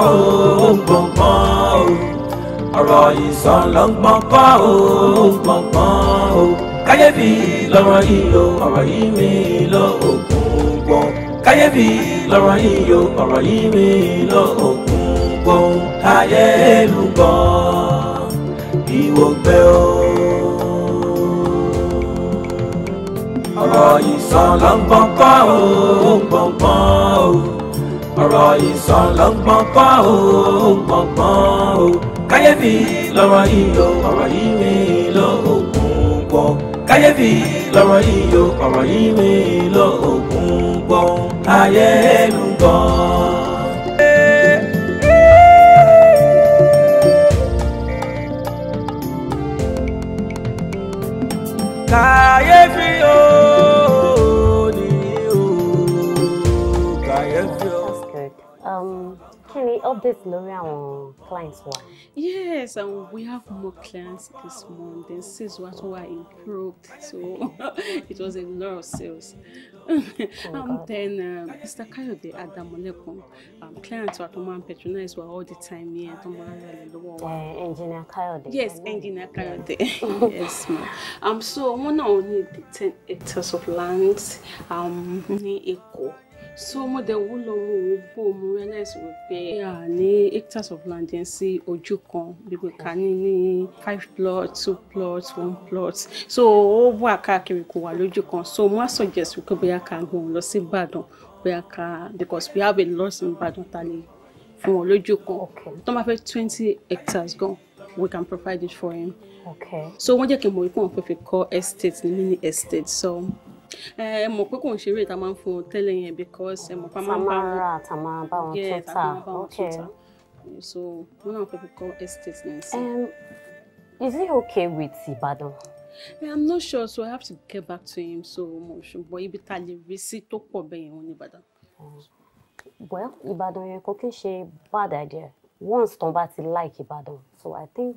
o gbọ̀ngbọ̀n o ọ̀rọ̀ ìsọ̀lọ́gbọ̀n kọ́ o gbọ̀ngbọ̀n o káyébí lọ́rọ̀ yìí o ọ̀rọ̀ yìí mi lọ òkun gbọ̀n káyébí lọ́rọ̀ yìí o ọ̀rọ̀ yìí mi lọ òkun gbọ̀n ayélujọ́ ìwògbẹ́ o. ọ̀rọ̀ ìsọ̀lọ́gbọ̀n o gbọ̀ngbọ̀n o ọ̀rọ̀ ìsọ̀lọ́gbọ̀n kọ́ ò gbọ̀ngbọ̀n o káyéfì lọ́rọ̀ yìí o ọ̀rọ̀ yìí mi lọ ògùn gbọ́ káyéfì lọ́rọ̀ yìí o ọ̀rọ̀ yìí mi lọ ògùn gbọ́ ayé ń of this L'Oreal clients one. Yes, and we have more clients this month. Then sales what are improved, so it was a lot of sales. oh, and then uh, Mr. Kayode Adamolekun, um, clients were Toman patronized were all the time here. Uh, engineer Kayode. Yes, Engineer Kayode. yes, ma'am. Um, so one now need 10 hectares of land um, near Eco. so mo dẹ̀ wú lọ mo wò bó mo realize wípé a ní hectares of land yẹn sí ojú kan bíbí ká ní ní five plot two plot one plot so ó wà káàkiri kò wà lójú kan so mo á suggest wípé bóyá ká gbọ̀n lọ sí Ìbàdàn bóyá ká because we have a lot in Ìbàdàn ta lè fún wọn lójú kan tó máa fẹ́ twenty hectares gan we can provide it for him. Okay. so wọ́n jẹ́ kí n mọ̀ wípé wọ́n fi kọ́ estate ni mini estate so ẹ mọ̀ pé kò ń ṣeré ìta máa ń fún wọn tẹ́lẹ̀ yẹn because ẹ mọ̀ pa máa ń bá wọn. ta máa bá wọn tó ta ok so wọn náà fẹ́ fi kọ́ estate náà sí. Um, is it okay with Ibadan? I'm not sure so I have to get back to him so mo ṣùgbọ́n ibi ta lè rí sí tó pọ̀ bẹ́ẹ̀ wọn ní Ìbàdàn. well Ìbàdàn yẹn kò kí ń ṣe bad idea once tán bá ti like Ìbàdàn so I think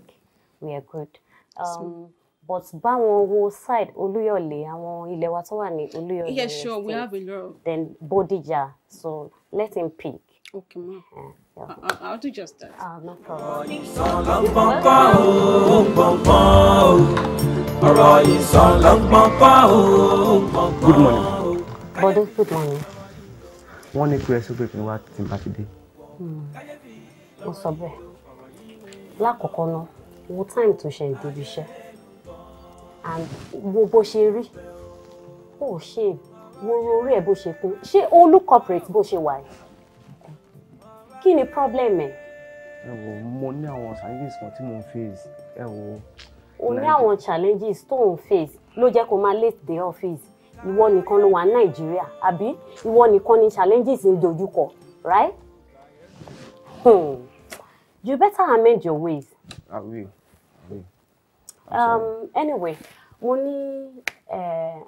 we are good. Um, but báwọn wo side olúyọ̀lé àwọn ilẹ̀ wa tó wà ní olúyọ̀lé yes sure we have a lot of then Bodija so let him pick. okay ma yeah, I'll do just that. ah no problem. sọlọ́gbọ̀npọ̀ o gbọ̀npọ̀ o ọ̀rọ̀ yìí sọlọ́gbọ̀npọ̀ o good morning. bọ́dún good morning. wọ́n ní kí ẹ sọ́gbẹ́ mi wá tí n bá ti dé. Hmm, mo sọ bẹ́ẹ̀ lákọ̀ọ́kọ́ náà wo time to ṣe ń débi iṣẹ́ wo bó ṣe rí ó ṣe wo orí ẹ bó ṣe kún ṣé olú corporate bó ṣe wà yìí kí ni problem ẹ. ẹ wo mo ní àwọn challenges kan tí mo ń face ẹ wo. o ní àwọn challenges tó ń face ló jẹ́ kó máa late dé office ìwọ nìkan ló wà ní nàìjíríà àbí ìwọ nìkan ni challenges ń dojúkọ right. Hmm. you better amend your ways. I will. I will. Um, anyway, mo ní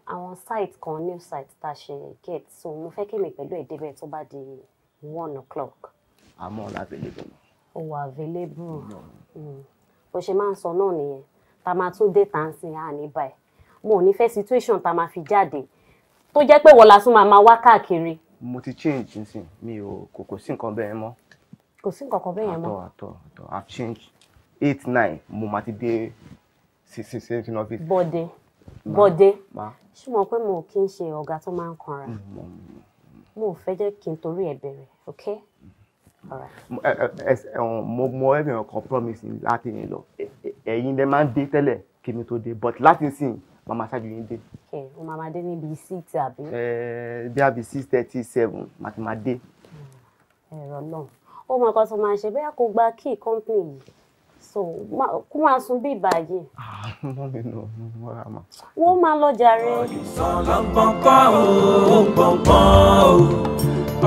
àwọn site kan new site tá a ṣe get so mo fẹ́ kémi pẹ̀lú ẹ̀ débẹ̀ tó bá di one o'clock. àmọ́ ọ̀la available. ó wà available mm. bó ṣe máa ń sọ náà nìyẹn tá a máa tún dé tá à ń sin àní báyìí mo ò ní fẹ́ situation tá a máa fi jáde tó jẹ́ pé wọ́n la tún máa wá káàkiri. mo ti change nsìn mi ò kò kò sí nǹkan bẹ́ẹ̀ mọ́. kò sí nǹkan kan bẹ́ẹ̀ yẹn mọ́. àtọ̀ àtọ̀ àtọ̀ I've changed eight nine mo máa ti dé ṣe fi náà fi. bọ́dé bọ́dé ṣùgbọ́n pé mo kì í ṣe ọ̀gá tó máa ń kanra mm, mo fẹ́ jẹ́ kí n torí ẹ̀ bẹ̀rẹ̀ ok. Mm-hmm. mo mọ ẹ̀bìnrin kan promise láti yín lọ ẹ̀yin lẹ máa ń dé tẹ́lẹ̀ kí mi tó dé but láti sìn màmá ṣáájú yín dé. ẹ o máa máa dé níbi six àbí. ẹ bí àbí six thirty seven màá ti máa dé. Mm, ẹ̀rọ náà ó mọ nǹkan tó máa ṣe bẹ́ẹ̀ kó gba key company yìí sùn kó máa sùn bí ìbàyè. lọ́ọ̀lì lọ mọ́ra mà. wọ́n máa lọ jàre. ọ̀rọ̀ ìsọ̀lọ́gbọ̀n kọ́ ò gbọ̀ngbọ̀n ò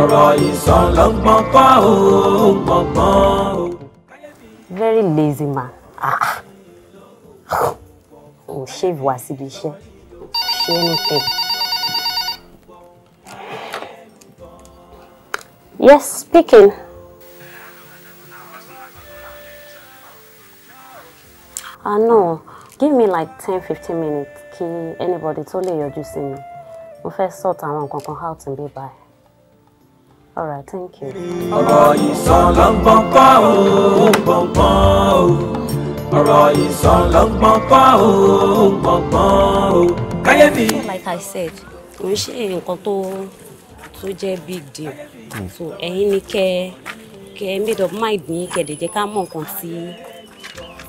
ọ̀rọ̀ ìsọ̀lọ́gbọ̀n kọ́ ò gbọ̀ngbọ̀n ò. very lazy man ah, ah. ò ṣèwé wá síbi iṣẹ́ ṣé anything. yes speaking. ah no give me like ten fifteen minutes Key anybody tó lè yọjú sí me. We first sort àwọn nǹkan kan out n bí báyìí. All right, thank you. like i said we ń ṣe nǹkan tó tó big deal hmm. so any care, care made of mind yín kẹ́ dẹ̀ jẹ́ ká mọ̀ nǹkan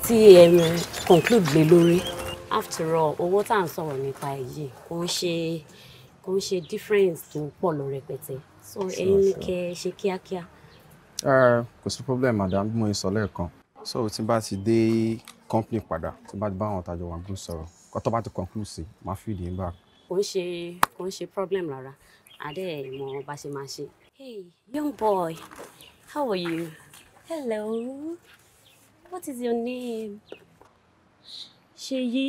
tí ẹ conclude lé lórí. after all owó tá à ń sọ̀rọ̀ nípa èyí kò ń ṣe kò ń ṣe difference tó pọ̀ lọ rẹpẹtẹ so ẹ̀yin ni kẹ́ ẹ ṣe kíákíá. Ah, kò sí problem madam bí mo sọ lẹ́ẹ̀kan so tí n bá ti dé company padà tí n bá ti bá àwọn ọ̀tajà wọn group sọ̀rọ̀ kọ́tọ́ bá ti conclude sí máa fi ìdí bá. kò ń ṣe kò ń ṣe problem rárá adé ìmọ̀ bá ṣe máa ṣe. hey young boy how are you. hello. What is your name? Ṣèyí.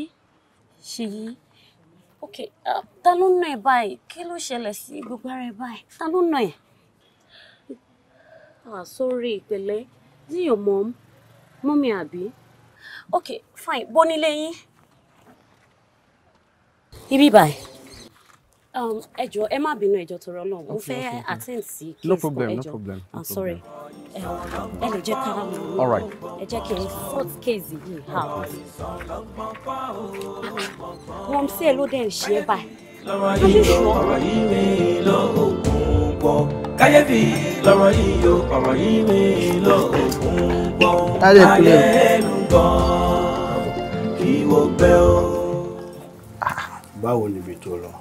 Ṣèyí. Okay, uh, ta ló nà ẹ́ báyìí? Kí ló ṣẹlẹ̀ sí gbogbo ara ẹ̀ báyìí? Ta ló nà ẹ́? Ah, sorry, pẹ̀lẹ́. Is your mom? Mommy àbí? Okay, fine. Bọ́ nílé yín. Ibí báyìí. Um, ẹ jọ̀ọ́ ẹ má bínú ẹjọ tọrọ náà mo fẹ́ attend sí kí n sọ ẹjọ i'm sorry ẹ lè jẹ́ ká mọ̀ ọ́ ẹ jẹ́ kí n fourth case yìí out wọn sí ẹ ló dẹ̀ ń ṣe báyìí. lọ́rọ̀ yìí yóò ọ̀rọ̀ yìí mi lọ òkun lọ òkun pọ̀ ayé ẹnu gan kí wọ́n ah, báwo ni ibi tó lọ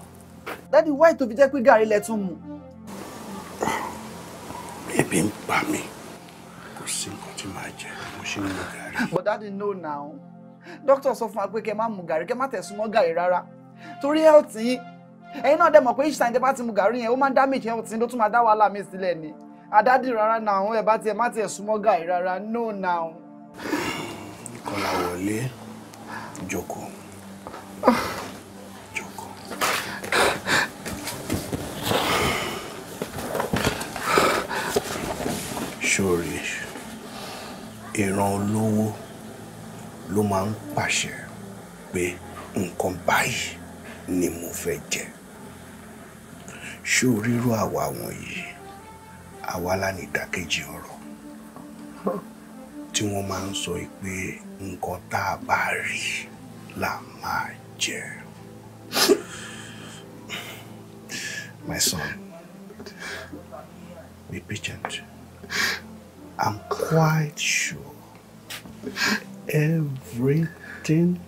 dádì why tó fi jẹ́ pé gàrí lẹ tún mu. ebi ń pa mí kò sí nǹkan tí màá jẹ mo ṣe ń mu gàrí. but dádì no now dókítà sọ fún wa pé kẹ́ má mu gàrí kẹ́ má tẹ̀sùn mọ́ gàrí rárá torí health yín ẹ̀yin náà dẹ̀ mọ̀ pé each time tẹ́ bá ti mu gàrí yẹn ó máa ń damage health yín ló tún máa dá wàhálà mi sílẹ̀ ni àdádì ah, rárá náà ẹ bá tiẹ̀ má tiẹ̀ súnmọ́ gàrí rárá no now. kọ́lá wọlé jókòó. Ah. ṣóòre ìran olówó ló máa ń pàṣẹ pé nǹkan báyìí ni mo fẹ́ jẹ ṣóòrírò àwa wọ̀nyí àwa lánìdàkejì ọ̀rọ̀ tí wọ́n máa ń sọ pé nǹkan tá a bá rí là máa jẹ. My son, be patient. I'm quite sure everything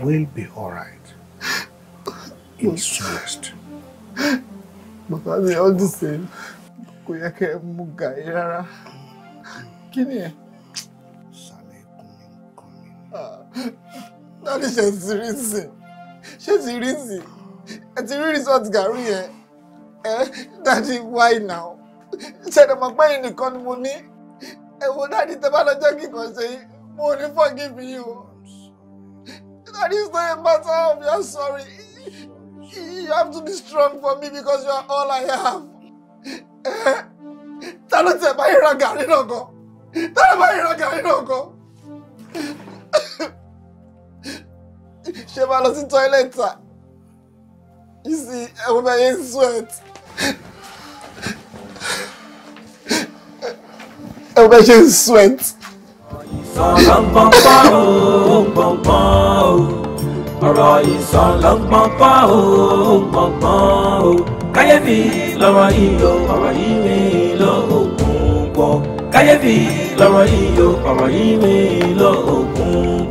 will be alright. It's but Bàbá mi all the same, kò yẹ kẹ́ ẹ mú gàrí rárá. Kí ni ah, ẹ? Sàlẹ̀ she's mi ń kàn mí. Dáàdì ṣe ti rí sí. Ṣé eh, why now? Said I'm buying the ni money ẹ wo dáàdi tẹ bá lọ jẹ́ kí nǹkan ṣe yìí mo ní forgive you that is not a matter of your sorry you have to be strong for me because you are all I have ta ló tẹ bá ìran gàrí náà gan ta ló bá ìran gàrí náà gan ṣe máa lọ sí toilet ta you see ẹ wo bẹ yẹn sweat ẹ wọ́n fẹ́ sweat. ọ̀rọ̀ ìsọ̀lọ́gbọ̀npọ̀ ó gbọ̀ngbọ̀n o lọ òkun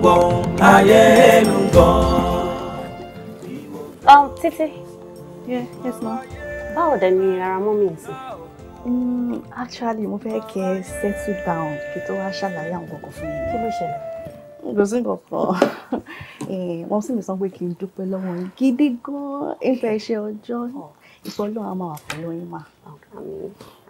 pọ̀ ayé ẹnu gan. Um, Titi. Yeah, yes, ma'am. Báwo dẹ̀ ni ara mọ́ mi ìsìn? Mm, actually mo fẹ́ kẹ́ ẹ settle down kí tó wá ṣàlàyé àwọn kankan fún mi. kí ló ṣẹlẹ̀. n kò sí nǹkan eh, wọ́n sì mi sọ pé kí n dúpẹ́ lọ́wọ́ yín gidi gan-an ìfẹ́ iṣẹ́ ọjọ́ àwọn oh. máa wà pẹ̀lú yín mà. àmín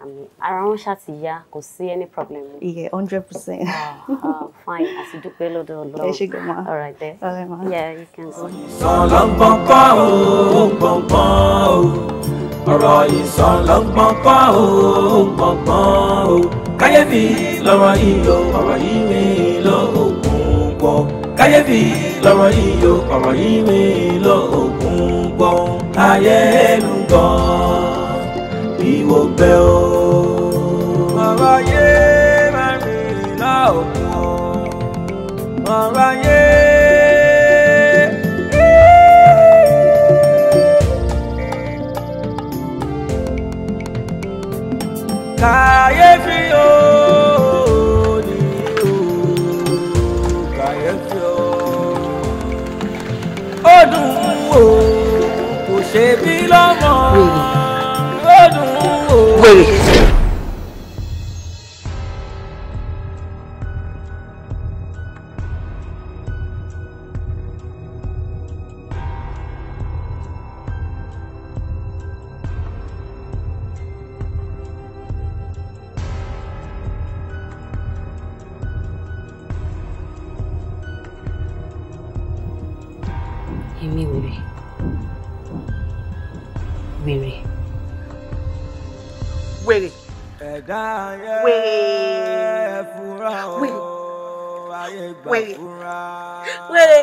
àmín ara wọn ṣàti ya kò sí any problem. iye hundred percent. Ah, ah, fine àti dúpẹ́ lọ́dọ̀ ọlọ́run. ẹ ṣe gan ma all right there. all right ma. yeah you can go. sọlọ gbọ̀ngbọ̀n o gbọ̀ngbọ̀n o ọ̀rọ̀ ìsọlọ́gbọ́n kọ́ o gbọ̀ngbọ́n o káyéfì lọ́rọ̀ yìí o ọ̀rọ̀ yìí mi lọ òkun gbọ́ káyéfì lọ́rọ̀ yìí o ọ̀rọ̀ yìí mi lọ òkun gbọ́ ayé ẹnu gan ìwò bẹ o. ọ̀rọ̀ ayé mẹ́rin lá òkun o ọ̀rọ̀ ayé. kàyéfì o ní o kàyéfì o ó dùn o kò ṣe bí lọ́mọ wèrè. wèrè. ẹ̀dá ayé fura o ayé gbà fura. wèrè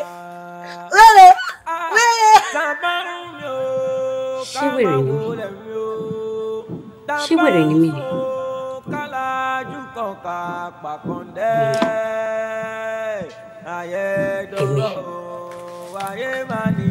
wèrè ah, wèrè. ṣé wèrè ni mí ṣé wèrè ni mí ni. Kìmí.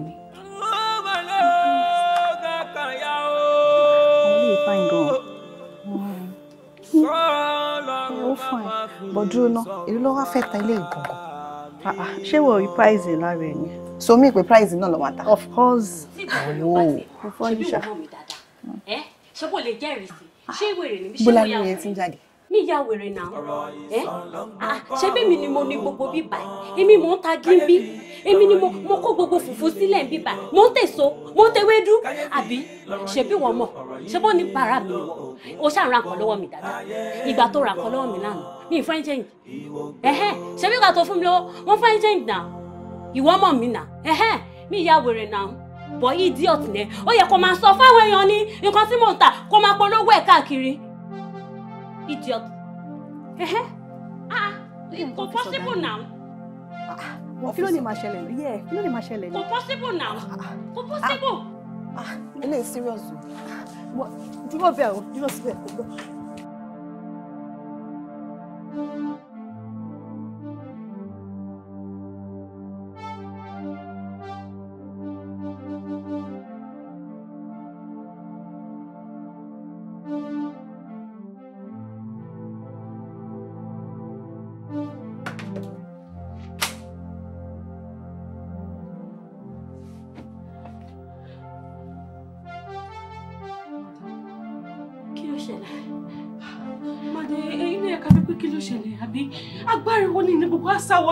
bọ̀dúró náà èló ló wá fẹ́ ta ilé ìgbọ̀ngàn. Ah, ah, ṣé wò ó pricing lára ẹ̀ ni. so mi pe pricing náà lọ wá ta. of course. ooo oh. mo fọ́ ní ṣá. ṣé kò lè jẹ́rìí sí ah. ṣé wèrè ni bí ṣé mo yà wèrè. bọ́lá mi yà wèrè náà ẹ eh? ṣé bẹ́mi ni mo ní gbogbo bíbá èmi mò ń ta gímbí èmi ni mo kó gbogbo fùfú sílẹ̀ ń bíbá mo ń tèso mo ń tewédú àbí ṣebí wọn mọ̀ ṣebó ní bàrà mi wọ̀ ó ṣàǹrà nǹkan lọ́wọ́ mi dáadáa ìgbà tó ra nǹkan lọ́wọ́ mi lánàá mi ì fine change ẹ̀hẹ́ ṣebí ìgbà tó fún mi Lo, wọ́n fine change náà ìwọ mọ̀ mí náà ẹ̀hẹ́ mi ìyá wèrè náà bọ̀ idiot nẹ ó yẹ kó máa sọ fáwọn èèyàn ní nǹkan tí mò ń tà kó máa polówó ẹ̀ káàkiri idiot ẹ̀hẹ́ ah kò possible now. kí ló ní máa ṣẹlẹ̀ Yeah, ẹ̀ kí ló ní máa ṣẹlẹ̀ possible now kò ah, ah, ah. possible. ilé serious o dúró bẹ́ẹ̀ o dúró síbẹ̀ kò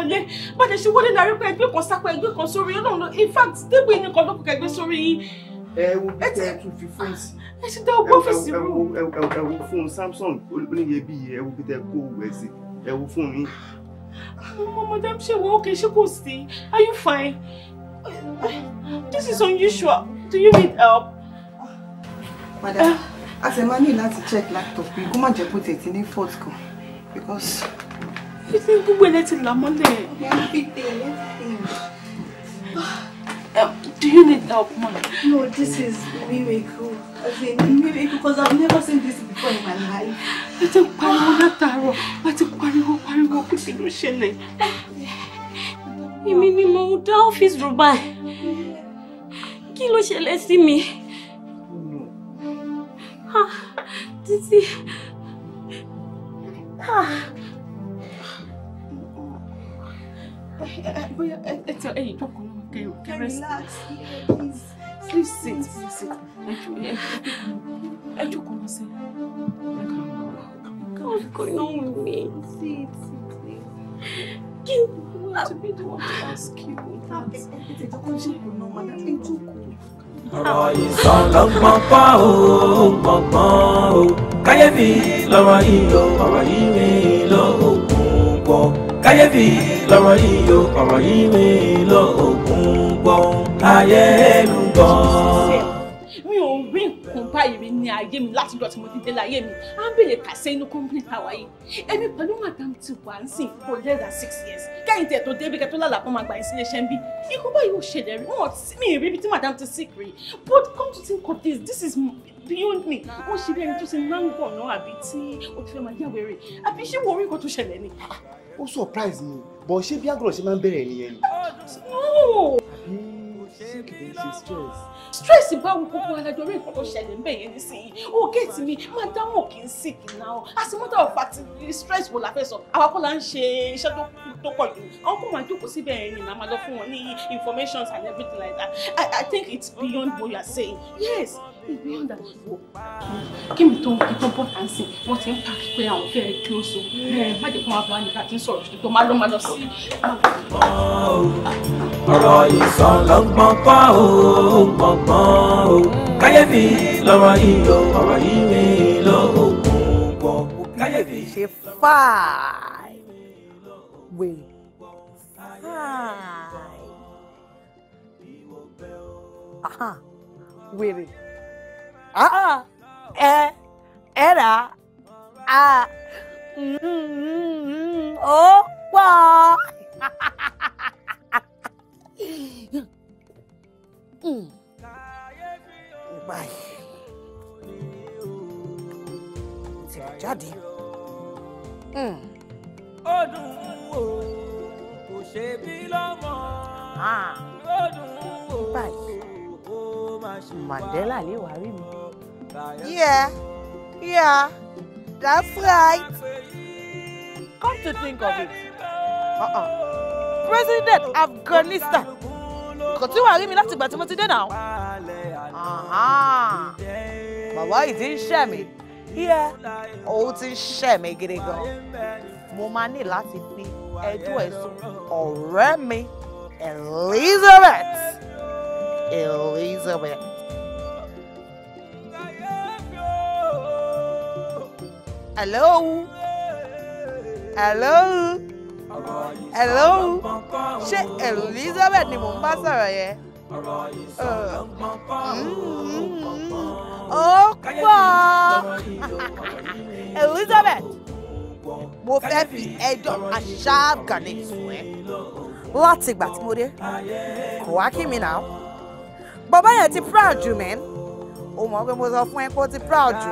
wọlé bàdé ṣe wọlé náà rí pé ẹgbẹ́ kan sápẹ́ ẹgbẹ́ kan sórí ọlọ́run in fact débò yìí nìkan ló kù kẹgbẹ́ sórí yín. ẹ wo bí ẹ tún fi fóònù ẹ ti dá ogbó fèsì rú. ẹ wo fóònù Samsung oníyebíye ẹ wo bí tẹ kó owó ẹ sí ẹ wo fóònù yín. mo madam ṣe wo okay ṣé kò sí are you fine this is unusual do you need help. madam a sì máa ní láti check laptop yìí kó má jẹ́ kó tètè ní fault kan because. títí gbogbo ẹ̀ ti là mọ́lẹ̀. Do you need help, ma? No, this is miracle. As in, miracle, because I've never seen this before in my life. Ẹ ti pariwo látàárọ̀, ẹ ti pariwo pariwo kí ti ló ṣẹlẹ̀. Èmi ni mo dá ọ́fíìsì Dubai. Kí ló ṣẹlẹ̀ sí mi? Ah, títí. Ah. Bóyá ẹ tẹ ẹ̀yin jókòó náà kẹ́ o kẹ́ rest. Please sit, please sit. Ẹ jókòó náà sẹ́yìn. What's going on with me? Sit, sit, please. You want to ask you. Ẹ jókòó náà, madam. Ẹ jókòó ọ̀rọ̀ ìsọ̀tọ̀ gbọ̀ngbọ̀n o gbọ̀ngbọ̀n o káyéfì lọ̀rọ̀ yìí o ọ̀rọ̀ yìí mi lọ ògùn gbọ̀ lọ́rọ̀ yìí o ọ̀rọ̀ yìí mi lọ ògùn gbọ́ ayé ẹnu gbọ́. mi ò rí nǹkan báyìí rí ní ayé mi láti lọ tí mo ti dé láyé mi à ń bèèrè kàṣẹ inú kọ́ńpìnì tàwa yìí èmi pẹ̀lú madam ti wà ń sìn for less than six years kẹ́yìn tẹ̀ tó débi kẹ́tọ́ lálàá fún ma gbà yín sílé iṣẹ́ ń bí ikú báyìí ò ṣẹlẹ̀ rí wọn mi ì rí ibi tí madam ti sick rí but come to think of this this is beyond me wọ́n ṣe bí ẹni tó ti náà ń bọ̀ náà àbí tí o ti fẹ́ máa yàwé rè àbí ṣé wọ́n orí nǹkan tó ṣẹlẹ̀ ni ó surprise mi bọ̀ ṣé bí àgùrọ̀ ṣe máa ń bẹ̀rẹ̀ nìyẹn ni. àbí ṣé kìí ṣe stress. stress báwo gbogbo alájọ orí nǹkan tó ṣẹlẹ̀ ń bẹ̀ yẹn nísìnyí ó oh, géètì mi máa dáhùn kì í sì kì í náà as a matter of fact stress wo la fẹ́ sọ àwa kọ́ la ń ṣe iṣẹ́ tó kù tó pọ̀ jù àwọn kò máa síbẹ̀ yẹn ni màá lọ fún wọn ní information and everything like that I, I think it's beyond what you are saying yes it's beyond that wo kí mi tó kí tó bọ̀ tàǹsì wọ́n ti ń pàkí pé àwọn fẹ́ close o má jẹ́ kó máa bá nígbà tí ń sọ̀rọ̀ tó máa lọ máa lọ sí. ọ̀rọ̀ ìsọ̀lọ́gbọ̀n kọ́ ò gbọ̀ngbọ̀n ò káyéfì lọ́rọ̀ yìí ò ọ̀rọ̀ yìí mi lọ́ọ́ òkun gbọ̀n káyéfì. ṣe fà á. way. Aha, wèrè. Aha, ẹ ẹ rà á. Ó pọ̀. Bye. tìrì jáde. Mm. ó dùn ó kò ṣe bí lọ́mọ ó dùn ó má ṣe wá. Mandela lè wá rí mi. Yeah, yeah, that's right. Come to think of it. Uh-uh. President Afghanistan kò tí wàá rí mi láti ìgbà tí mo ti dé náà. bàbá yìí ti ń ṣẹ̀ mí òun ti ń ṣẹ̀ mí gidi gan mo máa ní láti fi ẹjọ́ ẹ̀sùn ọ̀rẹ́ mi Elizabeth Elizabeth. hello hello hello ṣé Elizabeth ni mò ń bá sọ̀rọ̀ yẹn. Uh, mm, mm, mm. ó Elizabeth mo fẹ́ fi ẹjọ́ aṣáàgànnì sùn ẹ́ láti ìgbà tí mo dé kò wá kí mi nà ó bàbá yẹn ti proud jù mí ó mọ̀ pé mo sọ fún ẹ pé ti proud jù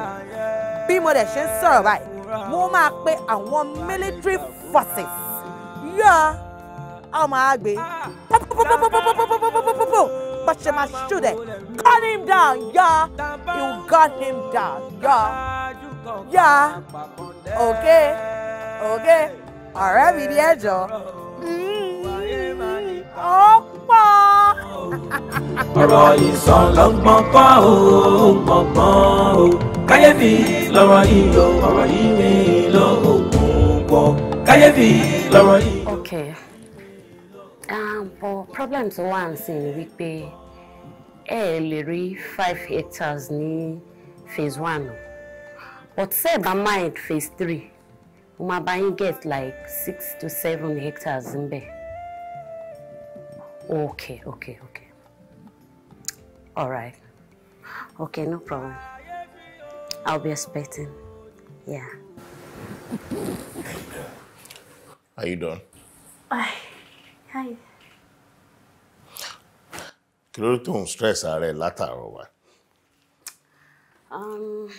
bí mo dẹ̀ ṣe ń sọ̀rọ̀ báyìí mo máa pe àwọn military forces yọ àwọn máa gbé pọ́pọ́pọ́pọ́pọ́pọ́pọ́pọ́pọ́pọ́ bá ṣe máa gun him down yọ you gun him down yọ yá Okay. Okay. ọ̀rẹ́ mi ní ẹ̀jọ̀ ó ọ̀rọ̀ ìsọ̀lọ́gbọ̀n kọ́ ò gbọ̀ngbọ̀n o káyéfì lọ́rọ̀ yìí o ọ̀rọ̀ yìí mi ló ògùn pọ̀ káyéfì lọ́rọ̀ yìí. okay um, but problems, tó wà ń sìn ni wípé ẹ lè rí five hectares ní phase one but say ẹ̀ bá mind phase three mo máa bá get like six to seven hectares in ńbẹ̀ okay okay okay all right okay no problem I'll be expecting yeah. Are you done? Hi. Hi. Kí ló tó ń stress ààrẹ látàárọ̀ wa?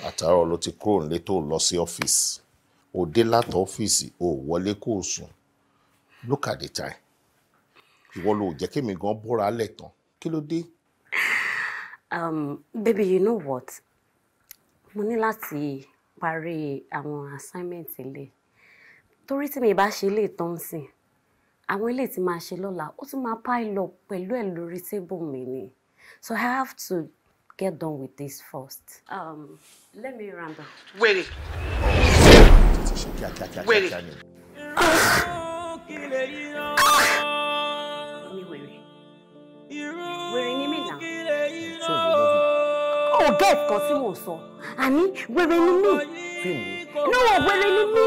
àtàárọ̀ ló ti kúrò nílé tó lọ sí ọ́fíìsì ò dé látọ̀ ọ́fíìsì ò wọlé kó o sùn look at the time ìwọ ló jẹ́ kémi gan bọ́ra alẹ̀ tán kí ló dé. Um, baby you know what mo ní láti parí àwọn assignment ilé torí tí mi bá ṣe ilé tán sìn àwọn ilé tí máa ṣe lọ́la ó tún máa pile up pẹ̀lú ẹ̀ lórí tébù mi ni so I have to get done with this first. Um, let me round up. Wait. Wait. Mi wèrè. Wèrè ni mí náà. Ó oh, gẹ́ ẹ̀kan tí mò ń sọ. Àní wèrè ni mí. No, wèrè ni mí.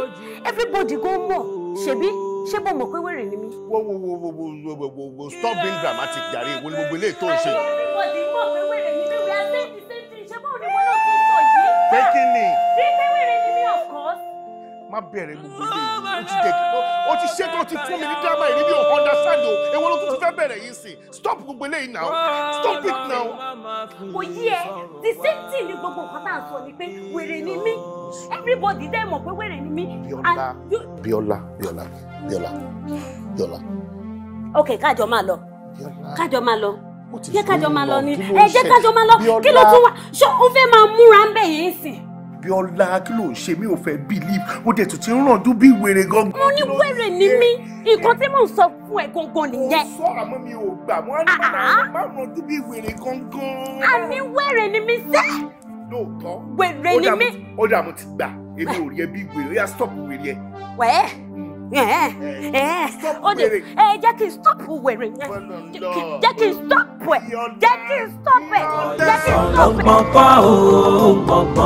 Everybody go mọ̀. Ṣebí? ṣé mo mọ̀ pé wèrè ni mí. wo wo wo wo wo wo wo stop being dramatic jàre wo ni gbogbo eléyìí tó ń ṣe. everybody mọ̀ pé wèrè ni pé kí ni. bí tẹ́wèrè ni mí of course. má bẹ̀rẹ̀ gbogbo ilé o ti dẹ̀kí o ti ṣe tó ti fún mi ní dábàá yìí níbi understand o èwo ló tún ti fẹ́ bẹ̀rẹ̀ yìí sí stop gbogbo ilé yìí now stop it now. kò yí ẹ the same thing ni gbogbo nǹkan tá à ń sọ ni pé wèrè ni mí everybody dẹ́ mọ̀ pé wèrè ni mí. Bíọ́lá Bíọ́lá Bíọ́lá Bíọ́lá Bíọ́lá. ok kájọ máa lọ kájọ máa lọ jẹ́ kájọ máa lọ ni ẹ jẹ́ kájọ máa lọ kí ló tún wà ṣé o fẹ́ máa múra ń bẹ̀ yẹn sìn. Bíọ́lá kí ló ń ṣe mí ò fẹ́ believe mo dẹ̀ tún ti ń rànjú bí wèrè gangan. mo ní wèrè ní mí nǹkan tí mò ń sọ fún ẹ gangan nìyẹn. mo sọ àmọ́ mi ò gbà mo á ní máa rànjú bí wèrè gangan. a ní wèrè ní mí sẹ́. lóòótọ́ wèrè ní mí. ó dà mo ti gbà èmi ò rí ẹ bí wèrè ó yà stop wèrè ẹ. wẹ́ẹ́. Eh, eh, eh, ó ní ẹ jẹ́ kí n stop wearing, yẹn jẹ́ kí n stop ẹ̀ jẹ́ kí n stop ẹ̀ jẹ́ stop ẹ̀. ọ̀pọ̀pọ̀ o ọ̀pọ̀pọ̀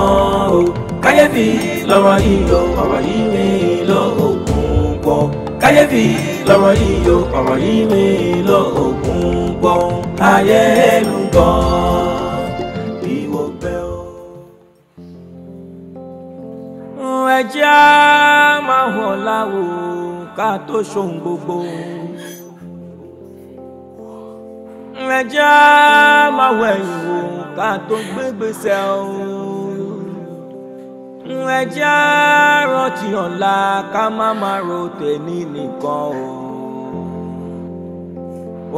o káyéfì lọ́rọ̀ yìí o ọ̀rọ̀ yìí mi lọ òkun pọ̀ káyéfì lọ́rọ̀ yìí o ọ̀rọ̀ yìí mi lọ òkun ayé ẹnu ẹjẹ́ á máa hàn láwo ká tó ṣohun gbogbo ẹjẹ́ á máa wẹ̀yìn wò ká tó gbégbèsè ọ̀hún ẹjẹ́ á rántí ọ̀la ká má máa ro tèmi nìkan o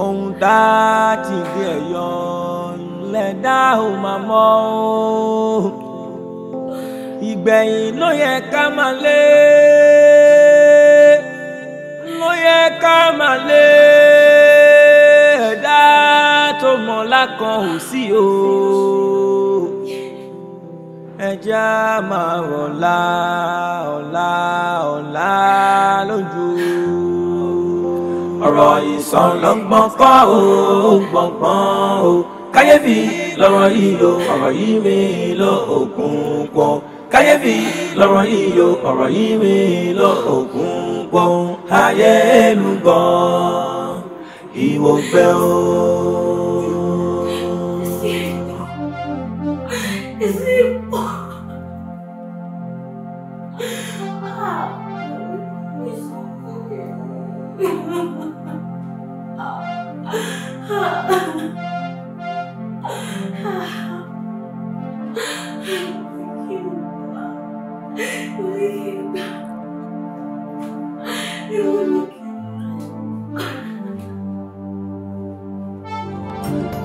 ohun tá a ti gbé ẹ̀yọ́ lẹ́dá ò máa mọ̀ ọ́ ìgbẹ̀yìn ló yẹ ká máa lé ló yẹ ká máa lé ẹ̀dá tó mọ̀ lákan ò sí o ẹja máa ọ̀la ọ̀la ọ̀la lójú. ọ̀rọ̀ ìsọ̀lọ́gbọ̀n kọ́ ò gbọ̀ngbọ̀n o káyéfì lọ́rọ̀ yìí lo ọ̀rọ̀ yìí mi lo òkùnkùn káyéfì lọ̀rọ̀ yìí yo ọ̀rọ̀ yìí mi lọ ògùn pọ̀ ayé ẹnu o.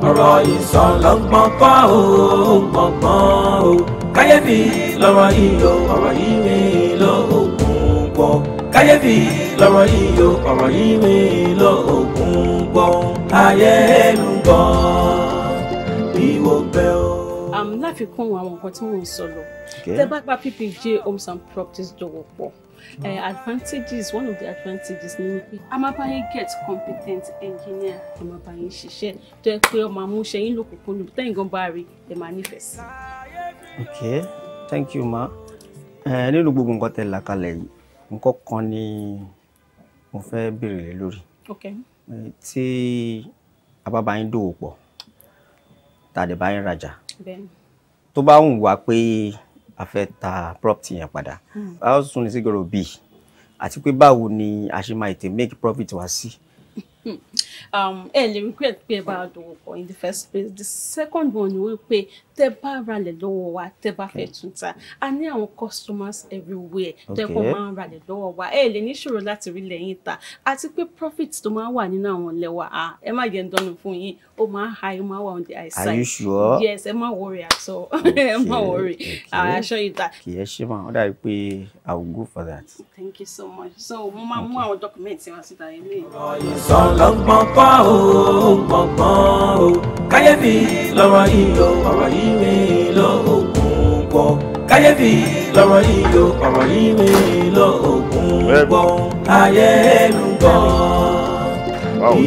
ọ̀rọ̀ ìsọ̀lọ́gbọ́n kọ́ ò gbọ̀ngbọ́n o káyéfì lọ́rọ̀ yìí o ọ̀rọ̀ yìí mi lọ òkun pọ̀ káyéfì lọ́rọ̀ yìí ọ̀rọ̀ yìí lọ òkun pọ̀ ayé gbọ́ ìwò bẹ́ o. àmì láfikún àwọn nǹkan tí mò ń sọ lọ tẹ bá gba ppj homes and properties dọwọ́ pọ̀ uh, advantages one of the advantages ni wípé a get competent engineer ẹ máa to yín ṣiṣẹ́ tó yẹ pé ọmọ amúṣe yín ló kókó lù tẹ́yìn gan bá rí ẹ máa nífẹ̀ẹ́ ok thank you ma nínú gbogbo nǹkan tẹ́ là kalẹ̀ yìí nǹkan kan ni mo fẹ́ béèrè lé lórí tí a bá bá yín dòwò pọ̀ tàdé bá yín rajà tó bá wù wá pé. Okay. Uh, a fẹ́ ta property yẹn padà house hmm. tún ní sí gbọ́dọ̀ bì àti pé báwo ni a ṣe máa tètè make profit wá sí. Um, ẹ lè regret pé ẹ bá a dòwò pọ̀ in the first place the second one ni wípé tẹ bá ralẹ̀ lọ́wọ́ wa tẹ bá fẹ́ tún ta a ní àwọn customers everywhere tẹ kó máa ń ralẹ̀ lọ́wọ́ wa ẹ lè níṣòro láti rí lẹ́yìn ta àti pé profit tó máa wà nínú àwọn lẹ́wà à ẹ má jẹ́ ń dọ́nu fún yín ó máa ha ó máa wà on the high side are you sure yes ẹ má worry at all ẹ má worry I assure you that. kì í ṣe máa ń dàbí pé I will go for that. thank you so much so mo máa mú àwọn dọ́kúmẹ̀ntì wa síta ilé. ìsàn ló ń gbọ̀ngàn o gbọ̀ngàn o lọ́rọ̀ yìí ìwé lọ ògùn pọ̀ káyéfì lọ́rọ̀ yìí yóò ìwé lọ ògùn pọ̀ ayé ẹnu gbọ́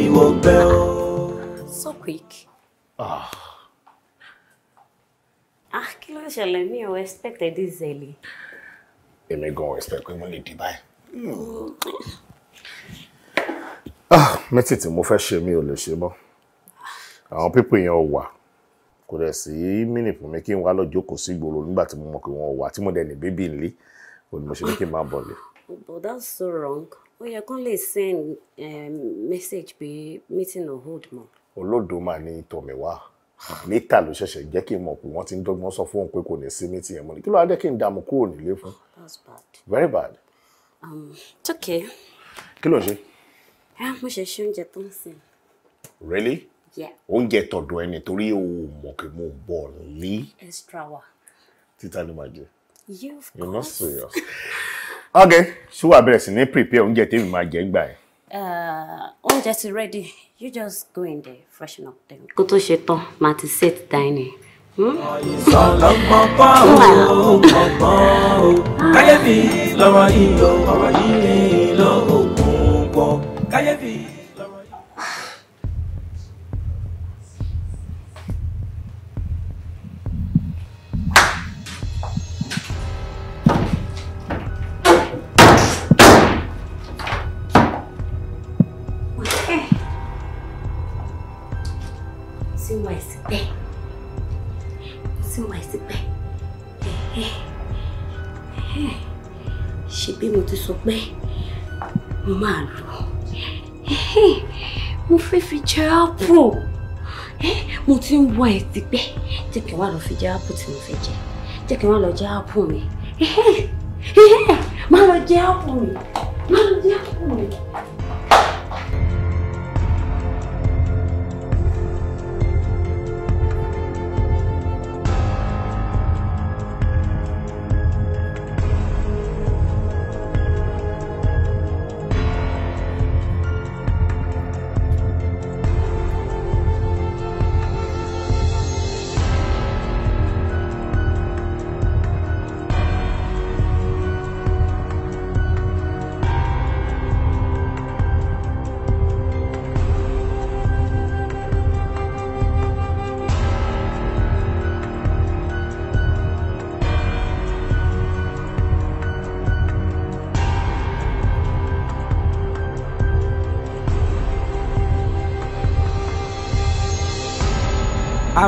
ìwò bẹ́ o. So quick. Ah. ah kí ló ṣẹlẹ̀ mi ò expect ẹ̀ this early. èmi gan ò expect pé mo lè dé báyìí. Hmm. ah mẹ́tìtì mo fẹ́ ṣe mi ò lè ṣe mọ́ àwọn pípọ̀ yẹn ò wà kò rẹ̀ sí mínì fún mi kí n wá lọ jókòó sí ìgboro nígbà tí mo mọ̀ pé wọn ò wà tí mo dẹ̀ ní bébì ńlé òní mo ṣe ní kí n máa bọ̀ lé. but that's so wrong ó yẹ kán lè send eh, message pé meeting on hold mọ́. olódò máa ní tọ̀mí wá níta ló ṣẹ̀ṣẹ̀ jẹ́ kí n mọ̀ pé wọ́n ti ń dọ́gbọ́n sọ fún òun pé kò ní sí meeting yẹn mọ́ ni kí ló wá dé kí n dààmú kúrò nílé fún. that's bad. very bad. Um, okay. kí ló ń ṣe. Ah, mo ṣe ṣe oúnjẹ tó ń sìn. really oúnjẹ tọ̀dọ̀ ẹni torí o mọ̀ pé mo bọ̀ lé títà ló máa jẹ you not serious Okay. ṣé wàá bẹ̀rẹ̀ sí ní prepare oúnjẹ tèmi máa jẹ gbà ẹ̀. Uh, oúnjẹ ti ready you just go in there freshen up then. kó tó ṣe tán màá ti set dining. Hmm? Ìsọ̀lọ̀ pọ̀pọ̀ o, pọ̀pọ̀ o, káyọ̀bí lọ́rọ̀ yìí o, ọ̀rọ̀ yìí lè lọ àpò mo ti ń wọ ẹ tipẹ́ jẹ́ kí n wá lọ fi jẹ tí mo fẹ́ jẹ jẹ́ kí n wá lọ jẹ mi má lọ jẹ mi má lọ jẹ mi.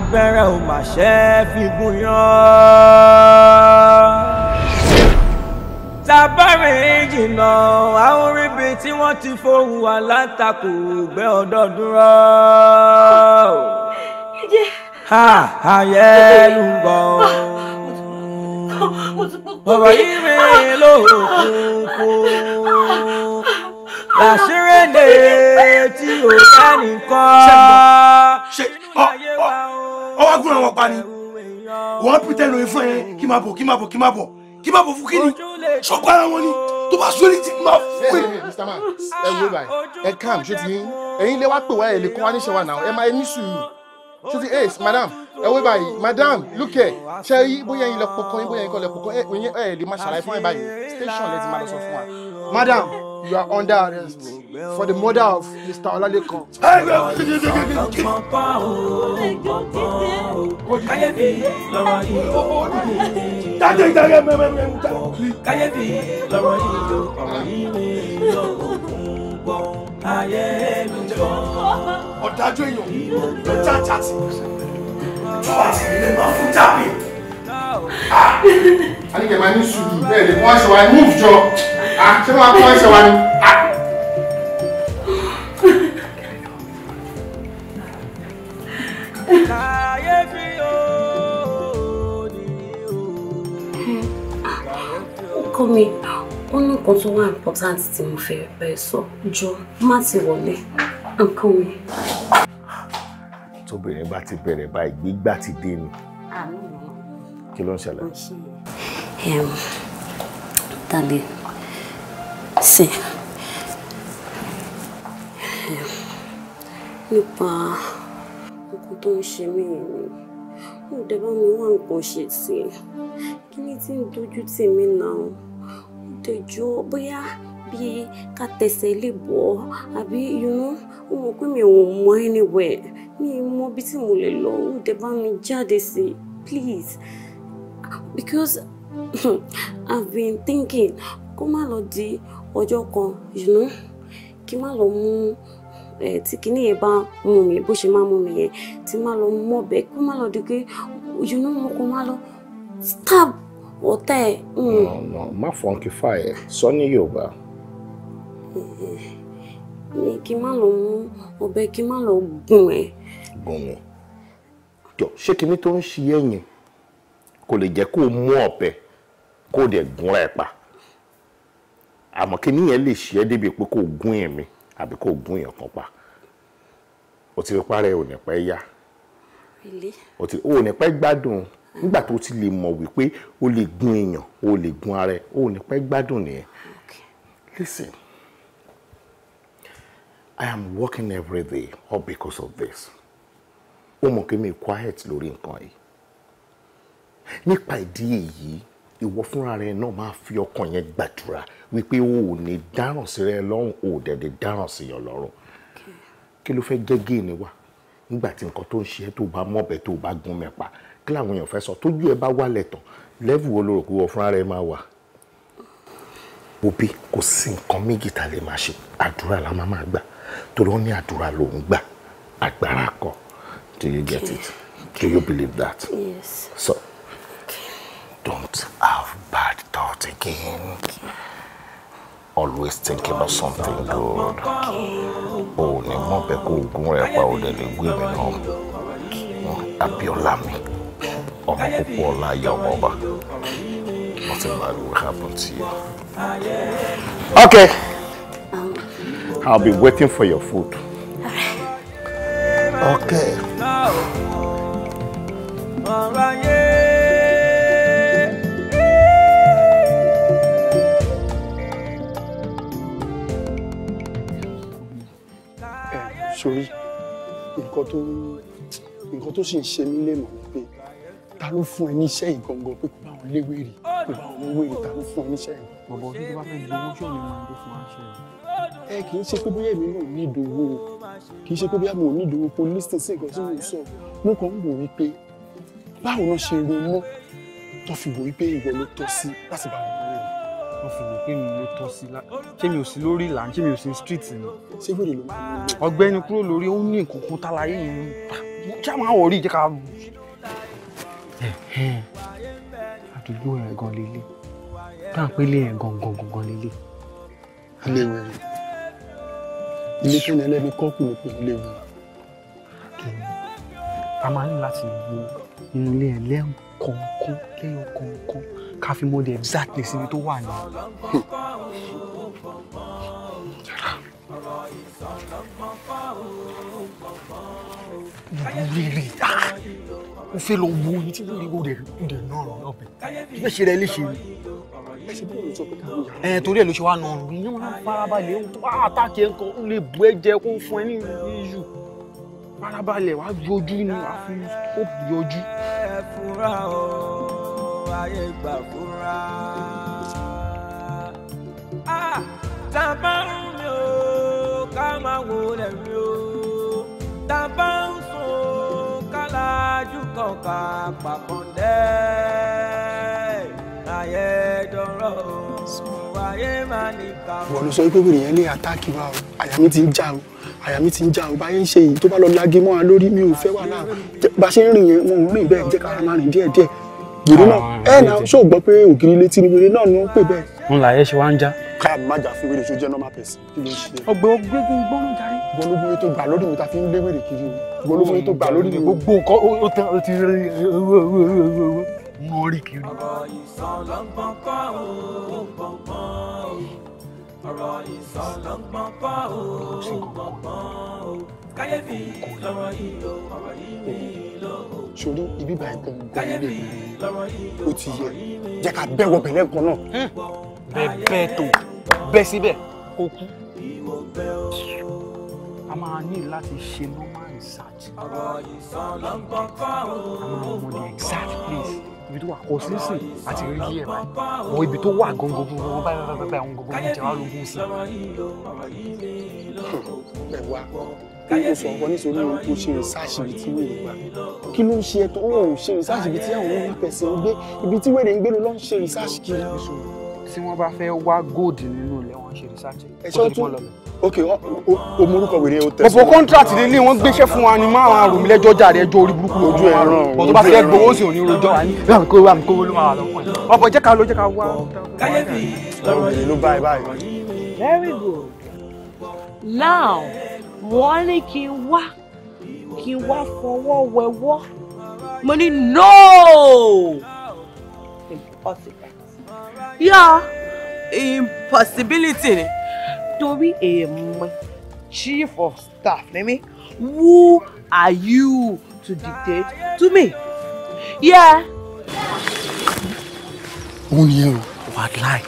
abẹ́rẹ́ ò mà ṣe fi gún yán. tábàrin jìnnà àwọn oríbi tí wọ́n ti fowó alátakò gbé ọdọọdún ha ayé ló ń bọ̀. bọ̀bọ̀ yìí mi ló kú àṣírí ni tí ò bá nìkan. ṣe ọ ọ ọwọ́ gún àwọn pa ni wọ́n pété lóye fún ẹ kí máa bọ̀ kí máa bọ̀ kí máa bọ̀ kí máa bọ̀ fún kí ni ara wọn ni tó bá sórí ti máa fún ẹ. Mr. Man ẹ wo ibà ẹ calm ṣé ti yín ẹ̀yin lè wá pè wá ẹ lè kọ́ wá níṣẹ́ wa náà ẹ máa ní sùúrù ṣé ti ace madam ẹ wo ibà yìí madam lókè ṣe yí bóyá ẹ̀yin lọ pọkàn bóyá ẹ̀yin kọ́ lọ pọkàn ẹ lè má ṣàlàyé fún ẹ báyìí station lẹ ti máa lọ sọ fún wa madam you are under arrest for the murder of Mr. Olalekan. káyéfì lọ́rọ̀ yìí ló ọ̀rọ̀ yìí lè lọ òkun gbọ́ move jọ ah, ṣé wọ́n á fọ́ ẹ̀ṣọ́ kàyéfì òní o. ọkọ mi ó ní nǹkan tó wà important tí mo fẹ́ bẹ́ẹ̀ sọ jọ má ti wọlé nǹkan mi. tóbìnrin bá ti bẹ̀rẹ̀ báyìí gbígbà ti dé ni kí ló ń ṣẹlẹ̀. tàbí sí nípa nǹkan tó ń ṣe mí yẹn ni mo dẹ̀ bá mi wá nǹkan ṣe sí i kí ni tí ń dojú tì mí náà mo dẹ̀ jọ bóyá bíi ká tẹsẹ̀ lè bọ́ àbí yunú ó mọ̀ pé mi ò mọ anywhere mi mọ bí tí mo lè lọ ó dẹ̀ bá mi jáde sí i please because I've been thinking kó má lọ di ọjọ́ kan yunú kí má lọ mú. You know? tí kinní yẹn bá mú mi bó ṣe máa mú mi yẹn tí má lọ mọ̀bẹ kó má lọ di pé you know mo kò má lọ stab ọ̀tá ẹ̀. Hmm. má fọ́nkífà ẹ̀ sọ ní yorùbá. ní kí n má lọ mú ọ̀bẹ kí n má lọ gùn ẹ. gùn mi jọ ṣé kinní tó ń ṣe ẹ̀yìn kò lè jẹ́ kó o mú ọ̀bẹ kó o dẹ̀ gúnra ẹ̀ pa àmọ́ kinní yẹn lè ṣe é débi pé kó o gún ẹ̀mí. E àbí kò gún èèyàn kan pa o ti rí parẹ́ ò ní pẹ́ yá o ti ò ní pẹ́ gbádùn nígbà tó ti lè mọ̀ wípé o lè gún èèyàn o lè gún ara ẹ̀ o ní pẹ́ gbádùn nìyẹn listen I am working every day all because of this ó mọ̀ kí mi quiet lórí nǹkan yìí nípa ìdí èyí ìwọ fúnra rẹ náà máa fi ọkàn yẹn gbàdúrà wípé o ò ní dáràn sí rẹ lọ́rùn o ò dẹ̀dẹ̀ dáràn sí yàn lọ́rùn kí ló fẹ́ jẹ́ géènì wa nígbà tí nǹkan tó ń ṣe é tó bá mọ̀bẹ tó bá gún mẹ́pa kí làwọn èèyàn fẹ́ sọ tójú ẹ bá wálẹ̀ tán lẹ́vù wo ló rò pé ìwọ fúnra rẹ máa wà. òbí kò sí nǹkan méjì tá a lè máa ṣe àdúrà la máa máa gbà torí wọn ní àdúrà ló ń gbà agbára kọ do you get it do you believe that. yes. so don't have bad thoughts again. Always think about something good. Oh, ní mọ̀ bẹ́ẹ̀ kó ogun rẹ̀ pa òde lè gbé mi náà. Abíọ́lá mi, ọmọ púpọ̀ ọ̀la ìyá ọmọ ọba. Nothing bad will happen to you. Okay. I'll be waiting for your food. Okay. sórí nǹkan tó nǹkan tó sì ń ṣe mí lémọ̀ ni pé ta ló fún ẹ níṣẹ́ ìgangan pé kò bá wọn léwèrè kò bá wọn léwèrè ta ló fún ẹ níṣẹ́ yìí. bọ̀bọ̀ bí wọ́n fẹ́ gbowó ṣọ́ ni wọ́n á gbé fún wa ṣe. ẹ kì í ṣe pé bóyá èmi náà ní ìdòwò kì í ṣe pé bóyá mo ní ìdòwò police station nǹkan tí mo sọ mo kàn ń wò wípé báwo náà ṣe ronú tó fi wò wípé ìwọ ló tọ́ sí láti bá wọn wọ́n fi mọ̀ pé mi ló tọ́ sí la ṣé mi ò sí lórí ìlànà ṣé mi ò sí street ni. ṣé wèrè ló máa ń kúrò lórí ó ní nǹkan kan yìí ń bà kí a máa jẹ́ ká. àdúgbò ẹ̀ gan lélẹ̀ tá à ń pè lé gan gan gan lélẹ̀. ilé wẹ̀rẹ̀ ilé tó ní ẹlẹ́ni kọ́ọ̀kù ló pè ilé wẹ̀rẹ̀. a máa ń láti wo inú ilé ẹ̀ lẹ́ẹ̀kọ̀ọ̀kan lẹ́ẹ̀kọ̀ọ̀kan ká fi mọ́ de exactly síbi tó wà ní. Hmm. rírì ah! mo fẹ́ lọ wo ibi tí mo rí wo rẹ̀ náà lọ́bẹ̀ bẹ́ẹ̀ ṣe rẹ̀ léṣe rí ẹ torí ẹ ló ṣe wá nà ọrùn ní wọn farabalẹ̀ wá àtàkì ẹnkọ ó lè bu ẹ̀jẹ̀ kó fún ẹ ní iṣu farabalẹ̀ wá yọjú ni wá fi yọjú ayé gbà fúnra. Ah, tá a bá ń mi o ká máa wò lẹ́mi o tá a bá ń sùn ká lajú kan ká pàkàndẹ́ ayé dọ̀rọ̀ ayé máa ní ká. wọ́n ló sọ pé obìnrin yẹn ní àtàkì wa o àyà mi ti ń já o àyà mi ti ń já o báyé ń ṣe yìí tó bá lọ lagé wa lórí mi ò fẹ́ wà láà bá ṣe ń rìn yẹn wọn ò rìn bẹ́ẹ̀ jẹ́ ká máa rìn díẹ̀díẹ̀ ìlú ah, náà ah, ẹ ah, náà ṣó gbọ́ pé ògiri létí ni wèrè náà ni wọ́n pè bẹ́ẹ̀. ń la ẹ ṣe wá ń já. ká má jà fún wèrè tó jẹ́ normal person kí ló ń ṣe. ọgbẹ́ ogbégun tó gbà lórí mi ta fi ń lé wèrè kiri gbọ́lógún tó gbà lórí mi. gbogbo nǹkan ó tẹ ó ti rí mo rí kiri. ọ̀rọ̀ ìsọ̀lọ́gbọ̀n kọ́ ò gbọ̀ngbọ̀n ò ọ̀rọ̀ ìsọ̀lọ́gbọ̀n kọ́ ò gbọ̀ngbọ̀n ò káyéfì lọ́rọ̀ yìí o ọ̀rọ̀ yìí mi lọ́wọ́. sori ibi bá ẹ̀gbọ́n gbọ́n lè o ti yẹ jẹ́ ká bẹ́ wọ bẹ̀lẹ́ gan náà. bẹ́ẹ̀ bẹ́ẹ̀ tó bẹ́ẹ̀ síbẹ̀ kó kú. a máa ní láti ṣe normal research. ọ̀rọ̀ ìsàn ló ń gbọ́n kọ́ òun. a máa mọ the exact place ibi tó wà kọ sí sí àti rí yẹ báyìí mọ ibi tó wà gangan gangan báyìí báyìí báyìí àwọn gangan ní ìjẹun alógún sí. ẹ wá ó sọ ọkọ nítorí ohun tó ṣe rìsáàṣì tí wèrè wà kí ló ń ṣe ẹtọ ó ń ṣe rìsáàṣì tí àwọn onílù pẹ̀sẹ̀ ń gbé ibi tí wèrè ń gbé ló ló ń ṣe rìsáàṣì tí wọ́n bá fẹ́ wá góòdì nínú ilé wọn ṣe rìsáàṣì kó tó bọ́ ok o morúkọ wèrè o tẹsán. ọ̀pọ̀ kọ́ńtrátì nílé wọn gbéṣẹ́ fún wa ni máa wà rò mí lẹ́jọ́ jàre ẹjọ́ orí burúkú ojú ẹ̀ ràn wọ́n tó bá fẹ́ gbowó sí òní rojọ́ láàmì kó wà mí kó ló máa wà lọ́kùn ọ̀pọ̀ jẹ́ ká ló jẹ́ ká wá. ló báyìí báyìí. very good now wọ́n ní kí n wá kí n wá fọwọ́ wẹwọ́ mo ní no impossible yá impossibility ni torí èèmọ chief of staff ni mí who are you to dictate to me yeah. òun ni ẹ o wàá láì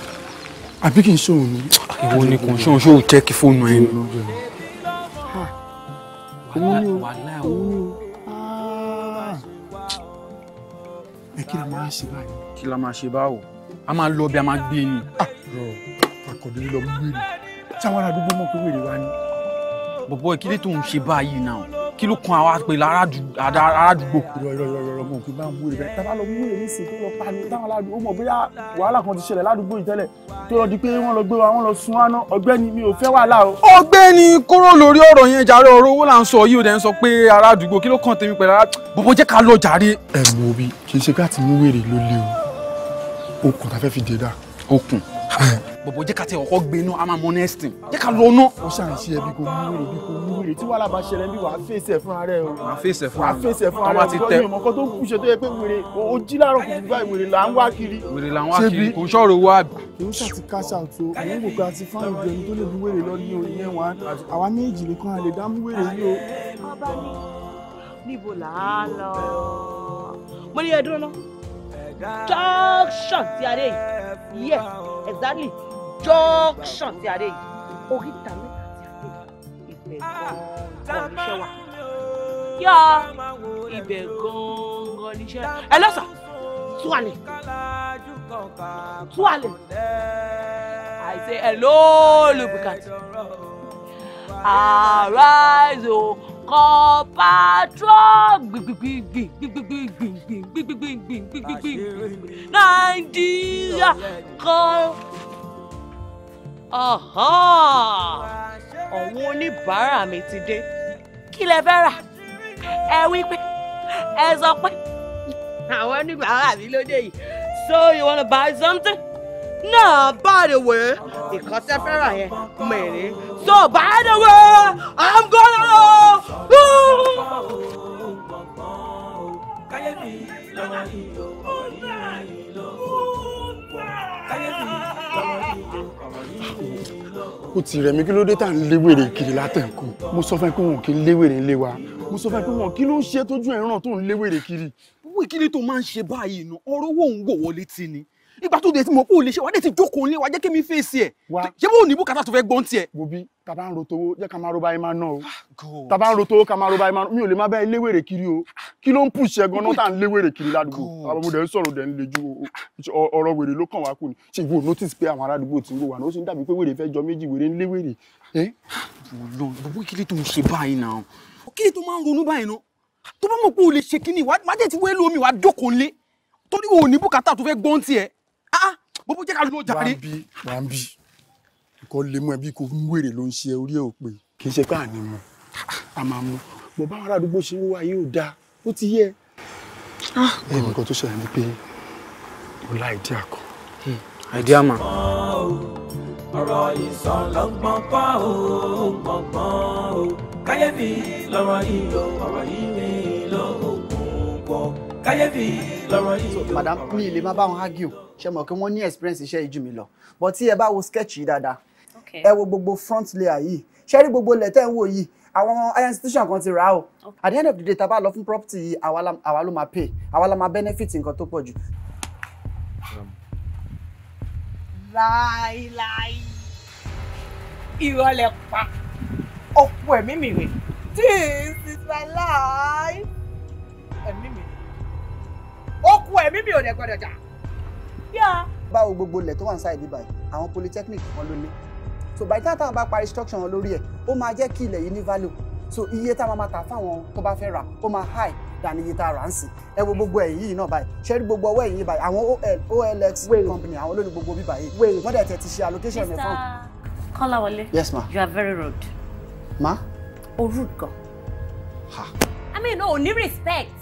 àbí kì í ṣe òun ni. ìwọ ni kò ṣe òun ṣe òun jẹ́ kí fóònù ẹ nù wàhálà o. Ah. ẹ kí la máa ṣe báyìí. kí la máa ṣe báwo a máa lọ bí a máa gbé ni. Ah, àkọ́dé lọ gbé ni sáwọn àdúgbò mọ̀ pé wèrè wa ni bọ̀bọ̀ kí lè tó ń ṣe báyìí náà kí ló kan àwa pé aládùúgbò. rọrọrọrọ mo bá ń wúre bẹ́ẹ̀ tábà lọ wúre nísìnyí tó lọ pariwo táwọn aládùúgbò ó mọ̀ bóyá wàhálà kan ti ṣẹlẹ̀ ládùúgbò yìí tẹ́lẹ̀ tó lọ di pé wọ́n lọ gbé wa wọ́n lọ sun wá náà ọ̀gbẹ́ni mi ò fẹ́ wàhálà o. ọ̀gbẹ́ni kúrò lórí ọ̀rọ̀ yẹn jàre ọ̀rọ̀ owó là ń sọ yìí ò dẹ̀ ń sọ pé aládùúgbò kí ló kàn tèmi pẹ̀lú bọ̀bọ̀ jẹ́ ká lọ jàre. ẹ mọ obi kì í ṣe pé mú wèrè ló le o okùn tá fẹ́ fi dé dà. okùn bọ̀bọ̀ jẹ́ ká tẹ ọkọ gbé inú àmà mọ́nẹ́sì jẹ́ ká lọ ná. ó ṣàn ṣe ẹbí kò mú wèrè bí kò mú wèrè tí wàhálà bá ṣẹlẹ̀ bí wàá fèsì fún ara ẹ̀ o. wàá fèsì fún ara ẹ̀ wàá fèsì ẹ̀ fún ara kan tó kù ṣe tó yẹ pé wèrè o jí láàárọ̀ kùtù báyìí wèrè là ń wá kiri. wèrè là ń wá kiri kò sọ̀rọ̀ wa. èmi ṣáà ti cash out o òun fáwọn ìjọ junction ti adé yìí yes exactly junction ti adé yìí oríta mẹ́ta ti adé yìí ibẹ̀ gan-an oníṣẹ́ wa yá ibẹ̀ gan-an oníṣẹ́ ẹ lọ́sàn tuwalẹ̀ tuwalẹ̀ I say hello lubricant arise o kọ patrol gbigbigbigbigbigbigbigbi nàìjíríà kan ọ̀hún oníbàárà mi ti dé kí lẹ fẹ́ rà ẹ wí pé ẹ sọ pé àwọn oníbàárà mi ló dé yìí so you wanna buy something? Nah, by the way, because I fell out here, man. So by the way, I'm gonna. Ooh kama hilo kama hilo ó ti rẹ̀ mí kí ló dé tá à ń léwèrè kiri látẹ̀kùn mo sọ fún ẹ pé wọn kì í léwèrè ńlé wa mo sọ fún ẹ pé wọn kí ló ń ṣe tójú ẹ̀ràn tó ń léwèrè kiri wíkí tó máa ń ṣe báyìí nù ọ̀rọ̀ owó ń wò wọlé tí ni ìgbà tó dé tí mo kú lè ṣe wà dé ti jókòó lé wa jẹ́ kémi fèsì ẹ̀ ṣé bó ní bùkátà tó fẹ́ gbọ́n tiẹ̀. wo bí tàbá ń rotowó jẹ́ ká máa roba emma náà o ah, tàbá ń rotowó ká máa roba emma mi ò lè má bẹ́ẹ̀ léwèrè kiri o ah, kí ló ń pù ṣẹ́ gan-an tá à ń léwèrè kiri ládùúgbò àwọn ọmọdé ń sọ̀rọ̀ dẹ̀ ń le ju ọ̀rọ̀ wèrè ló kàn wá kù ni ṣé ìwọ notice pé àwọn aládùúgbò ti ń wò wá ní ó sì ń dàbí pé wèrè fẹ́ jọ méjì wèrè ń léwèrè. gbogbo kí ló tó ń ṣe bá mọ̀ pé o lè ṣe kíní wá má jẹ́ lómi wá jókòó lé torí o ò ní bùkátà tó fẹ́ gbọ́n tiẹ̀ Ah, bóbó jẹ́ ká lọ jàre. wàmbi wàmbi nǹkan lè mú ẹbí kò ń wèrè ló ń ṣe orí ẹ ò pé kì í ṣe pé àní mu a máa mu mo bá ara àdúgbò ṣe ń wá yóò dáa ó ti yẹ. Ah. ẹ nǹkan tó ṣẹlẹ̀ ni pé mo lá ìdí àkọ. Hmm. àìdí àmà. ọ̀rọ̀ ìsọ̀lọ́gbọ̀n pa ó gbọ̀ngbọ̀n ó káyẹ́fì lọ́rọ̀ yìí lọ yìí mi lọ́ọ́ òkun káyéfì lọ́rọ̀ yìí. madam mi ì lè má bá wọn argue ṣe mọ̀ kí wọ́n ní experience iṣẹ́ ìjú mi lọ but tí ẹ bá wo sketch yìí dáadáa ẹ wo gbogbo front layer yìí ṣe rí gbogbo lẹ́tẹ̀ ń wò yìí àwọn iron institution kan ti rà á o at the end of the day tá a bá lọ fún property yìí àwa ló máa pay àwa la máa benefit nǹkan tó pọ̀ jù. láíláí ìrọ̀lẹ́ pa ọ̀pọ̀ ẹ̀mí mi rè this is my life ẹ̀mí mi ó kú ẹ̀mí mi ò dẹ̀ gbọ́dọ̀ jà. báwo gbogbo ilẹ̀ tó wà ní sáìdì báyìí àwọn polytechnic kan ló ní so by time táwọn bá parí instruction wọn lórí ẹ̀ ó máa jẹ́ kí ilẹ̀ yìí ní value so iye táwọn máa tà fáwọn tó bá fẹ́ rà ó máa high than iye tá a rà ń sìn ẹ wo gbogbo ẹ̀yìn yìí náà báyìí ṣe rí gbogbo ọwọ́ ẹ̀yìn yìí báyìí àwọn olx company àwọn olórí gbogbo bíbá yìí wọ́n dẹ̀ tẹ̀ ti ṣe allocation rẹ̀ fún. Kọ́láwọlé yes ma you are very rude. ma. o rude gan. ha. I mean o no, ní respect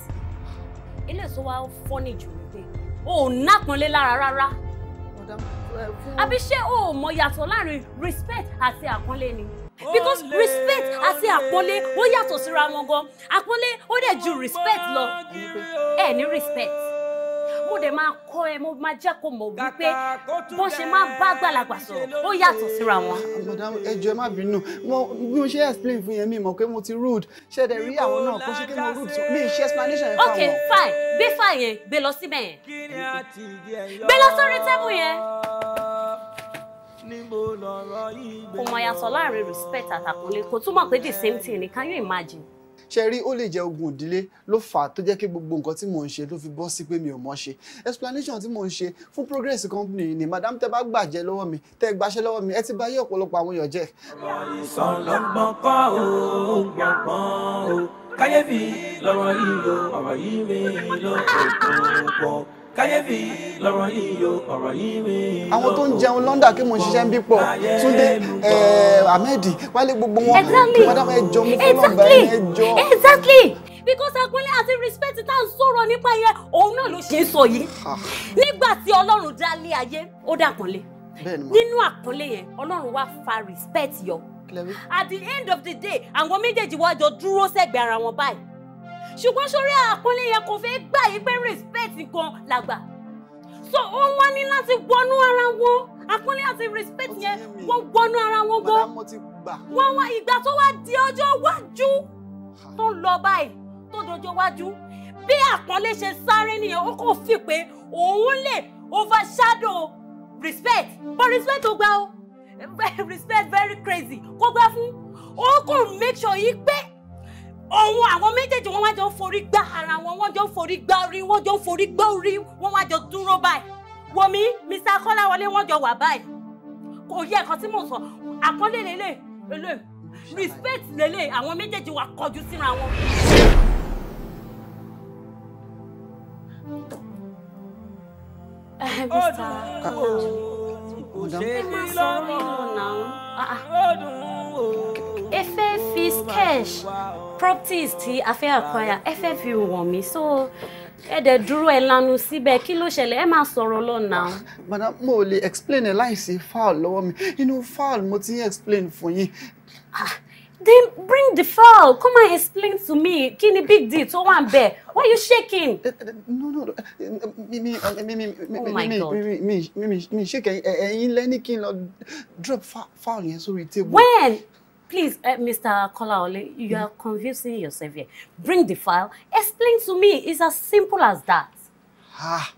eléyìí tó wá fọ́nì jù ní pé o ò nápọnlé lára rárá àbí ṣé o ò mọ yàtọ̀ láàrin respect àti àpọ́nlé ni because respect àti àpọ́nlé ó yàtọ̀ síra wọn gan àpọ́nlé ó dẹ̀ ju respect lọ ẹ ní respect mo dẹ̀ máa kọ́ ẹ mo máa jẹ́ kó mọ̀ wípé bó ṣe máa bá àgbàlagbà sọ̀rọ̀ ó yàtọ̀ síra wọn. ẹjọ ẹ má bínú bí mo ṣe explain fún yẹn mi mọ̀ pé mo ti rude ṣe dẹ̀ rí àwọn náà kó ṣe kí mo rude mi ṣe explanation yẹn fáwọn. ok fine gbé fine yẹn gbé lọ síbẹ̀ yẹn gbé lọ sórí tẹ́bù yẹn kò mọ̀ yàtọ̀ láàrin respect àtàkùnlé kò túmọ̀ pé the same thing ni can you imagine ṣe rí ó lè jẹ́ ogun ìdílé ló fà á tó jẹ́ kí gbogbo nǹkan tí mò ń ṣe ló fi bọ́ sí pé mi ò mọ̀ ṣe explanation tí mò ń ṣe fún progress company ni madam tẹ bá gbàjẹ́ lọ́wọ́ mi tẹ gbàṣẹ́ lọ́wọ́ mi ẹ ti báyé ọ̀pọ̀lọpọ̀ àwọn èèyàn jẹ́. ìsọ̀lọ́gbọ̀n kọ́ ò gbọ̀ngbọ̀n ò káyéfì kàyéfì lọ̀rọ̀ yìí yo ọ̀rọ̀ yìí mi. àwọn tó ń jẹun London kí mo ṣiṣẹ́ ń bí pọ̀ Túndé eh, Ahmedi Wálé gbogbo wọn madam ẹjọ mo fọlọ́ bẹ́ẹ̀ ẹjọ. exactly because agbọ́nlé àti respect tá à ń sọ̀rọ̀ nípa yẹn òun náà ló ṣe é sọ yìí nígbà tí Ọlọ́run dá lé ayé ó dá àpọ́nlé nínú àpọ́nlé yẹn Ọlọ́run wá fa respect yọ at the end of the day àwọn méjèèjì wájọ dúró sẹ́gbẹ̀ẹ́ ara wọn báyìí ṣùgbọ́n sórí àpọ́nlé yẹn kò fẹ́ gbà yí pé respect gan làgbà so ó wá ní láti wọnú ara wọn àpọ́nlé àti respect yẹn wọ́n wọnú ara wọn gan wọ́n wá ìgbà tó wá di ọjọ́ wájú tó ń lọ báyìí tó dọjọ́ wájú bí àpọ́nlé ṣe sáré nìyẹn ó kò fi pé òun lè overshadow respect but respect tó gbà ó respect very crazy kó gbà fún ó kò make sure yìí pé òun àwọn méjèèjì wọn wá jọ forí gbá ara wọn wọn jọ forí gbá orí wọn jọ forí gbá orí wọn wá jọ dúró báyìí wòmí Mr. Kọ́láwọlé wọn jọ wà báyìí kò yí ẹ̀kan tí mò ń sọ àkọlé lélẹ̀ lélẹ̀ respect lélẹ̀ àwọn méjèèjì wà kọjú síra wọn. Eh, ó dùn ún wò ó ṣe ní lọ́rùn ó dùn ún wò ó ẹ fẹ́ cash. sketch properties tí a fẹ́ acquire ẹ fẹ́ fi wọ̀n mí so ẹ dẹ̀ dúró ẹ lanu síbẹ̀ kí ló ṣẹlẹ̀ ẹ máa sọ̀rọ̀ lọ́nà. madam mo ò explain ẹ láìsí fowl lọ́wọ́ mi inú fowl mo ti explain fún yín. then bring the fowl come and explain to me kí big deal tó wà ń bẹ̀ why you shaking. no no me, me, me, me, me, me, me, me, me, me, me, me lẹ́ni kí n lọ drop fowl yẹn sórí table. when Please, uh, Mr. Kolaole, you mm-hmm. are convincing yourself here. Bring the file. Explain to me. It's as simple as that. Ah.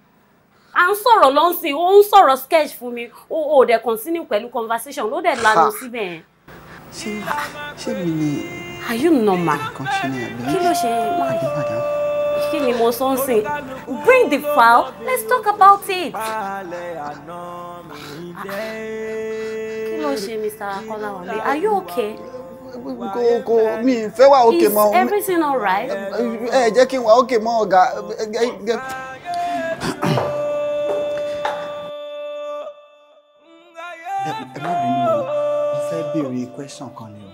I'm sorry, sọ̀rọ̀ lọ sí, ó ń sọ̀rọ̀ sketch fún mi. O ò dẹ̀ continue pẹ̀lú conversation, ó they're lanu síbẹ̀ yẹn. Ṣé ṣé mi ni? Are you normal? Continue, ló ṣe máa yí? Kí ni mo sọ ń Bring the file, let's talk about it ló ṣe Mr. Kọ́láwọlé are you okay? kò kò mi fẹ́ wà okay mọ́. is everything alright? ẹ jẹ́ kí n wà okay mọ́ ọ̀gá. ẹ má bínú o mo fẹ́ béèrè question kan ni o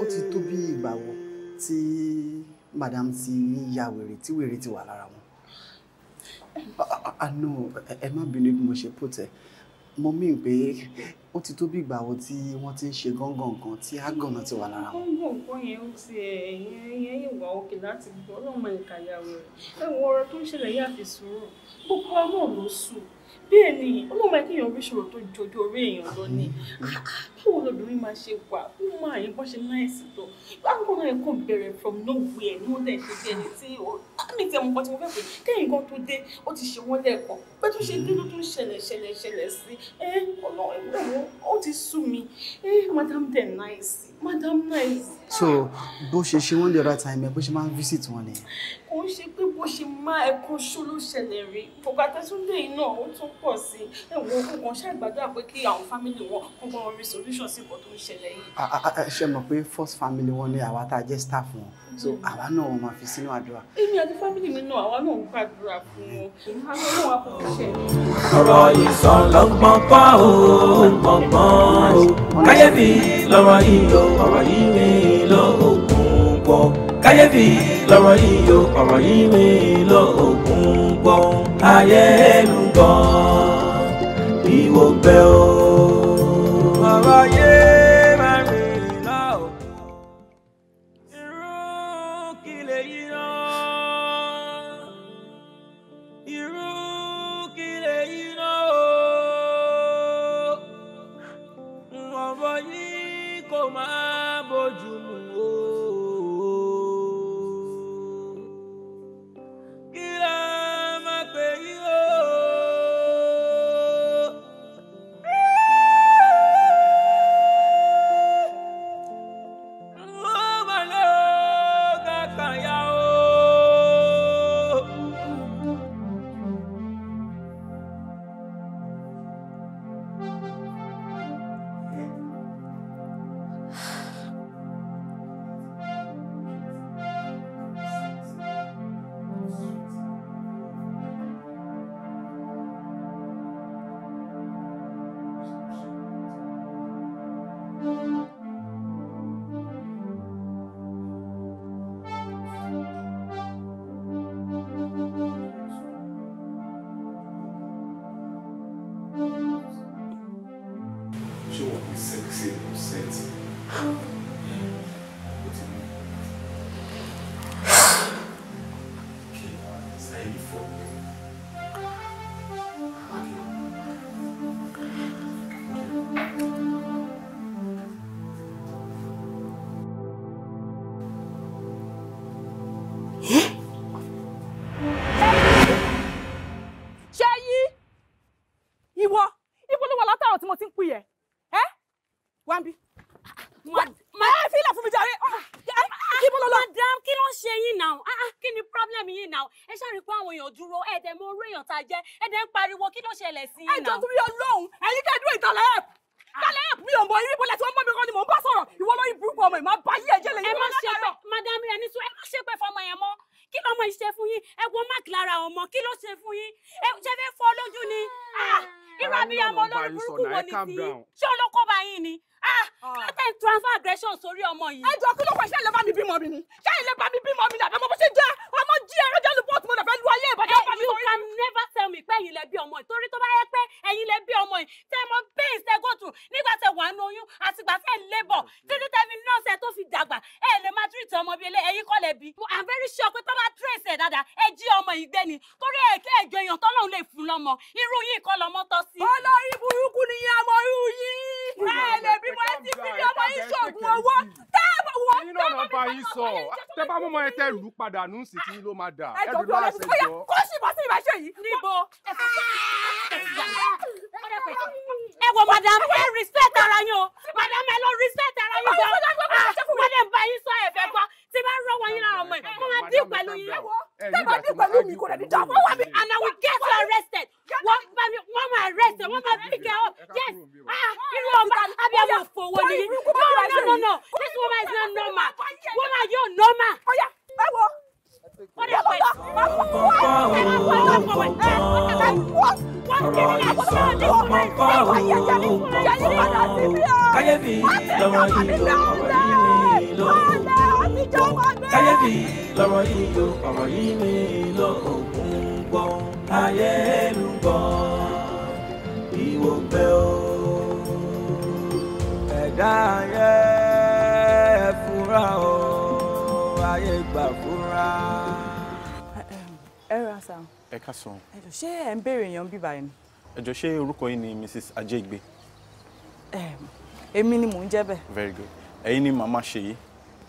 ó ti tó bí ìgbà wo tí madam ti ya wèrè tí wèrè ti wà lára wọn. àná ah, ah, ah, ẹ má bínú bí mo ṣe pò mo mí pé ó ti tó bí ìgbà wo tí wọ́n ti ń ṣe gángan nǹkan tí ágànnà ti wà lára wọn. nǹkan yẹn ó ti ẹ̀yìn ẹ̀yìn ìwà òkè láti gbọ́ ọlọ́mọ ìkàyàwó rẹ̀ ẹ̀wọ̀n ọ̀rọ̀ tó ń ṣẹlẹ̀ yà fi sùúrù gbogbo ọlọ́run ló sùn bẹ́ẹ̀ ni ọlọ́mọ ẹ̀ kéèyàn oríṣiríṣi tó jojú orí èèyàn lọ ni mm-hmm. ah, ah, báwo lobìnrin máa ṣe wà ó máa yín bọ́ ṣe náìsì tó báwo náà kò bẹ̀rẹ̀ from nowhere ni wọ́n dẹ̀ ṣe bí ẹni tí ó ah, mi ti ẹmu kan tí mo fẹ́ pè kéyìn kan tó dé ó ti ṣe wọ́n lẹ́ẹ̀kan pé tó ṣe dé ló tún ṣẹlẹ̀ ṣẹlẹ̀ ṣẹlẹ̀ sí ẹ eh, ọ̀nà ó ti sú mi ẹ eh, madam dẹ̀ náìsì madam náìsì. so bó ṣe ṣe wọ́n lè ra time ẹ bó ṣe máa ń visit wọn nìyẹn. kò ń ṣe pé bó ṣe má ẹkún ṣú ló ṣẹlẹ̀ rí bùkà tẹ́túndé iná ó tún pọ̀ sí i ẹ̀wọ̀n okùn kan ṣàgbàdúrà pé kí àwọn fámìlì wọn kó gbọ́n rí solution sí nǹkan tó ń ṣẹlẹ̀ yìí. ṣe mọ̀ pé first family wọn ni àwa tá a jẹ́ staff wọn so mm-hmm. àwa náà wọn máa fi sínú àdúrà. èmi àti fámìlì mi náà àwa náà ń gbàdúrà fún wọn àwọn náà wà fún ìṣẹ̀lẹ̀. ọ̀rọ̀ ìsàn pa ó gbọ̀ngbọ́n ó lọ́rọ̀ yìí o ọ̀rọ̀ yìí mi lọ òkun gbọ́n ayé ẹnu gan-an ìwò bẹ́ẹ̀ o. ọ̀rọ̀ yìí. lásán. ẹjọ ṣé ẹ ń béèrè èèyàn bíbá ẹ ni. ẹjọ ṣé orúkọ yìí ni mrs ajégbé. èmi ni mò ń jẹ́ bẹ́ẹ̀. very good ẹ̀yin ni màmá ṣèyí.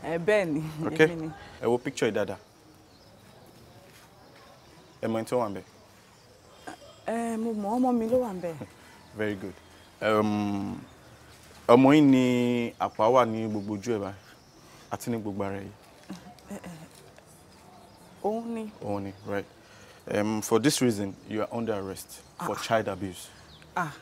ẹ bẹ́ẹ̀ ni èmi ni. ẹ wo picture yìí dáadáa ẹ mọ ẹni tó wà ń bẹ. ẹ mo mọ ọmọ mi ló wà ń bẹ. very good ọmọ yìí ni àpá wà ní gbogbo ojú ẹ báyìí àti ní gbogbo ara yìí. òun ni. òun ni right. Um, for this reason, you are under arrest ah. for child abuse. Ah.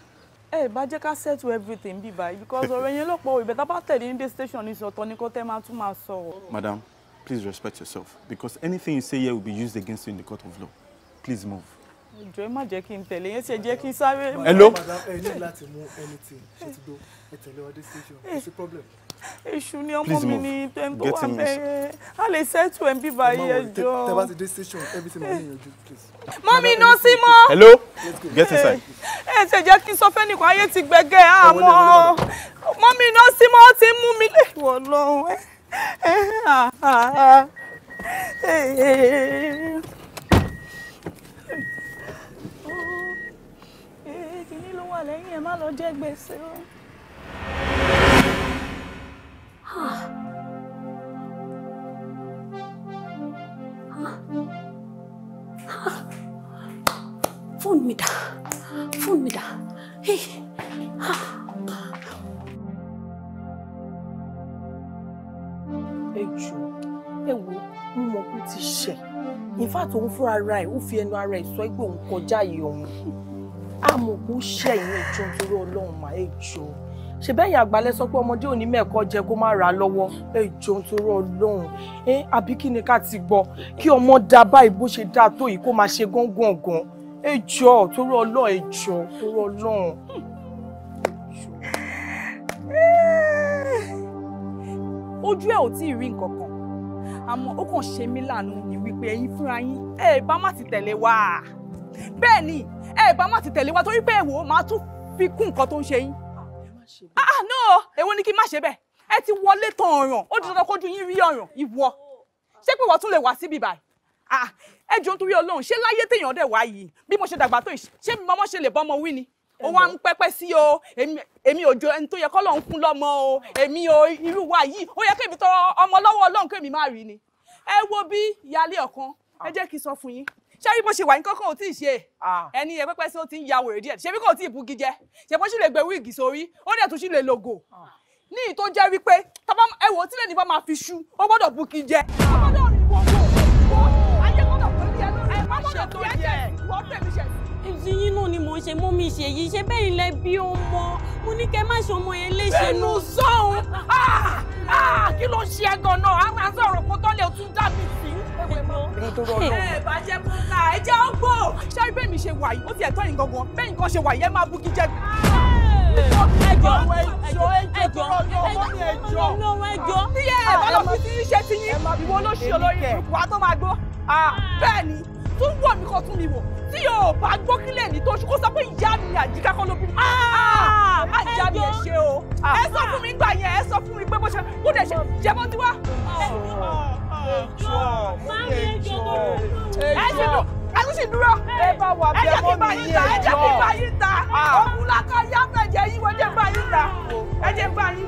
Ẹ bá jẹ́ ká to everything bí because when you look, òwe bẹ̀tà bá tẹ̀lé ní the station is sọ̀tọ̀ ní tema to my soul. máa Madam, please respect yourself because anything you say here will be used against you in the court of law. Please move. Ìjọ ẹ má jẹ́ kí n tẹ̀lé yẹn ṣe jẹ́ kí n sáré. Hello. Madam, ẹ ní láti mú anything ṣètìdó ẹ tẹ̀lé wa dé station. It's a problem èṣù ni ọmọ mi ni ẹni tó wà bẹ́ẹ̀ a lè ṣètò ẹ̀ ń bíbá yẹ jọ. tẹ bá ti dé everything máa ń yanjú please. Mommy, no, sí mọ́. hello get inside. Eh, ẹ ṣe jẹ́ kí n sọ fẹ́ nìkan ayé ti gbẹgẹ́ àmọ́ mọ́mí no, sí mọ́ ti mú mi lè wọ̀ lọ́hùn ẹ́. kìnìún ló wà lẹ́yìn ẹ̀ má lọ jẹ́ gbèsè o fóònù mi dà fóònù mi dà hey ha. ẹ jù ẹ wo mo mọ pé ó ti ṣe in fact òun fúnra ara ẹ ó fi ẹnu ara ẹ sọ pé òun kọjá yìí òun àmọ́ kò ṣe ìyẹn Ọlọ́run mà ẹ ṣe bẹ́yìn àgbàlẹ̀ sọ pé ọmọdé ò ní mẹ́ẹ̀kọ́ jẹ kó má ra lọ́wọ́ ẹ jọ nítorí ọlọ́run ẹ àbí kí ni ká ti gbọ́ kí ọmọ da báyìí bó ṣe dáa tó yìí kó máa ṣe gángan gan ẹ jọ torí ọlọ́run ẹ jọ torí ọlọ́run. ojú ẹ ò tí ì rí nǹkan kan àmọ́ ó kàn ṣe mí láàánú ni wípé ẹ̀yin fúnra yín ẹ bá má ti tẹ̀lé wa bẹ́ẹ̀ ni ẹ bá má ti tẹ̀lé wa torí pé ẹ wò ó máa tún fi kún nǹkan tó ń ṣe yín ṣe ah, ah no èwo ni kí n má ṣe bẹ́ẹ̀ ẹ ti wọlé tán ọ̀ràn ó di dandan kójú yín rí ọ̀ràn ìwọ ṣé pé ìwọ tún lè wá síbi báyìí ah ẹ jọ nítorí Ọlọ́run ṣé láyé téèyàn dẹ̀ wá yìí bí mo ṣe dàgbà tó yìí ṣé mi mọ́mọ́ ṣe lè bọ́mọ wí ni ó wá ń pẹ́pẹ́ sí o èmi òjò ẹni tó yẹ kọ́lọ́run fún lọ́mọ o èmi o irú wa yìí ó yẹ kémi tọ ọmọ lọ́wọ́ Ọlọ́run kémi má rí ni ẹ wo bí ìyáálé ọ̀kan ẹ jẹ́ kí n sọ fún yín ṣé rí bó ṣe wà ní kọ́kọ́ ò tí ì ṣe ẹni yẹn pẹ́pẹ́ sí ó ti ń ya wèrè díẹ̀ ṣebí kò tí ì bugi jẹ ṣebí ó sì lè gbé wíìgì sórí ó dẹ̀ tún sì lè lògò ní ìtó jẹ́ wípé tọ́ba ẹ̀wò tílẹ̀ ní bá máa fi ṣú ó gbọ́dọ̀ bugi jẹ. ìyín náà ni mò ṣe mú mi ṣe yìí ṣe bẹ́ẹ̀ ilẹ̀ bí ọmọ mo ní kẹ́ má ṣe ọmọ yẹn léṣe nù sọ́hun. Ah, kí ló ń ṣe ẹ gan náà àwọn àti ọ̀rọ̀ kó tó lè tún dá mi sí. bàjẹ́ bùkà ẹ jẹ́ ọgbọ́ ṣé bẹ́ẹ̀ mi ṣe wà ó ti ẹ̀tọ́ yìí gangan bẹ́ẹ̀ nǹkan ṣe wà ẹ máa bú kí jẹ́ ẹjọ ẹjọ ẹjọ ẹjọ ẹjọ ẹjọ. bí ẹ bá lọ fi ti ṣe ti yín ìwọ ló ṣe olórí ìlú wa tó máa gbọ́ ah, bẹ́ẹ̀ ni tún wọ̀ mí kó tún mi wò tí o bá gbọ́ kílẹ̀ ní tó ṣu kó sọ pé ìyá mi àjíká kọ́ ló bí mi. àjà ah, mi ẹ ṣe o ah, ẹ sọ fún mi gbà yẹn ẹ sọ fún mi pé bó ṣe bó dẹ̀ ṣe jẹ́bọ́ tiwa. Ah, ẹ ṣe dùn ẹnu sì dúró. ẹ bá wà bí ẹ mọ mi yé ẹjọ ẹ jẹ́ kí n bá yín ta ọkùnrin lákà yá fẹjẹ yín wọ́n jẹ́ bá yín ta ẹ jẹ́ bá yín.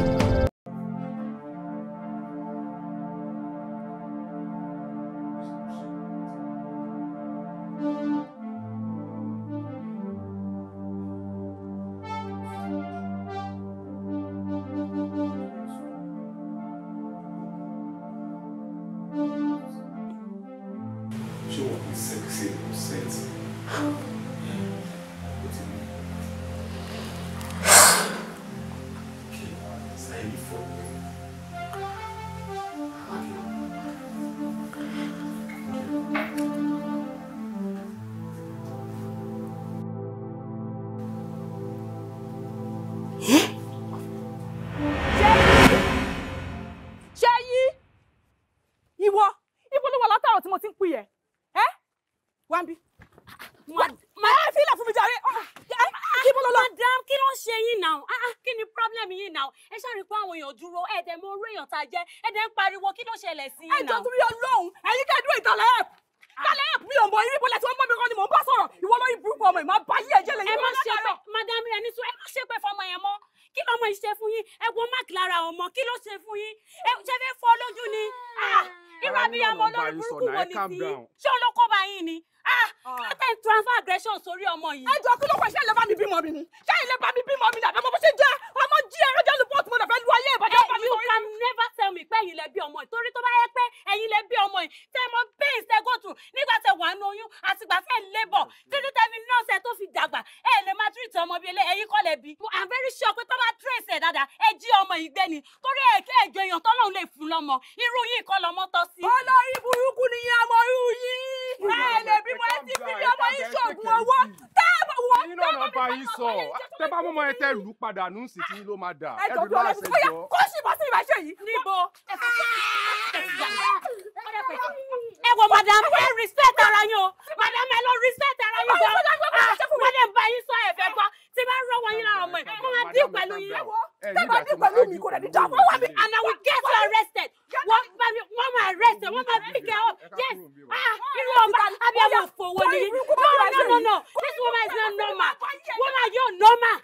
ẹsẹ̀ wọ́n máa pick her up yes ah irú ọba abiyamọ fowó ni no no no no this woman is not normal woman yóò normal.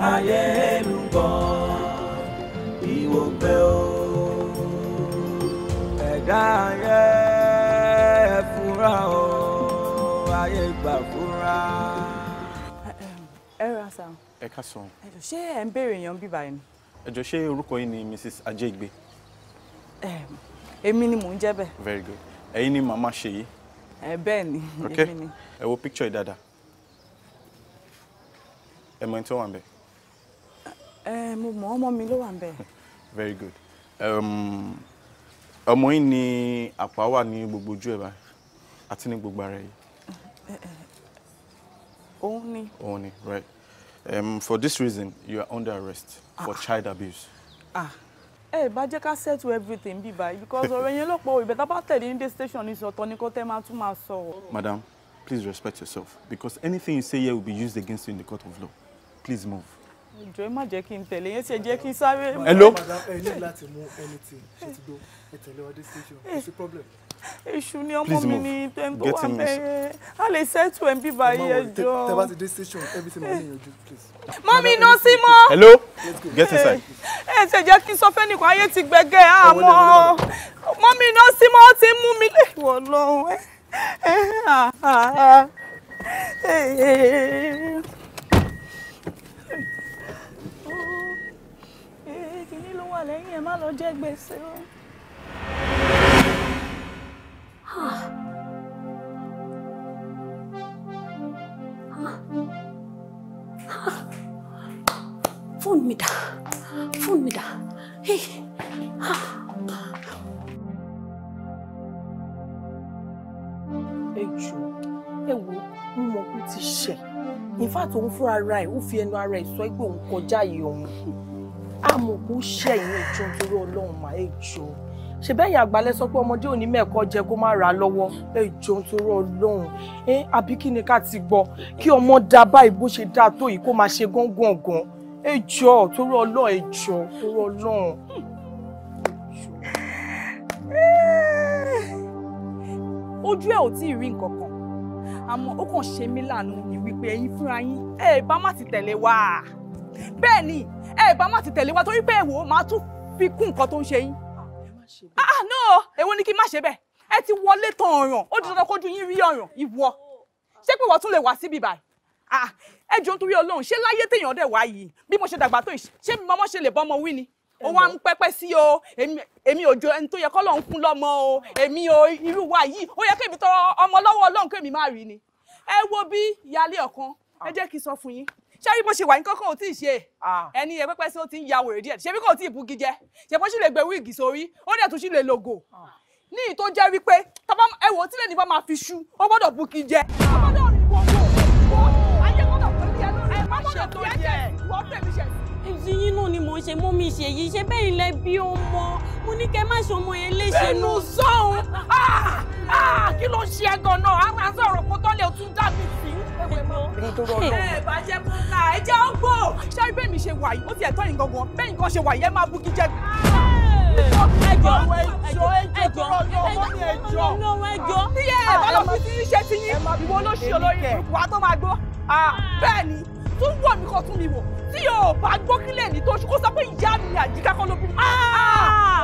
ọ̀yà ẹ wo ariwo gbẹ o ẹ̀dá ayé ẹ fura o ayé gbà fura. ẹ ra sàn. ẹ ká sàn. ẹ ṣé ẹ ń béèrè èèyàn bíbá yìí ni. ṣé orúkọ yìí ni Mrs. Ajégbé. èmi ni mò ń jẹ́ bẹ́ẹ̀. very good ẹ̀yin ni màmá Ṣèyí. ẹ bẹ́ẹ̀ ni èmi ni. ẹ wo picture yìí dáadáa ẹ mọ ẹni tó wà ń bẹ̀. ẹ mo mọ ọmọ mi ló wà ń bẹ̀. very good um, ọmọ yìí ni àpá wà ní gbogbo ojú ẹ̀ báyìí àti ní gbogbo ara yìí. òun ni. òun ni right um, for this reason you are under arrest ah. for child abuse. ah ẹ bá jẹ́ ká settle everything bí báyìí because ọ̀rọ̀ yẹn lọ́pọ̀ òwe bẹ́ẹ̀ tá bá tẹ̀lé ní the station ní sọ̀tọ̀ ní kó tẹ́ máa tún máa sọ. madam please respect yourself because anything you say here will be used against you in the court of law please move ìjọ ẹ má jẹ́ kí n tẹ̀lé yẹn ṣe jẹ́ kí n sáré. ẹ ló. ẹ ní láti mú anything ṣe ti gbó ẹ tẹ̀lé wa dé station kò sí problem. èṣù ni ọmọ mi ni tẹ́ńtò wà bẹ́ẹ̀ a lè ṣètò ẹ̀ ń bí báyìí ẹjọ́. tẹ bá ti dé station everything mọ̀ níyànjú please. mọ́mí iná sí mọ́. hello get inside. ẹ ṣe jẹ́ kí n sọ fẹ́nìkan ayé ti gbẹ̀gẹ̀ àmọ́ mọ́mí iná sí mọ́ ó ti mú mi lè wọ̀ lọ́hùn-ún. lẹ́yìn ẹ̀ má lọ jẹ́ gbèsè o. fóònù mi dà fóònù mi dà. Hey. ejò ewu ń mọ kó ti ṣe in fact òun fúnra rẹ̀ ó fi ẹnu ara ẹ̀ sọ pé òun kọjá yìí òun àmọ̀kú ṣe ìyẹn ìjọ nítorí ọlọ́run mà ẹ jọ ṣe bẹ́yìn àgbálẹ́ sọ pé ọmọdé òní mẹ́ẹ̀kọ́ jẹ kó má ra lọ́wọ́ ẹ jọ nítorí ọlọ́run ẹ àbí kí ni ká ti gbọ́ kí ọmọ da báyìí bó ṣe dáa tó yìí kó máa ṣe gángan gan ẹ jọ torí ọlọ́run ẹ jọ torí ọlọ́run. ojú ẹ ò tí ì rí nǹkan kan àmọ́ ó kàn ṣe mí láàánú ni wípé ẹ̀yin fúnra yín ẹ bá má ti tẹ̀lé wa bẹ́ẹ̀ ni ẹ bá má ti tẹ̀lé wa torí pé èwo máa tún fi kún nǹkan tó ń ṣe yín. Ah, ah no èwo ni kí n má ṣe bẹ́ẹ̀ ẹ ti wọlé tan ọ̀ràn ó di dandan kójú yín rí ọ̀ràn ìwọ ṣé pé wọ́n tún lè wá síbi báyìí ah, ẹ jọ nítorí ọlọ́run ṣé láyé téèyàn dẹ̀ wá yìí bí mo ṣe dàgbà tó yìí ṣé mi mọ́mọ́ ṣe lè bọ́mọ wí ni ó wá ń pẹ́pẹ́ sí o èmi ò jọ ẹni tó yẹ kọ́lọ́run fún lọ́mọ o èmi o irú wa yìí ó yẹ kémi tọ ọmọ lọ́wọ́ ọlọ́run kémi má rí ni ẹ wo bí ìyáálé ọ̀kan ẹ jẹ́ kí n sọ fún yín ṣáàrí bó ṣe wà ní kọ́kọ́ ò tí ì ṣe ah. ẹni yẹn pẹ́pẹ́ sí ó ti ń ya wèrè díẹ̀ ṣebí kò tí ì bugi jẹ ṣebí ó sì lè gbé wíìgì sórí ó dẹ̀ tún sì lè lògò ah. ní ìtó jẹ́ wípé tọ́ba ẹ̀wò tí lẹ́ni bá máa fi ṣu ó gbọ́dọ̀ bugi jẹ. ó gbọ́dọ̀ rìn wọ́n ó ayé gbọ́dọ̀ pẹ̀lú ẹ lórí ẹ̀ má gbọ́dọ̀ pẹ̀lú ẹ̀ wọ́n fẹ̀mí ń ṣe mú mi ṣe yìí ṣe bẹ́ẹ̀ ilẹ̀ bí ọmọ mo ní kẹ́ má ṣe ọmọ yẹn léṣe. ẹnu sọ́hun ah, ah, kí ló ṣe ẹ gan-an àwọn àti ọ̀rọ̀ kó tọ́lẹ̀ ó tún dàbí sí. ẹ bá jẹ́ ṣé bẹ́ẹ̀ mi ṣe wà yìí ó ti ẹ̀tọ́ yìí gangan bẹ́ẹ̀ nǹkan ṣe wà yìí ẹ máa bú kí jẹ́ ẹjọ ẹjọ ẹjọ ẹjọ ẹjọ bí ẹ bá lọ fi ti ṣe ti yín ìwọ ló ṣe olórí burúkú wa tó máa gbọ́ ah, bẹ́ẹ̀ ni tún wọ̀ mí kó tún mi wò tí o bá gbọ́ kílẹ̀ ní tó kó sọ pé ìyá mi àjíká kọ́ ló bí mi. Ah, ah,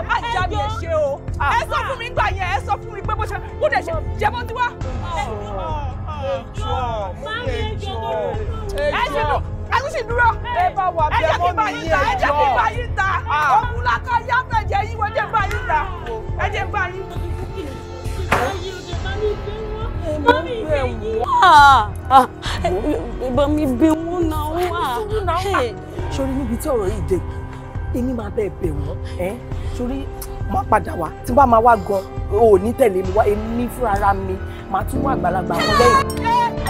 má ìyá mi ẹ ṣe o ah, ẹ sọ fún mi gbà yẹn ẹ sọ fún mi pé bó ṣe bó dẹ̀ ṣe jẹ́bọ́ tí wá. ẹ ṣe dùn ẹ tún sì dúró. ẹ bá wà bí ẹmọ mi yẹn jọ ẹ jẹ́ kí n bá yín ta ọkùnrin lákà yá fẹ̀jẹ̀ yín wọ́n jẹ́ bá yín ta ẹ jẹ́ bá yín. Mami be wo. Ah. ah But mi be wo na wa. Sori níbi tí ọ̀rọ̀ yìí dé. Èmi máa bẹ̀ bẹ̀ wọ́n, eh? Sori má padà wá. Tí bá máa wá gan, o ò ní tẹ̀lé mi wá. Èmi fúnra ra mi. Màá tún wá àgbàlagbà kan lẹ́yìn.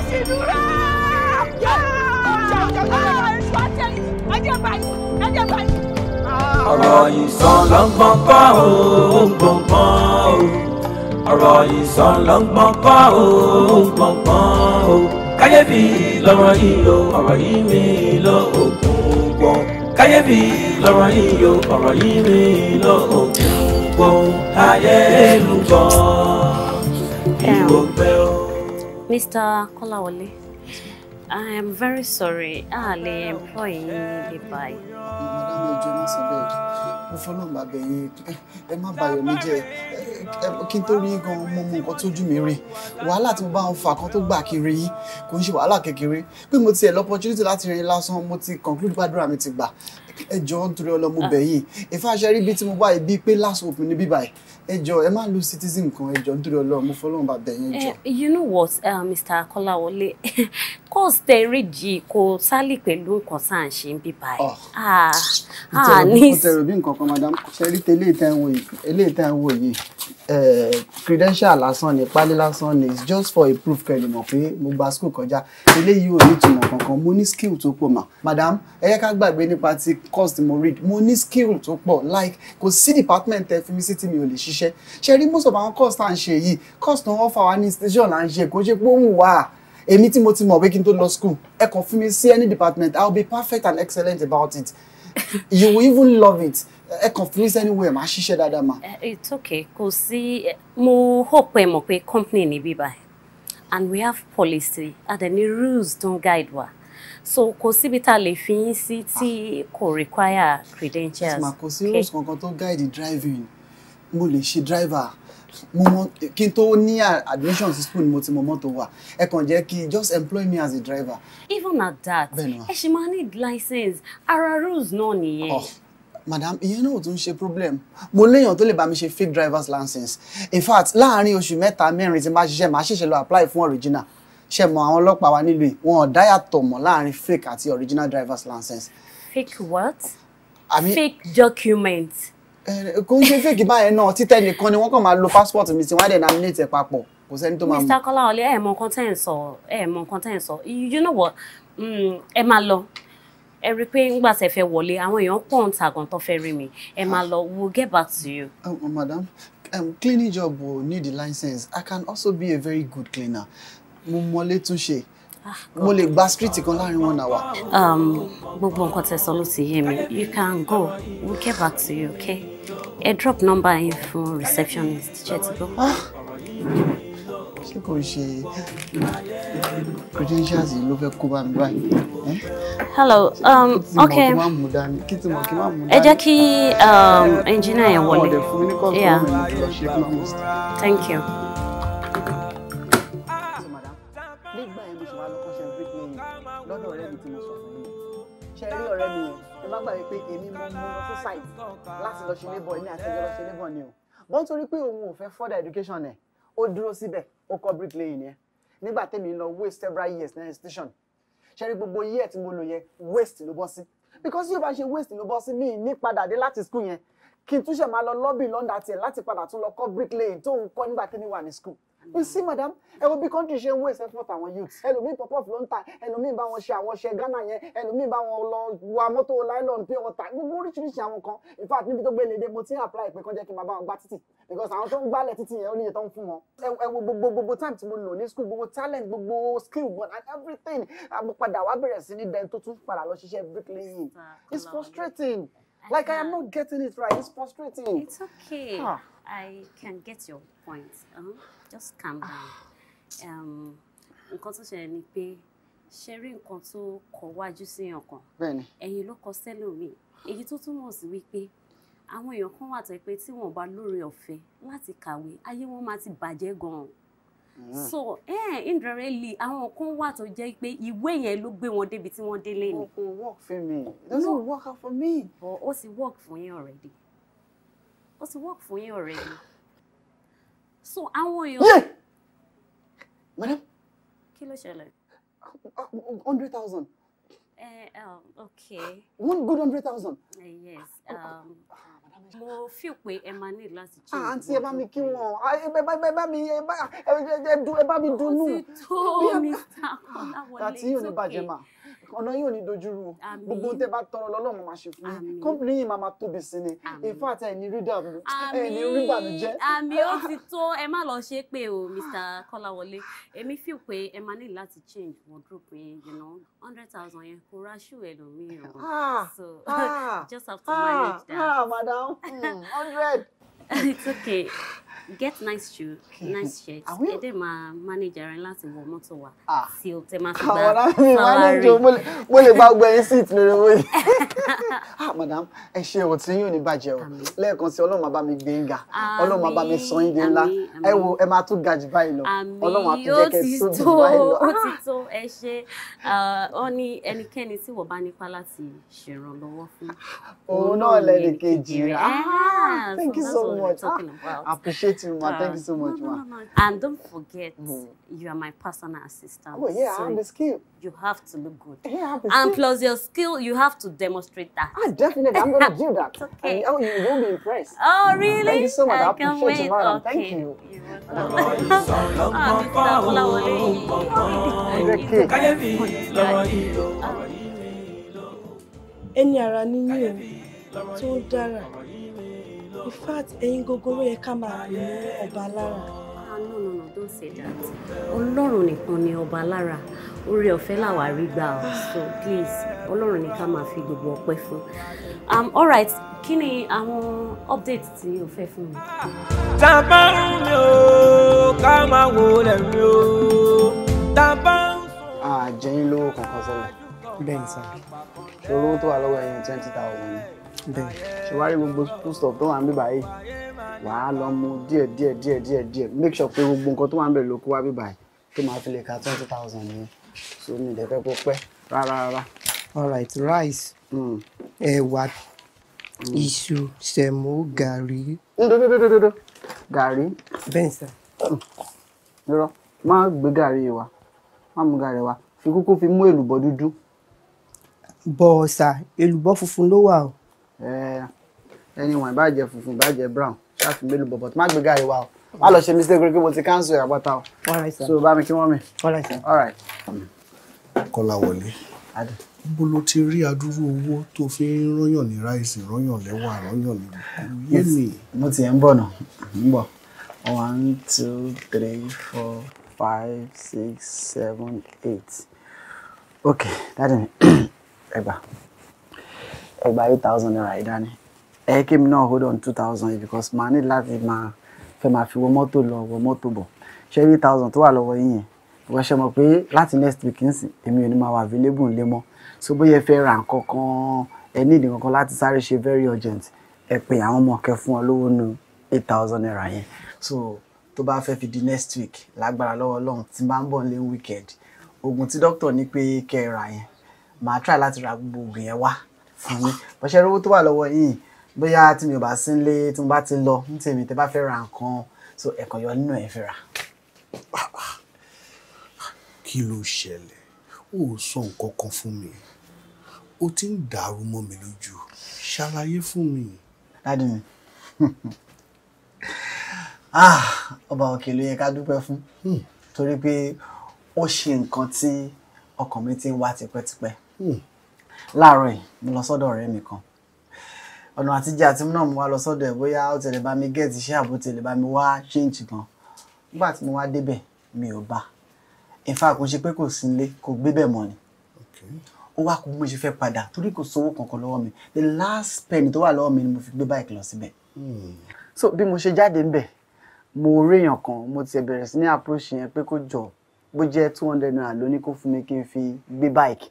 Ṣé ìdúrà? Ọ̀rọ̀ ìsọ̀lọ́gbọ̀n kọ́ ò ń gbọ̀ngbọ̀n o ọ̀rọ̀ ìsọ̀lọ́gbọ̀n kọ́ ò gbọ̀ngbọ̀n o káyébì lọ́rọ̀ yìí o ọ̀rọ̀ yìí mi lọ ògùn gbọ̀n káyébì lọ́rọ̀ yìí o ọ̀rọ̀ yìí mi lọ ògùn gbọ̀n ayé lùgbọ̀n ìwò Mr. Kọ́láwọlé, I am very sorry. A lè employ yín bíbáyìí madame ẹjọ má sọ bẹ́ẹ̀ mo fọlọ́n bàbẹ̀ yín ẹ má bà Yọ̀mí jẹ́ kí n tó rí gan mo mọ nǹkan tójú mi rí wàhálà tí mo bá ń fa kan tó gbà kiri yín kò ń ṣe wàhálà kékeré pé mo tiẹ̀ lọ́pọ̀tunity láti rí lásán mo ti conclude gbàdúrà mi ti gbà ẹjọ nítorí ọlọ́mọ bẹ̀ yín ìfáṣẹ́rí bí tí mo bá ibi pé last hope ni bíbáyìí ẹ ẹ má lu citizen kan ẹ nítorí Ọlọ́run mo fọlọ́run bá bẹ̀yẹn eh, jọ. you know what uh, eh, Mr. Kọ́láwọlé course tẹ ríjì kò sálì pẹ̀lú nǹkan tá à ń ṣe ń bí báyìí. Oh. ah ah ní. mo bí nǹkan kan madam ṣe rí tẹ́lẹ̀ ìtàn ìwòye Eh, credential lásán ni pálí lásán ni it's just for a proof kẹ́lì mọ̀ pé mo gba school kọjá eléyìí ò ní ìtumọ̀ kankan mo ní skill tó pọ̀ mà madam ẹ yẹ ká gbàgbé nípa ti course mo read mo ní skill tó pọ̀ like kò sí department ẹ fi mi sí tí mi ò lè ṣiṣẹ́ ṣe rí most of our course tá à ń ṣe yìí course tó ń offer wa ní institution là ń ṣe kò ṣe pé ó ń wà èmi tí mo ti mọ̀ pé kí n tó lọ school ẹ fún mi sí any department i will be perfect and excellent about it you will even love it ẹ kàn anywhere máa ṣiṣẹ́ dáadáa mà. Eh, it's okay kò sí eh, mo hope ẹ mọ̀ pé company ni bíbá and we have policy and then the rules don guide wa so kò síbi tá a lè fi yín sí tí kò require credentials. mà kò sí rules kankan tó guide driving mo lè ṣe driver mo mọ kí n tó ní admission sí school ni mo ti mọ mọ́tò wa ẹ kàn jẹ́ kí just employ me as a driver. even at that ẹ ṣì máa need license ara rules náà nìyẹn. Oh madam ìyẹn náà ò tún ṣe problem mo léèyàn tó lè bá mi ṣe fake driver's license in fact láàárín oṣù mẹ́ta mẹ́rin tí n bá ṣiṣẹ́ màá ṣẹ̀ṣẹ̀ lọ apply fún original ṣe mọ àwọn ọlọ́pàá wa nílùú yìí wọn ò dáyàtọ̀ mọ́ láàárín fake àti original driver's license. fake what? I mean, fake document. kò ń ṣe fake báyẹn náà títẹ nìkan ni wọn kàn máa lo passport mi tí wọn á dẹ̀ nominate ẹ̀ papọ̀ kò sẹ́ni tó máa mú. Mr. Kọ́láwọlé ẹ mọ nǹkan ẹ̀ mọ nǹkan you know what mm, ẹ máa lọ ẹ rí i pé ńgbà tẹ fẹ́ wọlé àwọn èèyàn pọ̀ ń tàgàn tó fẹ́ rí mi ẹ máa lọ we'll get back to you. Um, um madam um, cleaning job will need the license I can also be a very good cleaner mo mọlé túnṣe ah, mo lè gba street kan láàrin one hour. Um, gbogbo nǹkan tẹ sọ ló ti yé mi you can go we'll get back to you okay ẹ drop number yín fún receptionist jẹ́ ti gbọ́. Ah! ṣé kò ṣe credentials yìí ló fẹ́ kó bá mi báyìí. hello um, okay ẹ jẹ́ kí um, engineer yẹn wọlé. thank you. bọ́n torí pé òun ò fẹ́ further education ẹ̀ ó dúró síbẹ̀ ó kọ́ bricklaying yẹn nígbà tẹ́mi lọ waste several years ní institution ṣe rí gbogbo year tí mo lò yẹn waste ló bọ́ sí because yóò bá ṣe waste ló bọ́ sí mi ní padà dé láti school yẹn kí n túnṣe máa lọ lọ́bì lọ́ndà tiẹ̀ láti padà tún lọ kọ́ bricklaying tó ń kọ́ nígbà tẹ́mi wà ní school you see madam ẹ wo bí country ṣe ń wé ẹsẹ fún àwọn youths ẹlòmíín pọpọ fún ló ń ta ẹlòmíín bá wọn ṣe àwọn ṣe ghana yẹn ẹlòmíín bá wọn lọ wa mọ́tò nylon pé wọn ta gbogbo oríṣiríṣi àwọn kan in fact níbi tó gbé lédè mo ti ń apply pé kán jẹ́ kí n máa bá wọn gbá títì because àwọn tó ń gbálẹ̀ títì yẹn ó níye tó ń fún wọn ẹ wo gbogbo gbogbo time tí mo lò ní school gbogbo talent gbogbo skill but and everything mo padà wá bẹ̀rẹ̀ sí ní den tó tún padà lọ ṣiṣẹ́ bricklaying it's frustrating like I am not getting it right it's frustrating. it's okay ah. I can get your point. Uh -huh just calm down. Ah. nǹkan tó ṣẹlẹ̀ ni pé ṣe rí nǹkan tó kọ wájú sí èèyàn kan ẹ̀yìn ló kọ sẹ́lòmíì èyí tó túmọ̀ sí wípé àwọn èèyàn kan wà tó pé tí wọn bá lóore ọ̀fẹ́ láti kàwé ayé wọn máa ti bàjẹ́ gan-an mm. so eh, indirectly àwọn kan wà tó jẹ́ pé ìwé yẹn ló gbé wọn débi tí wọ́n délé ni. kò work for me it doesn't no. work for me. ó ti work for yín already ó ti work for yín already so àwọn èèyàn. madam. kí ló ṣẹlẹ̀. hundred thousand. Uh, um, okay. One good hundred thousand. yes. Um, mo fi pe ẹ máa ní láti jí. àǹtí ẹ bá mi kí wọn ẹ bá mi ẹ bá mi dùnú. ó ti tó mr kọ́láwọlé tó kè ọ̀nà yín ò ní dojúrú o gbogbo ohun tẹ́ bá tọrọ lọ́lọ́run máa ṣe fún yín kọ́ńpìlì yìí máa máa tóbi sí ni in fact ẹ̀ ní rí dàbí ẹ̀ ní rí bànújẹ́. àmì ó ti tó ẹ má lọ ṣe pé o Mr. Kọ́láwọlé èmi feel pé ẹ máa ní láti change wardrobe yẹn you know hundred thousand yẹn kò ra shoe o ah, so ah, just have to manage ah, that. ah madam hmm, hundred. it's okay get nice shoe nice shirt ẹ dẹ̀ máa manage ara láti wọ mọ́tò wa ah. tí o tẹ máa fi gba salary. mo lè bá gbẹ̀yìn seat lórí wọ́n yìí ah, madam ẹ ṣe what's in you in the lẹ́ẹ̀kan sí ọlọ́run consider mi gbé ń ga ọlọ́run bá mi sọ yín dé ńlá ẹ wo ẹ máa tún ga jù báyìí lọ ọlọ́run á tún jẹ́ kẹ́ tó jù báyìí lọ. ó only any ah. ẹ ṣe ọ ní ẹnikẹ́ni tí wọ́n bá nípa láti ṣèrànlọ́wọ́ fún. òun náà lẹ́nu kejì rẹ̀ thank you so much. so much. Ah, appreciate you, ma. Um, Thank you so um, much, no, no, no, ma. And don't forget, mm. you are my personal assistant. Oh yeah, so I'm the skill. You have to look good. Yeah, I'm And skill. plus your skill, you have to demonstrate that. Ah, definitely, I'm gonna do that. okay. And, oh, you, will will be impressed. Oh mm-hmm. really? Thank you so much. I, I appreciate you, madam. Okay. Ah, Thank you. tó dára. in fact ẹ̀yin gógó ló yẹ ká máa ní ọba lára. ah no no no don't say that ọlọ́run nìkan ni ọba lára oore ọ̀fẹ́ làwa rí gbà ọ́ so please ọlọ́run ni ká máa fi gbogbo ọpẹ́ fún um all right kí ni àwọn update tí o fẹ́ fún mi. tàbá ń mi ò ká máa wò lẹ́mí o tàbá ń sùn. àjẹyìn lówó kankan sẹlẹ̀ bẹ́ẹ̀ ni sá owó tó wà lọ́wọ́ ẹ̀yìn twenty thousand ṣùwárí gbogbo school tó wà ń bíbá yìí wàá lọ mu díẹ̀ díẹ̀ díẹ̀ díẹ̀ díẹ̀ make sure pé gbogbo nǹkan tó wà ń bẹ̀ ló kó wá bíbá yìí tó máa fi lè ka twenty thousand yẹn so mi ì dẹ́fẹ́ kó pẹ́ rárá rárá. all right rice hmm. ẹ̀wà hmm. iṣu sẹ̀mó gàrí. ndododododo hmm, gàrí. bẹ́ẹ̀ sà. irọ́ má gbé gàrí wa má mú gàrí wa fi kúkú fi mú èlùbọ́ dúdú. bọ̀ọ̀sà èlùbọ́ funfun ló wà o ẹni wọn ìbàjẹ́ funfun ìbàjẹ́ brown ṣáàfù mélòó bọ̀bọ̀ tó má gbé gáàrí wa o má lọ ṣe mistake pé mo ti cancel àpáta uh, o so bá mi kí wọ́n mi. kọ́lá wọlé bó ló ti rí adúrú owó tó fi ń rányàn ní ráìsì rányàn lẹ́wà rányàn ní yé mi. mo ti ń bọ̀ nà ń bọ̀ one two three four five six seven eight okay dáadé mi ẹ gbà ẹ gba eight thousand naira yìí dání ẹ kí mi náà hold on two thousand yìí because màá ní láti máa fẹ́ máa fi wọ mọ́tò lọ wọ mọ́tò bọ̀ ṣé eight thousand tó wà lọ́wọ́ yín yẹn wọ́n ṣe mọ̀ pé láti next week nsìn èmi ò ní máa wà available nílé mọ́ so bóyá ẹ fẹ́ ra nǹkan kan ẹ ní ìdí kankan láti sáré ṣe very urgent ẹ pè àwọn ọmọ kẹ fún ọ lówó nu eight thousand naira yẹn so tó bá fẹ́ fi di next week lágbára lọ́wọ́ Ọlọ́run tí n bá ń bọ̀ ní weekend oògùn tí dókítà ní pé kẹ́ ẹ yẹn màá try láti ra gbogbo oògùn yẹn wá fún yín bọ́sẹ̀ rówó tó wà lọ́wọ́ yìí bóyá tí mi ò bá sí nílé tí mo bá ti lọ ní tèmi tẹ́ bá fẹ́ ra nǹkan so ẹ̀kan yọ nínú ẹ̀ fẹ́ rà. kí ló ṣẹlẹ̀ ó sọ nǹkan kan fún mi ó ti ń dàrú mọ́ mi lójú ṣàlàyé fún mi. dádì mi ah, ọba òkè ló yẹ ká dúpẹ́ fún hmm. torí pé ó ṣe nǹkan tí ọkàn mi ti ń wá tipẹ́tipẹ́. Hmm láàárọ̀ yìí mo lọ sọ́dọ̀ ọ̀rẹ́ mi kan ọ̀nà àtijọ́ àti náà mo wá lọ sọ́dọ̀ ẹ̀ bóyá ó tẹ̀lé bá mi gẹ́ẹ̀tì iṣẹ́ àbó tẹ̀lé bá mi wá ṣéǹtì kan nígbà tí mo wá débẹ̀ mi ò bá in kò ṣe pé kò sí nílé kò gbé bẹ̀ mọ́ ni ó wá kó mo ṣe fẹ́ padà torí kò sówó kankan lọ́wọ́ mi the last penny tó wà lọ́wọ́ mi ni mo fi gbé báyìí lọ síbẹ̀ so bí mo ṣe jáde ń bẹ̀ mo réèyàn kan mo ti bẹ̀rẹ̀ sí ní approach yẹn pé kó jọ bó jẹ́ two hundred naira lóní kó fún mi kí n fi gbé báyìí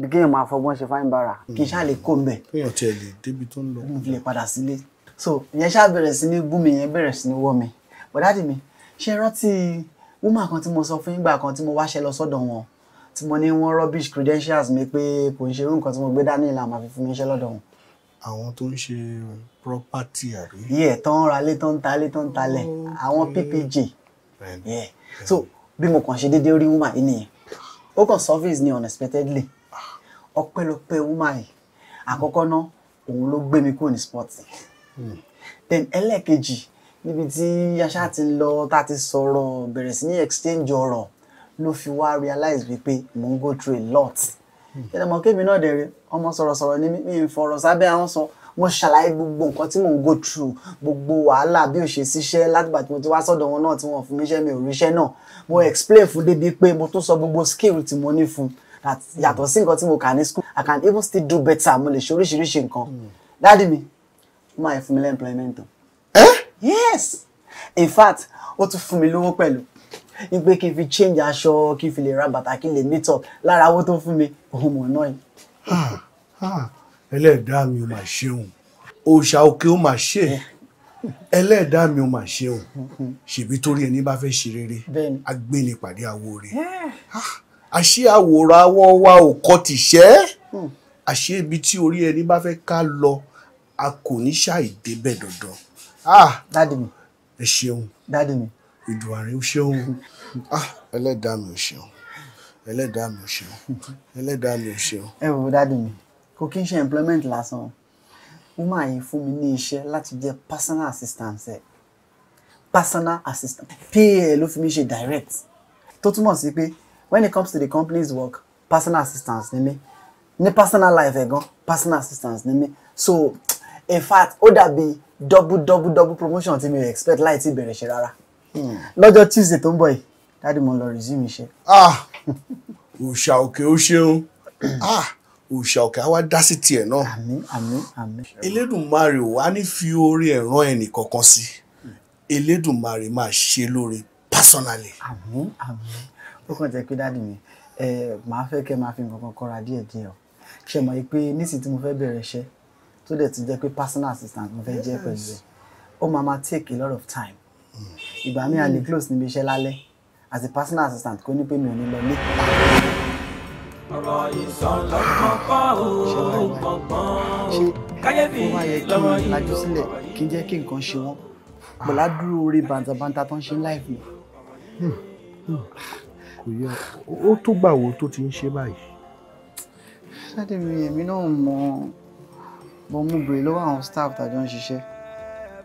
bí kéèyàn máa fọgbọ́n ṣe fáin bara kì í ṣáà lè kó mbẹ. kéèyàn tiẹ̀ lè débi tó ń lọ. mo lè padà sílé so ìyẹn ṣáà bẹ̀rẹ̀ sí ní bú mi ìyẹn bẹ̀rẹ̀ sí ní wọ́ mi bọ̀dáàdì mi ṣe rántí wúmà kan tí mo sọ fún ìgbà kan tí mo wáṣẹ lọ sọ́dọ̀ wọn tí mo ní wọn rubbish credentials mi pé kò ń ṣe irú nǹkan tí mo gbé dání ìlànà àfi fún mi iṣẹ́ lọ́dọ̀ wọn. àwọn tó ń ṣe property àrí. yẹ tán ra lé tán ta lé tán talẹ àwọn ppj so bí mo kàn ṣe déédéé rí wúmà yìí nìyẹn ó kàn surface ni unexpectedly ọpẹ́lọpẹ́ woman yìí àkọ́kọ́ náà òun ló gbé mi kúrò ní spọ́ọ̀tì then ẹlẹ́ẹ̀kejì níbi tí yasa ti ń lọ tá a ti sọ̀rọ̀ bẹ̀rẹ̀ sí ní exchange ọ̀rọ̀ ló fi wá realize wípé mò ń go through a lot ẹ̀dá mọ̀ kémi náà dẹ̀rẹ̀ ọmọ sọ̀rọ̀sọ̀rọ̀ ni mi ń fọ̀rọ̀ sábẹ́ àwọn sọ mo ṣàlàyé gbogbo nǹkan tí mò ń go through gbogbo wàhálà bí ò ṣe ṣiṣẹ́ látìgbà tí mo ti wá sọ́dọ̀ wọn náà tí wọ́n fún mi iṣẹ́ mi ò ríṣẹ́ náà mo explain fún débi pé mo tún sọ gbogbo skill tí mo ní fún un yàtọ̀ sí nǹkan tí mo kà ní school i can even still do better mo lè ṣe oríṣiríṣi nǹkan dáàdi mi máa yẹ fún mi lẹ́ẹ̀mployment o. yes in fact ó tún fún mi lówó pẹ̀lú ìgbé kí n fi change aṣọ kí n fi lè ra bàtà kí n lè meet up lára owó tó fún mi òun mọ̀ náà yìí. ẹlẹ́dàá mi ò mà ṣeun òòṣà òkè ó mà ṣe eh. ẹlẹ́ẹ̀dá mi ò mà ṣe o ṣèbí torí ẹni bá fẹ́ ṣe rere agbéni pàdé àwo rẹ̀ àṣé àwòrán àwọn wa ò kọ tìṣẹ́ hmm. àṣé ibi tí orí ẹni bá fẹ́ ká lọ a kò ní ṣàì débẹ̀ dandan. Ah! dáàdì mi. ẹ ṣeun. dáàdì mi. ìdùnàrè ó ṣeun. Ah! ẹlẹ́dàá mi ò ṣeun ẹlẹ́dàá mi ò ṣeun ẹlẹ́dàá mi ò ṣeun. ẹ wò dáàdì mi kò kí n ṣe employment lásán woman yìí fún mi ní iṣẹ́ láti jẹ́ personal assistant ẹ̀ personal assistant pa ló fi mi ṣe direct tó túmọ̀ sí pé when it comes to the company's work personal assistance ni mí ní personal life ẹ̀ personal assistance ni mí so in fact ó dàbí double double double promotion tí mi ò expect láì tí bẹ̀rẹ̀ ṣe rárá lọ́jọ́ tuesday tó ń bọ̀ yìí dáàdì mo lọ resume ah. òòṣà òkè ó ṣeun ah! òòṣà òkè á wá dá sí tiẹ̀ náà àmín àmín àmín. elédùnmarè ò wá ní fi oore ẹ̀ rán ẹnì kankan sí elédùnmarè máa ṣe lóore personally. àmín àmín ó kàn jẹ́ pé dáàdì mi ẹ màá fẹ́ kẹ́ máa fi nǹkan kọ́ra díẹ̀ díẹ̀ o ṣe mọ̀ pé nísìnyí tí mo fẹ́ bẹ̀rẹ̀ iṣẹ́ tó dẹ̀ ti jẹ́ pé personal assistant mo fẹ́ jẹ́ pẹ̀lú rẹ̀ ó máa máa take a lot of time ìgbà mi à close níbi iṣẹ́ lálẹ́ as a personal assistant kò ní pé mi ò ní lọ ní. ọ̀rọ̀ ìsọ̀lọ̀ pọ̀npọ̀n ò pọ̀npọ̀n káyéfì lọ́rọ̀ yìí lajú sílẹ̀ kí n jẹ́ kí nǹkan ṣe wọ́n pẹ̀lú orí bàǹtàbàǹtà tó ń ṣe láìpẹ́ kò yẹ ó tó gbà wo tó ti ń ṣe báyìí. sáde mi èmi náà mọ mo mú bèrè lọ́wọ́ àwọn staff tàjọ ń ṣiṣẹ́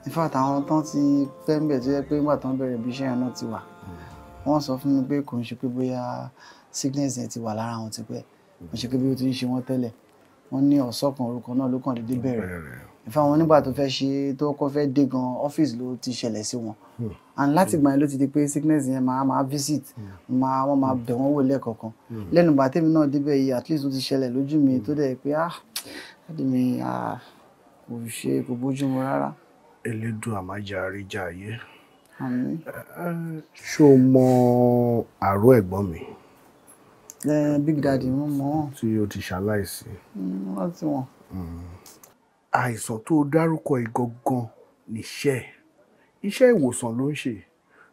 in fact àwọn tán ti pẹ́ ń bẹ̀ tó yẹ pé nígbà tán bẹ̀rẹ̀ ibi iṣẹ́ yẹn náà ti wà hmm. wọ́n sọ fún mi pé kò ń ṣe pé bóyá sickness yẹn ti wà lára wọn ti pẹ́ kò ń ṣe pé bí ó ti ń ṣe wọ́n tẹ́lẹ̀ wọ́n ní ọ̀sọ́ kan orúkọ náà ló kàn déédéé bẹ̀rẹ̀ ìfẹ́ àwọn nígbà tó fẹ́ ṣe tó kọ́ fẹ́ dé gan ọ́fíìsì ló ti ṣẹlẹ̀ sí wọn hmm. and láti hmm. gbà yẹn ló ti di pé sickness yẹn máa máa visit hmm. máa wọ́n máa bẹ̀ wọ́n wò lẹ́ẹ̀kọ̀kan lẹ́nu ìgbà tèmi náà débẹ̀ yìí at least ó ti ṣẹlẹ̀ lójú mi tó dẹ̀ pé ah láti mi ah, kò ṣe kò bójú mu rárá. elédùn àmájà àríjà ayé ṣó mọ àrò ẹ̀gbọ́n mi. Eh, big daddy mo mọ̀ tí o ti ṣaláìsí. wọ́n ti wọ̀n àìsàn tó o dárúkọ ìgangan níṣẹ́ iṣẹ́ ìwòsàn ló ń ṣe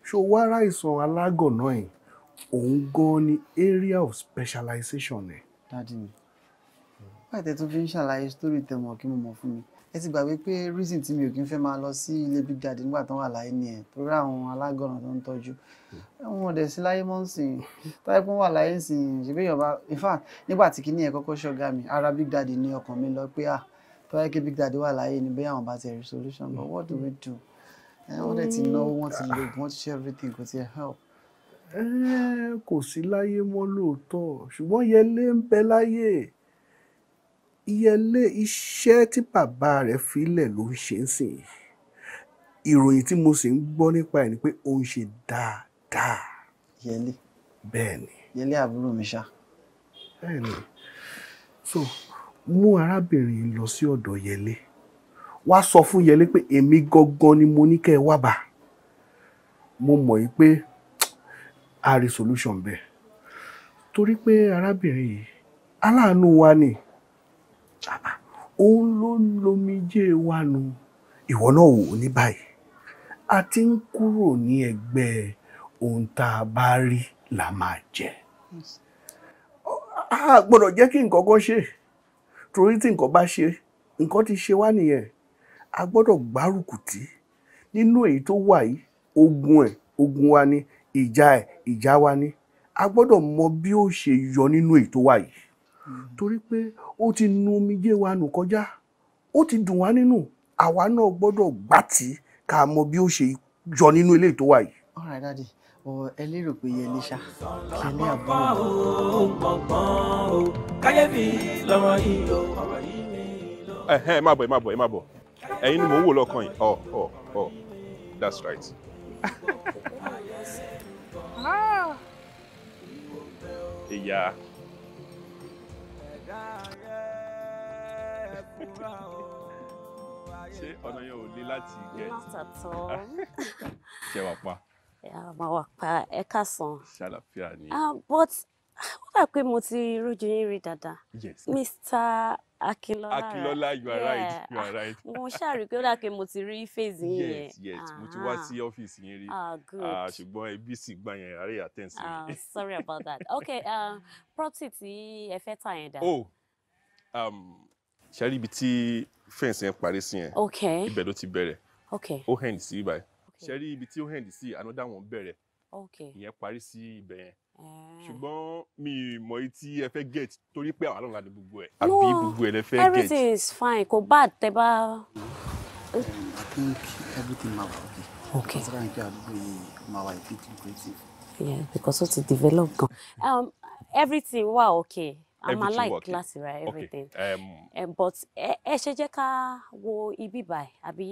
ṣó wá ráìsàn alágọ̀nà ẹ̀ òun gan ni area of specialization ẹ̀. dájú mi báyìí tẹ́ tún fi ń ṣàlàyé sítórì tẹ̀mọ̀ kí mo mọ̀ fún mi ẹ ti gbàgbé pé reason tí mi ò kí ń fẹ́ máa lọ sí ilé big daddy nígbà tó wà láyé nìyẹn torí àwọn alágọ̀nà tó ń tọ́jú wọn ò dẹ̀ sí láyé mọ́ nsìn táyé pọ́n wà láyé nsìn ṣèbéyàn bá in fact nígbà tí kinní yẹn kọ́kọ́ ṣọ́gà mi ara big daddy ní ọkàn mi lọ pé ah tó yẹ kí big daddy wà láyé ni bóyá àwọn bá ti rí solution but what do we do eh, wọ́n dẹ̀ ti náwó wọ́n ti lo wọ́n ti ṣe everything kò tiẹ̀ help. Eh, kò sí láyé mọ́ lóòótọ́ ṣùgbọ́n Yẹlé ń bẹ láyé Yẹlé iṣẹ́ tí bàbá rẹ̀ filẹ̀ ló ń ṣe ń sìn ìròyìn tí mo sì ń gbọ́ nípa ẹ̀ ni pé ó ń ṣe dáadáa. Yẹlé. bẹ́ẹ̀ ni. Yẹlé àbúrò mi ṣá. bẹ́ẹ̀ ni so mú arábìnrin lọ sí ọ̀dọ̀ Yẹlé wá sọ fún Yẹlé pé èmi gangan ni mo ní kẹ́ ẹ wá bá mo mọ̀ yìí pé a rí solution bẹ́ẹ̀ torí pé arábìnrin yìí aláàánú wa ni òun ló ń lomijé wa nu ìwọ náà wò ó ní báyìí a ti ń kúrò ní ẹgbẹ́ ohun tá a bá rí la máa jẹ a gbọ́dọ̀ jẹ́ kí nǹkan kan ṣe torí tí nǹkan bá ṣe nǹkan ti ṣe wá nìyẹn a gbọ́dọ̀ gbárùkùtì nínú èyí tó wà yìí ogun ẹ̀ ogun wa ni ìjà ẹ̀ ìjà wa ni a gbọ́dọ̀ mọ bí ó ṣe yọ nínú èyí tó wà yìí hmm. torí pé ó ti nu omijé wa nù kọjá ó ti dùn wá nínú àwa náà gbọ́dọ̀ gbàtì ká mọ bí ó ṣe yọ nínú eléyìí tó wà yìí bọ ẹ lérò pé yẹlé ṣá kí ní àbúrò. káyọ̀dé lọ́rọ̀ yìí o ọ̀rọ̀ yìí ni lọ. ẹ ẹ má bọ̀ ẹ má bọ̀ ẹ má bọ̀ ẹ̀yin ni mò ń wò lọ́kàn yìí ọ ọ ọ that's right. ìyá. ṣé ọ̀nà yẹn ò le láti gẹ̀? not at all. pa máa wà pa ẹ káàsán. ṣàlàfíà ni. but ó dà pé mo ti rójú yín rí dáadáa. yes. mr Akínlọ́lá Akínlọ́lá you are right you are right. mo ṣàrí pé ó dà pé mo ti rí fèsì yín yẹn. yes yes mo ti wá ah. sí ọ́fíìsì yín rí ah, ah, ṣùgbọ́n ẹbí sì gbà yẹn àárẹ̀ yà tẹ̀ sí. sorry about that okay property tí ẹ fẹ́ tà yẹn dà. oh um, ṣe rí ibi tí fẹ́ǹsì yẹn parí sí yẹn ibẹ̀ ló ti bẹ̀rẹ̀ ó hẹ́ǹdì sí báyìí ṣe rí ibi tí ó hẹ̀ndì sí another one bẹ̀rẹ̀ ìyẹn parí sí ibẹ̀ yẹn eh. ṣùgbọ́n mi mọ èyí tí ẹ fẹ́ get torí pé àwọn àlọ́lá ni gbogbo ẹ̀ àbí gbogbo ẹ̀ lẹ fẹ́ get. everything is fine kò bá tẹ bá. I think everything ma wa okay. okay. considering okay. pé àdúgbò ma wa a bit lucrative. yeah because ó ti develop gan. Um, everything wa okay i'm alive class right everything okay. um, um, but ẹ ṣe jẹ́ ká wo ibi báyìí àbí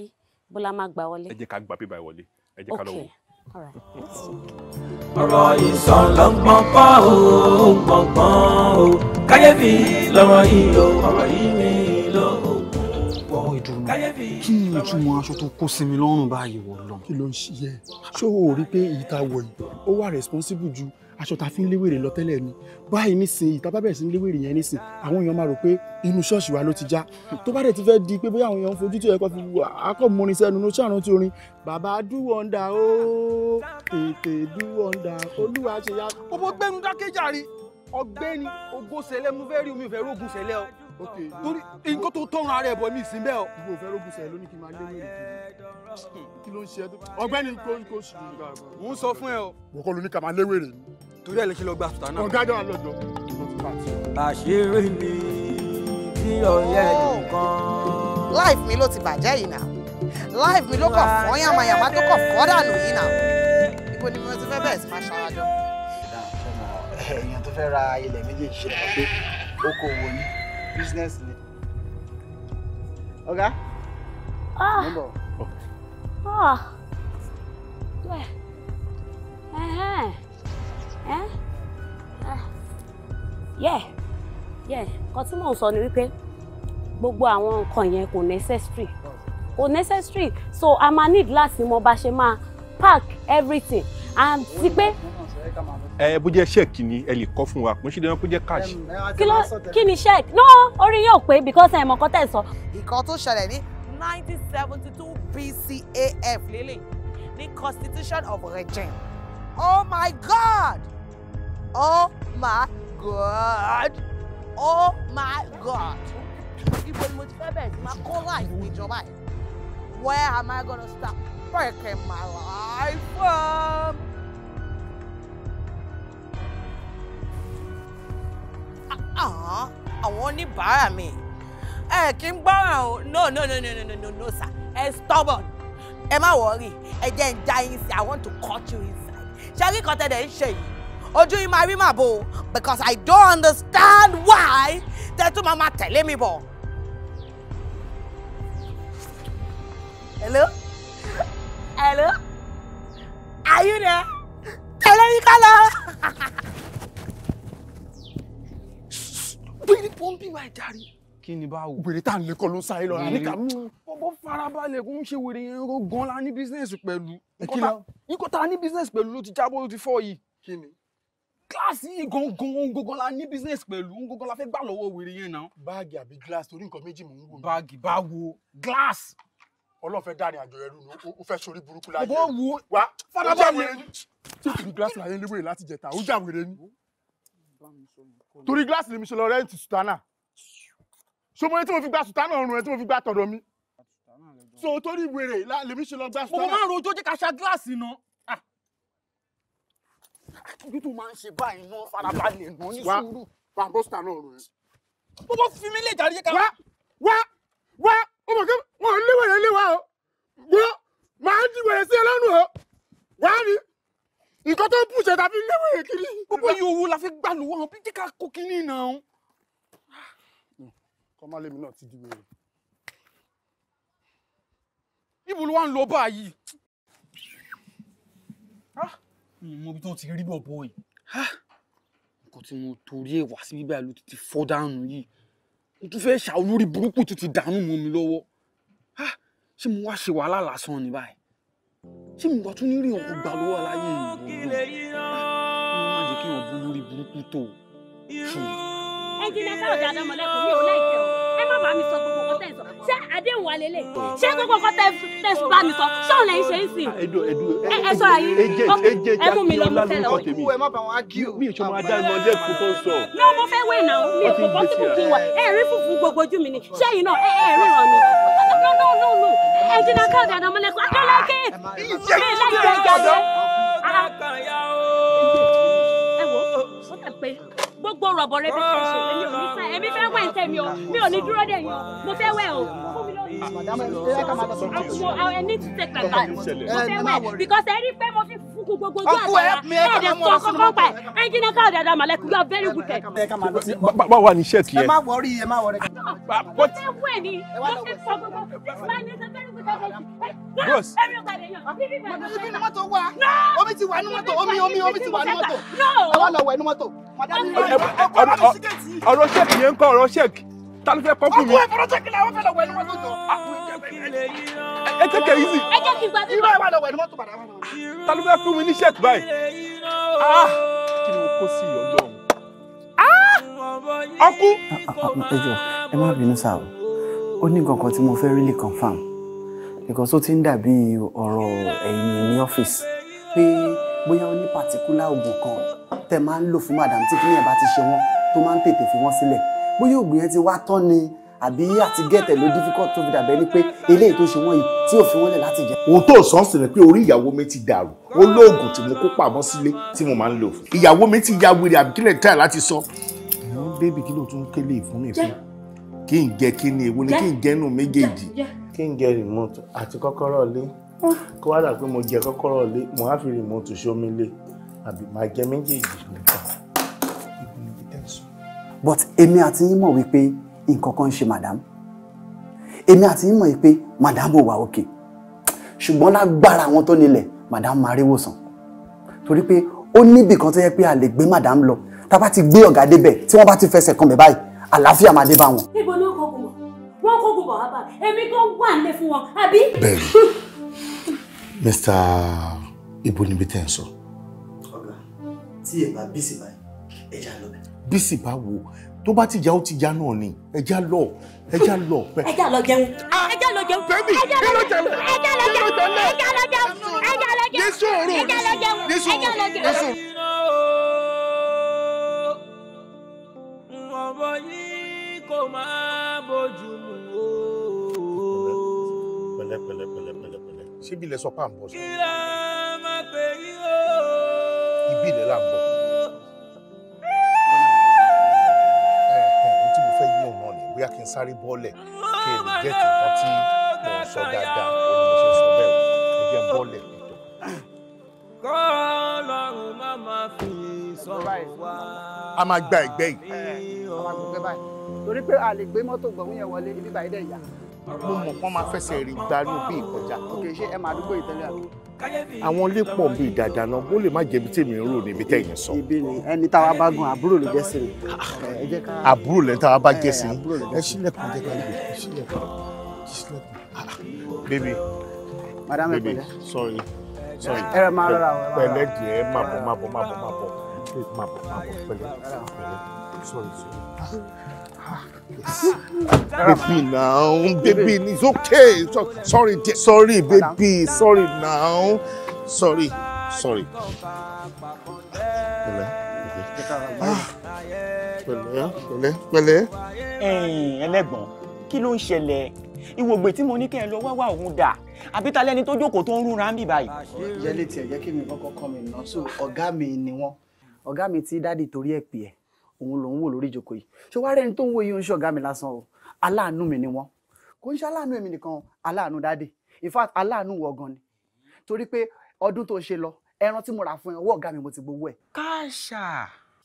bọ́lá máa gbà wọlé. ẹ jẹ́ ká gba bíbá wọlé ẹ jẹ́ ká lọ wò. ọ̀rọ̀ ìsàn ló ń gbọ̀n pọ̀ ó lọ́rọ̀ yìí ó ọ̀rọ̀ yìí ni ló pọ̀ káyéfì. kí ni ìtumọ̀ aṣọ tó kó sí mi lọ́rùn báyìí wọ̀ lọ. kí ló ń ṣiyẹ ṣó o rí i pé ìta wọ̀ yìí ó wà responsible ju aṣọ tá a fi ń léwèrè lọ tẹ́lẹ̀ ni báyìí nísìnyí tá a bá bẹ̀rẹ̀ sí ń léwèrè yẹn nísìn àwọn èèyàn máa rò pé inú ṣọ́ọ̀ṣì wa ló ti já tó bá dẹ̀ ti fẹ́ di pé bóyá àwọn èèyàn ń fojú tó yẹ kó fi akọ́ mọrin sẹ́nu ló ṣàrùn tí orin bàbá dúwọ́ndà ó tètè dúwọ́ndà olúwa ṣe yá. owó gbẹ́nu dákẹ́jàre ọ̀gbẹ́ni ogó sẹlẹ̀ mo fẹ́ rí omi ìfẹ́ rógùn sẹlẹ̀ o torí nǹkan tó tọrùn ara ẹ̀ bọ̀ mí ìsìn bẹ́ẹ̀ o. ìwọ òfẹ́ rógùn sẹlẹ̀ ló ní kí n máa lé ní èdè kí ló ń ṣe ẹ tó ọ̀gbẹ́ni kò ń sùn. mo ń sọ fún ẹ o. wọ́n kọ́ ló ní ká máa léwèrè ni torí ẹ̀ lè ṣe lọ gba sùtánà. ọ̀gá jọ àlọ́jọ. àṣírí ni tí ọ̀yẹ́ nìkan. life mi ló ti bàjẹ́ yìí náà life mi ló kàn fọ́ yàmàyàmà tó kàn fọ́ dànù yìí náà ibo ni mo ti fẹ́ bẹ̀rẹ̀ sí máa ṣarajọ. èèyàn tó fẹ́ ra ilẹ̀ méjèèjì ṣe pé okòwò ni business ni. ọ̀gá. Ah. Yeah. Uh-huh. Eh? Ah. Yeah. Yeah. Nǹkan tí mò ń sọ ni wípé gbogbo àwọn nǹkan yẹn kò necessary. Kò necessary. So a máa need láti mọ bá ṣe máa pack everything. And ti pé ẹ eh, bó jẹ ṣẹẹkì ni ẹ lè kọ fún wa kò ń ṣe kó jẹ cash. kí ló kí ni ṣẹẹkì náà orí yóò pé because ẹ mọ nǹkan tẹ́ sọ. ìkan tó ṣẹlẹ̀ ní nineteen seventy two BCAF lélẹ̀ ní constitution of regent oh my god Oh my god! Oh my god! Ibo ni ti fẹ́ bẹ̀rẹ̀ sí máa kọ́ láì ní ìjọba yìí. Where am I gonna start breaking my life from? Àwọn oníbàárà mi ẹ kí n gbọ́ràn o no no no no no no no no, sir ẹ stubborn ẹ má wọrí ẹ jẹ́ ń já yín sí i want to cut you inside ṣé rí kan tẹ́lẹ̀ ń ṣe yìí ojú yìí máa rí màbo because I don't understand why tẹ́tù máa máa tẹ̀lé me, bọ̀. hello hello are you there tẹ̀lé mi ká lọ. wíìlì pọ́ńpì máa darí. kí ni bá wò. wèrè tá à ń lékọ́ ló ń sáré lọ àníkà mú. bọ́bọ́ farabalẹ̀ kó ń ṣe wèrè yẹn ró gan la ní bísíǹsì pẹ̀lú. nǹkan ní bísíǹsì pẹ̀lú ló ti jábọ́ ló ti fọ́ yìí gíláàsì yìí gangan ohun gangan la ní business pẹ̀lú ohun gangan la fẹ́ gbà lọ́wọ́ wèrè yẹn náà. báàgì àbí gíláàsì torí nǹkan méjì mò ń wò. báàgì báwo gíláàsì. ọlọ́fẹ́ dárin àjọ ẹrú ni ó fẹ́ sórí burúkú láyé. bọ́ wo wa fọdà bá wèrè ni. tíyẹ̀tì gíláàsì láyé léwèrè láti jẹta ó jà wèrè ni. torí gíláàsì lèmi ṣe lọ rẹ́ǹtì sùtánà. ṣọmọye tí mo fi gba sùtánà ọrùn ẹ tí mo fi gba tọ̀dọ̀ mi. so torí wèrè lèmi ṣe lọ gba sùtánà. mo máa ń rojọ́ jẹ́ ká ṣa gíláàsì náà bí tó máa ń ṣe báyìí náà farabalẹ̀ náà ní sùúrù. wá wá bọ́sítà náà rò ẹ́. bó bó fi mí lè jáde jẹ́ ká. wá wá wá ó mọ̀ kí wọ́n ń léwọ̀ yẹn léwà o gbọ́ màá ń dìbò yẹn sí ẹlọ́nu o wá ní nǹkan tó ń bùjẹ tàbí léwọ̀ yẹn kiri. gbogbo iye owó la fi gbà lù bí jẹ́ká kó kínní náà. kọ́málẹ́mi náà ti di wèrè. ibo ló wà ń lọ báyìí. Ah mo bí tó ti rí bọ̀ bọ̀ yìí nǹkan tí mo torí ẹ̀ wá sí bíbá ló ti ti fọ́ dànù yìí mo tún fẹ́ ṣà olórí burúkú tó ti dànù mọ́ mi lọ́wọ́ ṣé mo wá ṣe wàhálà lásán ni báyìí ṣé mo wá tún ní rí ọkọ̀ gbà lọ́wọ́ láyé ìlú ọ̀gbọ́n mo má jẹ́ kí ọ̀bùn lórí burúkú tó ṣùgbọ́n ẹnjìnìá ọ̀dà àdámọ̀lẹ́kùn mi ò láìpẹ́ o ẹ má bàa mi sọ gbogbo nǹkan tẹ̀ ń sọ ṣé àdéhùn wa lélẹ̀ ṣé gbogbo nǹkan tẹ̀ ń sọ bá mi sọ ṣọ́ọ̀ lẹ́yìn ṣe ń sìn ẹ sọ ayé ẹ mú mi lọ mú fẹ́ lọ. ẹ má bà wọn ágíò. mi ò sọ máa dá ìmọ̀lẹ́kùn tó sọ. ní ọmọ fẹ́ wẹ̀ náà mi ò kò bọ́sibú kí n ẹ rí fùfú gbogbo ojú mi ni ṣé yìí náà ẹ rí ràn I don't like it. mi láì rẹ̀ jáde. ẹ wò gbogbo rọ̀bọ̀ rẹ bẹ́ẹ̀ fẹ́ wẹ̀ ntẹ̀ mi o mi ò ní dúró dẹ̀ yín mo fẹ́ wẹ̀ o fún mi lórí. I need to take because ẹni pé mo fi fukú gbogbo ojú àtàrà ẹ̀ dẹ̀ omi ti wà ní mọ́tò omi omi omi ti wà ní mọ́tò. ẹ wá lọ wẹ̀ ní mọ́tò ọ̀rọ̀ ṣẹ́ẹ̀kì yẹn ń kọ́ ọ̀rọ̀ ṣẹ́ẹ̀kì ta ló fẹ́ kọ́ fún mi. ọkùnrin fọlọ́ ṣẹ́ẹ̀kì làwọn fẹ́ lọ wẹ̀ ní mọ́tò jọ. ẹ jẹ́ kẹ́ yìí sí. ẹ jẹ́ kí n gbà bí mo. ìwà lọ wẹ̀ ní mọ́tò bàdà wọn. ta ló fẹ́ fún mi ní ṣẹ́ẹ̀kì báyìí. kí ah, ni mo kó sí ọjọ́ ah! ọkú. ẹ jọ̀ọ́ ẹ má bínú sáà ó ní nǹkan tí mo fẹ́ really confirm because ó ti ń dàbí ọ̀rọ̀ ẹ̀yìn ní ọ́fíìsì pé bóyá ó ní pàtíkúlà oògùn kan tẹ máa ń lò fún madam tí kíní ẹ̀ bá ti ṣe wọ́n tó máa ń tètè fi wọ́n sílẹ̀ bóyá oògùn yẹn ti wá tán ni àbí àti gẹ̀tẹ̀ ló difficult tó fi dàbẹ́ ni pé eléyìí tó ṣe wọ́n yìí tí ò fi wọ́n lẹ̀ láti jẹ. ohun tó sọ sí ni pé orí ìyàwó mi ti dàrú ó lóògùn tí mo kó pamọ́ sílé tí mo máa ń lò fún. ìyàwó mi ti ya wèrè àbí kílẹ̀ táì láti sọ. àwọn bébì kí ló tún kélé ìfún mi fún kí n jẹ kí ni èwo ni kí n jẹ nù méjèèjì kí n jẹ remote àti kọ́kọ́rọ́ lé kó wá dà pé mo jẹ kọ́kọ́rọ́ lé mo á fi rìmọ́tò sómi lé àbí máa jẹ méjèèjì nípa ibi níbi tẹ̀sán. but èmi àti yín mọ̀ wípé nǹkan kan ń ṣe madam èmi àti yín mọ̀ wípé madam ò wà òkè ṣùgbọ́n lágbára àwọn tó nílẹ̀ madam máa rí wòsàn torí pé ó níbì kan tó yẹ pé a lè gbé madam lọ tá a bá ti gbé ọ̀gá débẹ̀ tí wọ́n bá ti fẹsẹ̀ kan bẹ̀ báyìí àlàáfíà máa dé bá wọn. ibo ló kọkùn wọn kọkùn bọ̀ wá bá èmi kan wà nílé fún wọn àbí. bẹ́ẹ̀ni Mr. Ibo níbi tẹ́ ń sọ. Ọ̀gá, tí ẹ bá bísí báyìí, ẹ já lọ. Bísí bá wo, tó bá ti já ó ti já náà ni, ẹ já lọ, ẹ já lọ. Ẹ já lọ jẹun, ẹ já lọ jẹun. Fẹ́mi, kí ló jẹun? Ẹ já lọ jẹun, ẹ já lọ jẹun, ẹ já lọ jẹun. Ní sòrò, ní sòrò, ní sòrò, ní sòrò. Ọmọ yìí kò máa bójú mu o. Pẹ̀lẹ́ pẹ̀lẹ́ pẹ̀lẹ́ ṣé bí ilẹ̀ sọ pà ń bọ̀ sí. kí la pè yí o. ibi ilẹ̀ là ń bọ̀. ohun tí mo fẹ́ yí òun náà ni bóyá kí n sáré bọ́ọ̀lẹ̀ kí n jẹ́ tìkan tí mo sọ dáadáa òun mo ṣe sọ bẹ́ẹ̀ ẹ jẹ́ bọ́ọ̀lẹ̀ ìtọ̀. kọ́ ọlọ́run má máa fi sọ wá. a máa gba ẹ̀gbẹ́ yìí. a máa báyìí torí pé a lè gbé mọ́tò gbọ̀hún yẹn wọlé ibi báyìí dẹ̀ yà. mo mọ̀ kán máa fẹsẹ̀ rí gbanú bí ìkọjá. òkè ṣé ẹ máa dúgbò ìtẹ́lẹ̀ àbí. àwọn ilé pọ̀ bíi dáadáa náà bó lè má jẹbi tí èmi ń rò níbi tẹ́ ìyẹn sọ. ibi ni ẹni táwa bá gun àbúrò ló jẹ́ sí ni. àbúrò lẹ́ni táwa bá jẹ́ sí ni. ẹ ṣílẹ̀kùn jẹ́ ká lè ṣílẹ̀kùn ṣílẹ̀kùn. bébì bébì sorry sorry pẹ̀lẹ́ díẹ̀ má bọ̀ má bọ̀ má bọ̀ sorry baby now baby it's okay so, sorry dear. sorry baby sorry now sorry sorry. pẹ̀lẹ́ pẹ̀lẹ́ pẹ̀lẹ́. ẹlẹ́gbọ̀n kí ló ń ṣẹlẹ̀ ìwògbè tí mo ní kẹ́ ẹ lọ wáwá òun dà àbí ta lẹ́ni tó jókòó tó ń rúnra ń bì báyìí. yẹ́lẹ́ tiẹ̀ jẹ́ kí mi kọ́kọ́ kọ́ mi nà so ọ̀gá mi ni wọ́n ọ̀gá mi ti dáàdì torí ẹ̀ pè ẹ́ òun lòun wò lórí ìjókòó yìí ṣé wàá rẹni tó ń wo yìí ń ṣọ̀gá mi lásán o aláàánú mi ni wọ́n kò ń ṣe aláàánú èmi nìkan aláàánú dáde in fact aláàánú wọ gan ni torí pé ọdún tó ṣe lọ ẹran tí mo rà fún ẹ ọwọ́ ọ̀gá mi mo ti gbowó ẹ̀. káàṣà.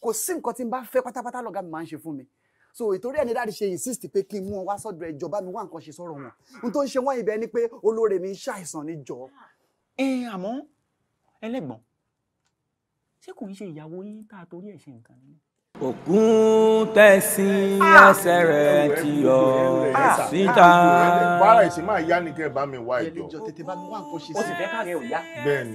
kò sí nǹkan tí n bá fẹ́ pátápátá lọ́gá mi máa ń ṣe fún mi so ìtorí ẹni dáàdi ṣe insist pé kí n mú wọn wá sọ́dọ̀ ẹjọba mi wá nǹkan ṣe sọ̀rọ̀ wọn n tó ń ṣe wọn ibẹ̀ ni pé olóore mi ń ṣàìsàn ní jọ. ẹ àmọ́ ẹlẹ́gbọ̀n ṣé kò ń ṣe ìyàwó yín tá a torí ẹ̀ ṣe nǹkan nínú ògùn tẹ̀sìn ah! ẹsẹ̀ rẹ̀ ti yọ síta. wàhálà ìsìn máa yá ni kẹ́ ẹ bá mi wá ìjọ. tètè bá mi wá nǹkan ṣe sí. ó sì fẹ́ kárẹ̀ ò yá. bẹ́ẹ̀ni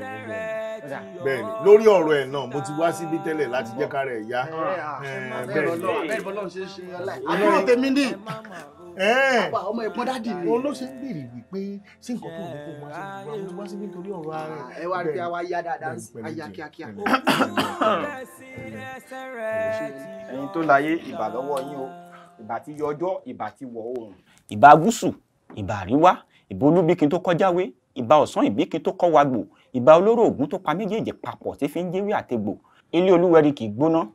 bẹ́ẹ̀ni lórí ọ̀rọ̀ ẹ̀ náà mo ti wá síbí tẹ́lẹ̀ láti jẹ́ kárẹ̀ ẹ̀ yá. Ah, ah, eh, bẹ́ẹ̀ni bẹ́ẹ̀ni bọ́lá ń ṣe é ṣe aláìsàn. àbúrò tèmi ni. Eh. àwa ọmọ ẹ̀gbọ́n dádì ni. òun ló wípé sí nǹkan tó ń kó wá sí ìlú àwọn sí nítorí ọ̀rọ̀ ara rẹ̀. Ah, ẹ wá rí i pé àwa yá dáadáa ayá kíákíá. ẹ̀yin tó láyé ìbà lọ́wọ́ yín o ìbà ti yọ ọjọ́ ìbà ti wọ̀ oòrùn. ìbà gúúsù ìbà àríwá ìbà olúbíkin tó kọjáwé ìbà ọ̀sán ìbíkin tó kọ́ wagbò ìbà olóró ògún tó pa méjèèjì papọ̀ tí fi ń jẹ́wé àtegbò ilé olúwẹ̀rí kì í gbóná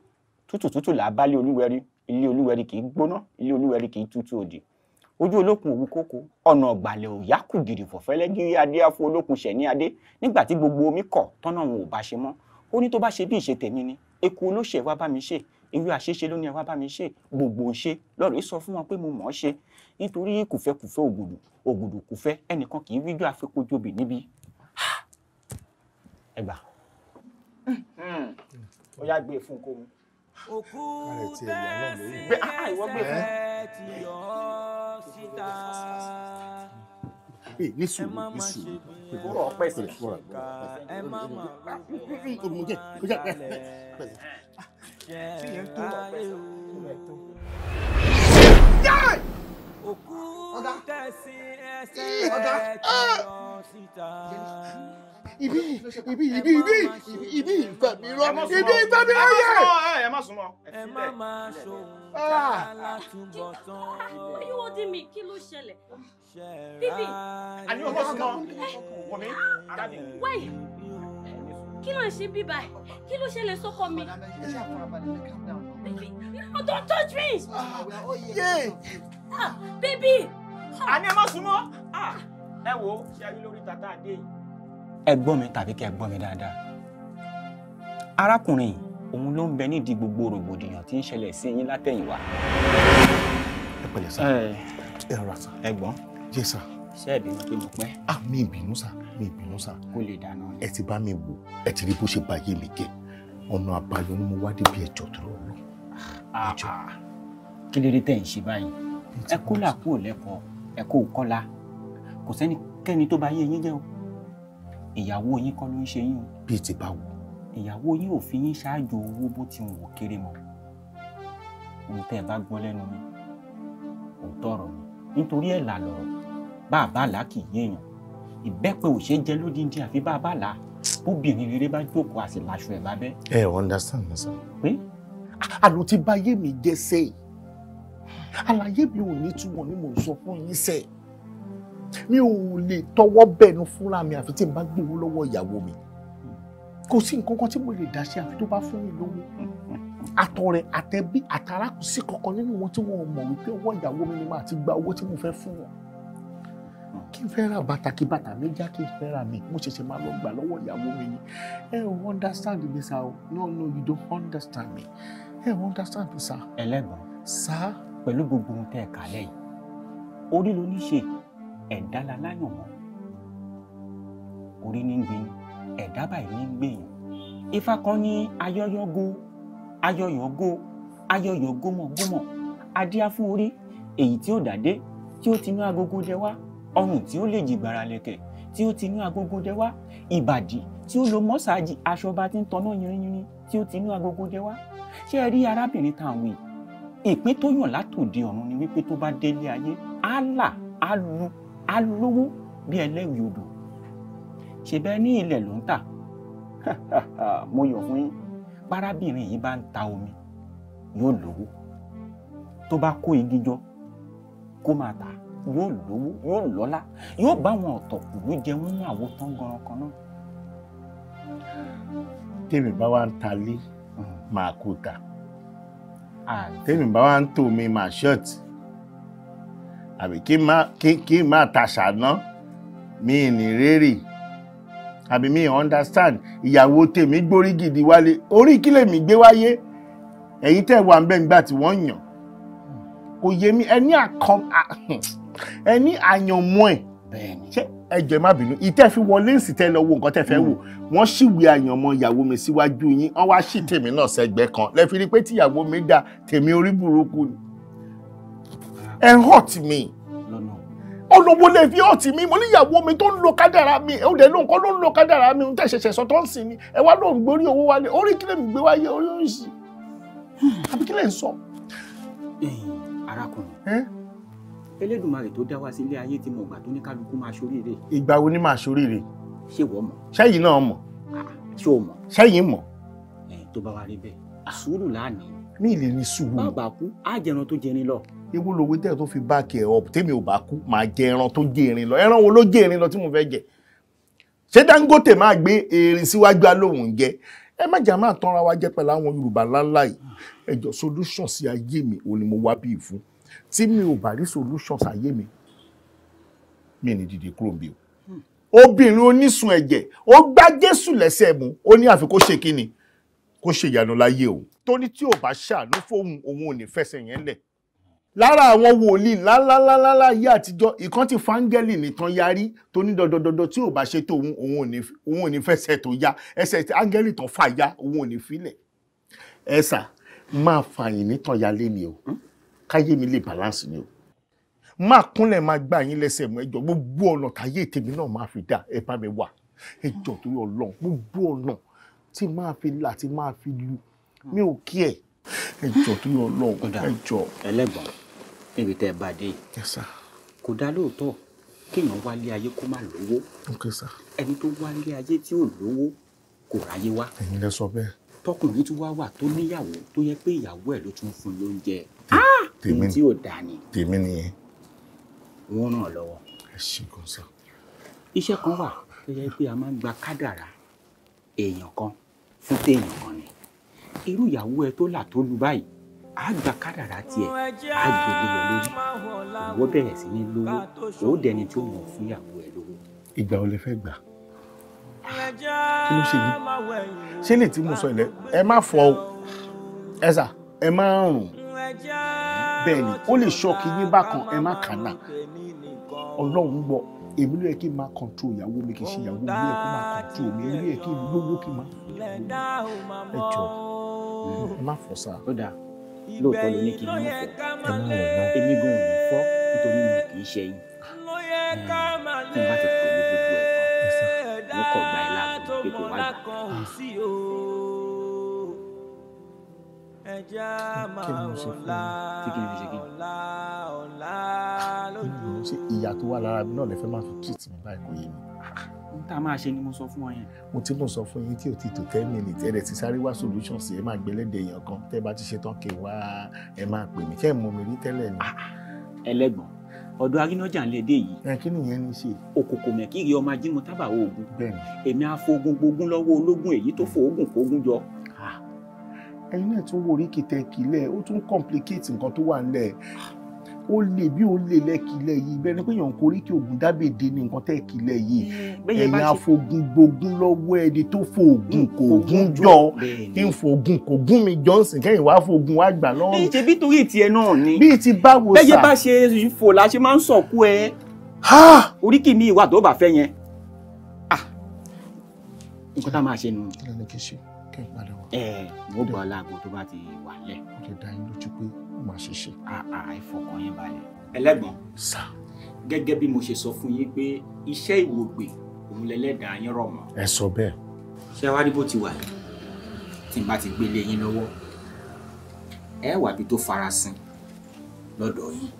tútù tútù là bá ilé olúwẹ̀rí ilé olúwẹ̀rí kì í gbóná ilé olúwẹ̀rí kì í tútù òdì ojú olókun òwú kókó ọ̀nà ọ̀gbàlẹ̀ òyà kù gìrì fọ̀fẹ́lẹ́ gírí adé afọ olókun ṣẹ̀ní adé nígbà tí gbogbo omi kọ̀ tọ́nà òun ò bá ṣe mọ́ ó ní tó bá ṣe bí ìṣe tèmi ni eku olóṣè wá bá mi ṣe ewé àṣeṣe ló ní ẹ wá bá mi ṣe gbogbo ń ṣe lọ́rọ̀ sọ fún wọn pé mo mọ̀ ọ́ ṣe nítorí kùfẹ́kùfẹ́ ògùdù ògùdù kùfẹ́ ẹnìkan kì í ríjọ́ àfikójóbì níbi ẹgbà hmm. hmm. ó yá gbé e fún kó mu òkú tẹ́sí ẹsẹ̀ ah, ti yọ síta ní sùúrù ní sùúrù ìkóró ọpẹ sí ká ẹ má má wọ àkàlẹ jẹ ayé o òkú tẹ̀sí ẹsẹ̀ rẹ̀ ti lọ síta. ibi ibi ibi ibi ibi ìfẹ́ mi rọ ibi ìfẹ́ mi rọ yẹ. ẹ má súnmọ́ ẹ má máa ṣòwò tààlà túbọ̀ tán. are you holding me kí ló ṣẹlẹ̀. bíbí. àní ọmọ súnmọ́ wọmi arábìnrin. wait kí ló ń ṣe bíbá ẹ kí ló ṣẹlẹ̀ sọ́kọ mi. bíbí no don't touch me. Ah, yeah. Ah, bébì. Ah. àní ẹ má súnmọ́ ah, ẹ wo ṣe ayé lórí tata àdé yìí. ẹ gbọ́ mi tàbí kẹ́ ẹ gbọ́ mi dáadáa arákùnrin òun ló ń bẹ nídìí gbogbo rògbòdìyàn tí ń ṣẹlẹ̀ sí yín látẹ̀yìnwá. ẹ pẹ̀lẹ́ sá eh. ẹ rà sá ẹ gbọ́n. yé sá ṣe ìbínú pé mo pẹ́. a mi ìbínú sá mi ìbínú sá. kó lè dáná ni. ẹ ti bá mi wò ẹ ti rí bó ṣe bá yé mi jẹ ọ̀nà àbáyọ ni mo wá débi ẹjọ́ tó lọ́wọ́. kí ló dé tẹ̀ ń ṣe báyìí ẹ kó làkú ò lẹ́kọ̀ọ́ ẹ kó kọ́la kò sẹ́nikẹ́ni tó bá yé yín jẹ́ o ìyàwó yín kọ́ ló ń ṣe yín o. bíi ti bá wò. ìyàwó yín ò fi yín ṣáájú owó bó ti wù kéré mọ́ ohun tẹ́ ẹ bá gbọ́ lẹ́nu mi òótọ́ ọ̀rọ̀ mi nítorí ẹ̀ là lọ́rọ̀ bá a bá là kì í yéèyàn ìbẹ́pẹ ò ṣe jẹ́ lódìndí àfi bá a bá là bóbìnrin rere bá jókòó àti làṣọ ẹ̀ lábẹ́. ẹ ò understand mi sir. pé. àlò ti bá yé mi jẹ́ sẹ́yìn àlàyé mi ò ní túmọ̀ ni mò ń sọ fún yín sẹ́ẹ̀ mi ò lè tọwọ́ bẹ̀nu fúnra mi àfi tí n bá gbowó lọ́wọ́ ìyàwó mi kò sí nǹkan kan tí mo lè dá sí àfi tó bá fún mi lówó àtọ̀rẹ́ àtẹbí àtàrà kò sí kankan nínú wọn tí wọn ò mọ̀ wípé ọwọ́ ìyàwó mi ni màá ti gba owó tí mo fẹ́ fún wọn kí n fẹ́ ra bàtà kí bàtà mi já kí n fẹ́ ra mi mo ṣẹ̀ṣẹ̀ máa lọ gbà lọ́wọ́ ìyàwó mi ni ẹ ò understand mi sir no no you don't understand me ẹ ò understand mi sir. ẹlẹ́gbọ̀n. sir pẹ̀lú gbogbo ohun tẹ́ ẹ kà lẹ́yìn orí ló ní ṣe ẹ̀dá la láyàn mọ́ orí ní gbé ẹ̀dá báyìí ní gbèyàn ifá kan ní ayọ́yọ́gó ayọ́yọ́gó ayọ́yọ́gómọ̀gómọ̀ adíá fún orí èyí tí ó dàdé tí ó ti ní agogo dẹ wá ọrùn tí ó lè jìgbàrà lẹ̀kẹ̀ tí ó ti ní agogo dẹ wá ìbàdí tí ó lo mọ́sáàjì aṣọ bá ti ń tanná yinrin yinrin tí ó ti ní agogo dẹ wá ṣé ẹ rí arábìnrin tá à ìpín tó yàn látòde ọ̀run ni wípé tó bá délé ayé á là á lu á lówó bí ẹlẹ́rìí odò ṣèbẹ́ ní ilẹ̀ ló ń tà mo yọ̀ fún yín bárábìnrin yìí bá ń ta omi yóò lówó tó bá kó igi jọ kó máa tà yóò lówó yóò lọ́lá yóò bá àwọn ọ̀tọ̀kùlú jẹ wọ́n ní àwo tán gan-an náà. tèmi bá wa ń ta lé hmm. màá kó ta àtẹ̀mí ah. bá wá ń tò mí mà short àbí kí n má taṣà ná mi ní rérì àbí mi understand ìyàwó tèmi gbórí gidi wálé orí kí lèmi gbé wáyé ẹ̀yin tẹ̀ wà ń bẹ̀ nígbà tí wọ́n yàn kò yé mi ẹni àkàn ẹni àyànmọ́ ẹ̀ ẹjọ ẹ má bínú ìtẹ́ fi wọlé ǹsì tẹ́ lọ wo nǹkan tẹ́ fẹ́ wò wọ́n ṣìwé àyànmọ́ ìyàwó mi síwájú yín wọ́n wá ṣì tèmi náà sẹ́gbẹ́ kan lẹ́fi rí pé tíyàwó mi dá tèmi orí burúkú ni ẹ hàn tì mí olówó lè fi hàn tì mí mo níyàwó mi tó ń lo kádàrà mi ó dẹ̀ lóǹkọ́ ló ń lo kádàrà mi ń tẹ̀sẹ̀sẹ̀ sọ tó ń sìn mi ẹ wá lóun gbórí owó wálé orí kílẹ̀ mi gbé wáyé orí òǹsì hmm, àbí kílẹ̀ ń sọ. arákùnrin elédùnmarè tó dá wá sí ilé ayé tí mo gbà tó ní kálukú máa ṣoríire. ìgbà wo ni máa ṣoríire. ṣé wọ́n mọ̀. sẹ́yìn náà mọ̀. Ah, ṣé o mọ̀. sẹ́yìn mọ̀. ẹ tó bá wa rí bẹ́ẹ̀ sùúrù láàánú. mi ì lè ní sùúrù. bàbá kú á jẹran tó jẹrin lọ. ewu lowó tẹ̀ tó fi báàkì ẹ̀ ọ̀pù tèmi ò bá kú máa jẹ ẹran tó jẹ erin lọ ẹran wo ló jẹ erin lọ tí mo fẹ́ jẹ ṣé Dangote máa gbé erin síwájú alóhùn jẹ ẹ má jà máa tanra wa jẹ pẹ̀lú àwọn Yorùbá láńlá yìí ẹjọ solution sí ayé mi òun ni mo wá bíi fún tí mi ò bá rí solutions ayé mi mi ní dìde kúrò mi o hmm. obìnrin onísun ẹ̀jẹ̀ ó gbá Jésù lẹ́sẹ̀ mu ó ní àfi kó ṣe kíni kó ṣe ìyanu láyé òun torí tí ò bá ṣàánú fóun òun ò ní fẹsẹ̀ yẹn lẹ̀ lára àwọn wòlíì lálálálálá yé àtijọ́ ìkan ti fáńgẹ́lì nìkan yarí tó ní dandandandan tí ò bá ṣe tó òun ò ní fẹsẹ̀ tó ya ẹsẹ̀ tí áńgẹ́lì tán fà ya òun ò ní filẹ̀ ẹ̀sà máa fààyàn nítàn yálé ni o. Hmm? káyé mi lè balance ni o máa kúnlẹ̀ máa gbá yín lẹ́sẹ̀ mọ́ ẹjọ́ gbogbo ọ̀nà káyé tèmi náà máa fi dá ẹ bá mi wà ẹjọ́ torí ọlọ́run gbogbo ọ̀nà tí máa fi là tí máa fi lu mi ò kí ẹ ẹjọ́ torí ọlọ́run ẹjọ́. ẹlẹ́gbọ̀n níbi tẹ́ ẹ bá dé yìí kò dá lóòótọ́ kéèyàn wálé ayé kó má lówó ẹni tó wálé ayé tí ò lówó kò ráyé wá. ẹ̀yin lẹ sọ bẹ́ẹ̀ tọkùnrin tún wá wà tó níyàwó tó yẹ pé ìyàwó ẹ̀ ló tún fún lóúnjẹ ah! ohun tí ò dáa ni. tèmi nìyẹn. wọ́n ràn lọ́wọ́. ẹ ṣe kan sá. iṣẹ́ kan wà tó yẹ pé a máa ń gba kádàrá èèyàn kan fún téèyàn kan ni irú ìyàwó ẹ tó là tó lu báyìí á gba kádàrá tiẹ̀ á gbèlè lọ lórí òwò bẹ̀rẹ̀ sí ní lówó òwò dẹni tí ó mọ̀ fún ìyàwó ẹ lówó. ìgbà wo lẹ fẹ́ gbà kí ló ṣe yìí ṣé lè tí mo sọ ilẹ̀ ẹ má fọ ẹ sà ẹ má rùn bẹ́ẹ̀ ni ó lè ṣọ́ọ̀kì yín bákan ẹ má kànà ọlọ́run gbọ́ èmi ló yẹ kí n máa kọ̀ǹtró ìyàwó mi kì í ṣe ìyàwó mi ló yẹ kí n máa kọ̀ǹtró mi ló yẹ kí n lówó kí n máa ẹ jọ ẹ má fọ sáà. ó dáa lóòótọ́ ló ní kí n má fọ ẹ má wọ̀ náà èmi gan-an ò ní fọ́ nítorí mi kì í ṣe yín tí n bá ti kọ́ kọ̀ gba ẹ láàbò pé kò wá gbà. Ah. ni mo ṣe fún ọ tí kì í fi tó wà lára mi náà lè fẹ́ máa fi treat mi báyìí kò yé mi. n ta máa ṣe ni mo sọ fún ọ yẹn. mo ti mọ̀ sọ fún yín tí ò ti tó ten minutes ti sáré wá solution sí ẹ máa gbẹ́lẹ́dẹ̀ èèyàn kan tẹ́ bá ti ṣe tán kí n wá ẹ máa pè mí kẹ́ ẹ̀ mú mi rí tẹ́lẹ̀ ni. ẹlẹ́gbọ̀n ọ̀dọ̀ arínájà ń lédè yìí. ẹ kí nìyẹn ní í ṣe. òkòkò mẹ́kìrì ọmọ ajímọ tábà oògùn. bẹ́ẹ̀ni. èmi afogun gbógun lọ́wọ́ ológun èyí tó fòógùn fòógùn jọ. ẹyin náà tún wo oríkì tẹ kílẹ̀ ó tún complicate nǹkan tó wà nílẹ̀ ó lè bí ó lè lẹ́kìlẹ̀ yìí bẹ́ẹ̀ ni pé èèyàn kò rí kí oògùn dábèdè ní nǹkan tẹ́kìlẹ̀ yìí mm, ẹ̀yin afogun gbogun lọ́wọ́ ẹni tó foògùn kò gún jọ kí n foògùn kò gún mi johnson kẹ́yìn wá foògùn wá gbà lọ́rùn. èyí ṣe bí torí tiẹ̀ náà ni bí ti báwo sà bẹ́ẹ̀ bá ṣe fò la ṣe máa ń sọ̀kú ẹ oríkì mi ìwà tó bá fẹ́ yẹn nǹkan tá a máa ṣe nù. kí ló ní kí ṣe kí n padà wá. ẹ mo gbọ́ ọ má ṣe ṣe. àà ìfọkàn yín balẹ̀. ẹlẹ́gbọ̀n. sà. gẹ́gẹ́ bí mo ṣe sọ fún yín pé iṣẹ́ ìwògbè òun lẹ́lẹ́dàá yín rọ̀ mọ́. ẹ sọ bẹ́ẹ̀. ṣé wàá rí bó ti wà yìí tí n bá ti gbélé yín lọ́wọ́ ẹ wà bí tó farasin lọ́dọ̀ yín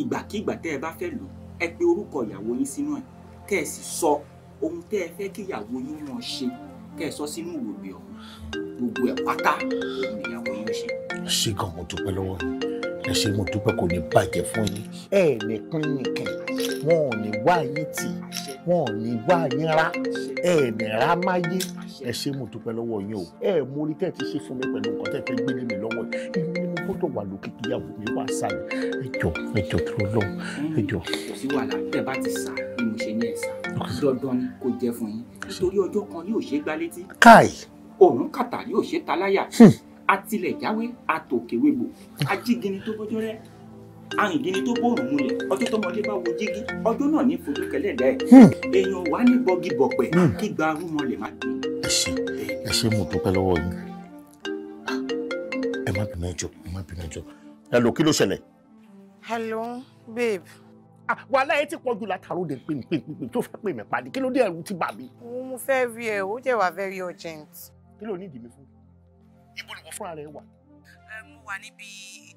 ìgbàkigbà tẹ́ ẹ bá fẹ́ lò ẹ pe orúkọ ìyàwó yín sínú ẹ̀ tẹ́ ẹ sì sọ ohun tẹ́ ẹ fẹ́ kí ìyàwó yín wọn ṣe kẹ́ ẹ sọ sínú ìwògbè ọ̀hún gbogbo ẹ̀ pátá ìyàwó yóò ṣe. ṣé gan mo dúpẹ́ lọ́wọ́ yìí ẹ ṣé mo dúpẹ́ kò ní bàjẹ́ fún yín. ẹ ní pín nìkan wọn ò ní wá yín tì wọn ò ní wá yín rá ẹ ní rá má yé ẹ ṣé mo dúpẹ́ lọ́wọ́ yín o ẹ mórí tẹ́ ti ṣe fún mi pẹ̀lú nǹkan tẹ́ fẹ́ gbé mi lọ́wọ́ yìí ni mo gbọ́dọ̀ wà lókè kí ìyàwó mi wà sálẹ̀ ẹjọ ẹjọ tó lọ hmm. ẹjọ. kò sí wàhálà tẹ́ bá ti sá bí mo ṣe ní ẹ sá dandan kò jẹ fún yín nítorí ọjọ́ kan yóò ṣe é òun kàtà yóò ṣe ta láyà hmm. atilẹ̀ jáwé àtòkèwégbò ajígini tó bọ́jọ́ rẹ́ arìngini tó bòrùn múlẹ̀ ọjọ́ tọmọdé bá wo jígí ọjọ́ náà ní fojú kẹlẹ̀ dẹ́ hmm. èèyàn wà ní bọ́gì bọ̀pẹ̀ hmm. kí gba arúmọ lè má dé. ẹ ṣe ẹ ṣe mo dúpẹ́ lọ́wọ́ yín ẹ má bínú ẹjọ́ ẹ má bínú ẹjọ́ hello kí ló ṣẹlẹ̀. hello babe. Ah, wàhálà ẹ ti pọ̀ jù látàrú de pèmí pèmí tó fẹ́ pèmí padì kí ló dé ẹ̀rù ti bà mí. mo fẹ́ rí ẹ ó jẹ́ wà very urgent kí ló ní ìdí mi fún ibo ni wọ́n fúnra rẹ̀ wà. mo wà níbi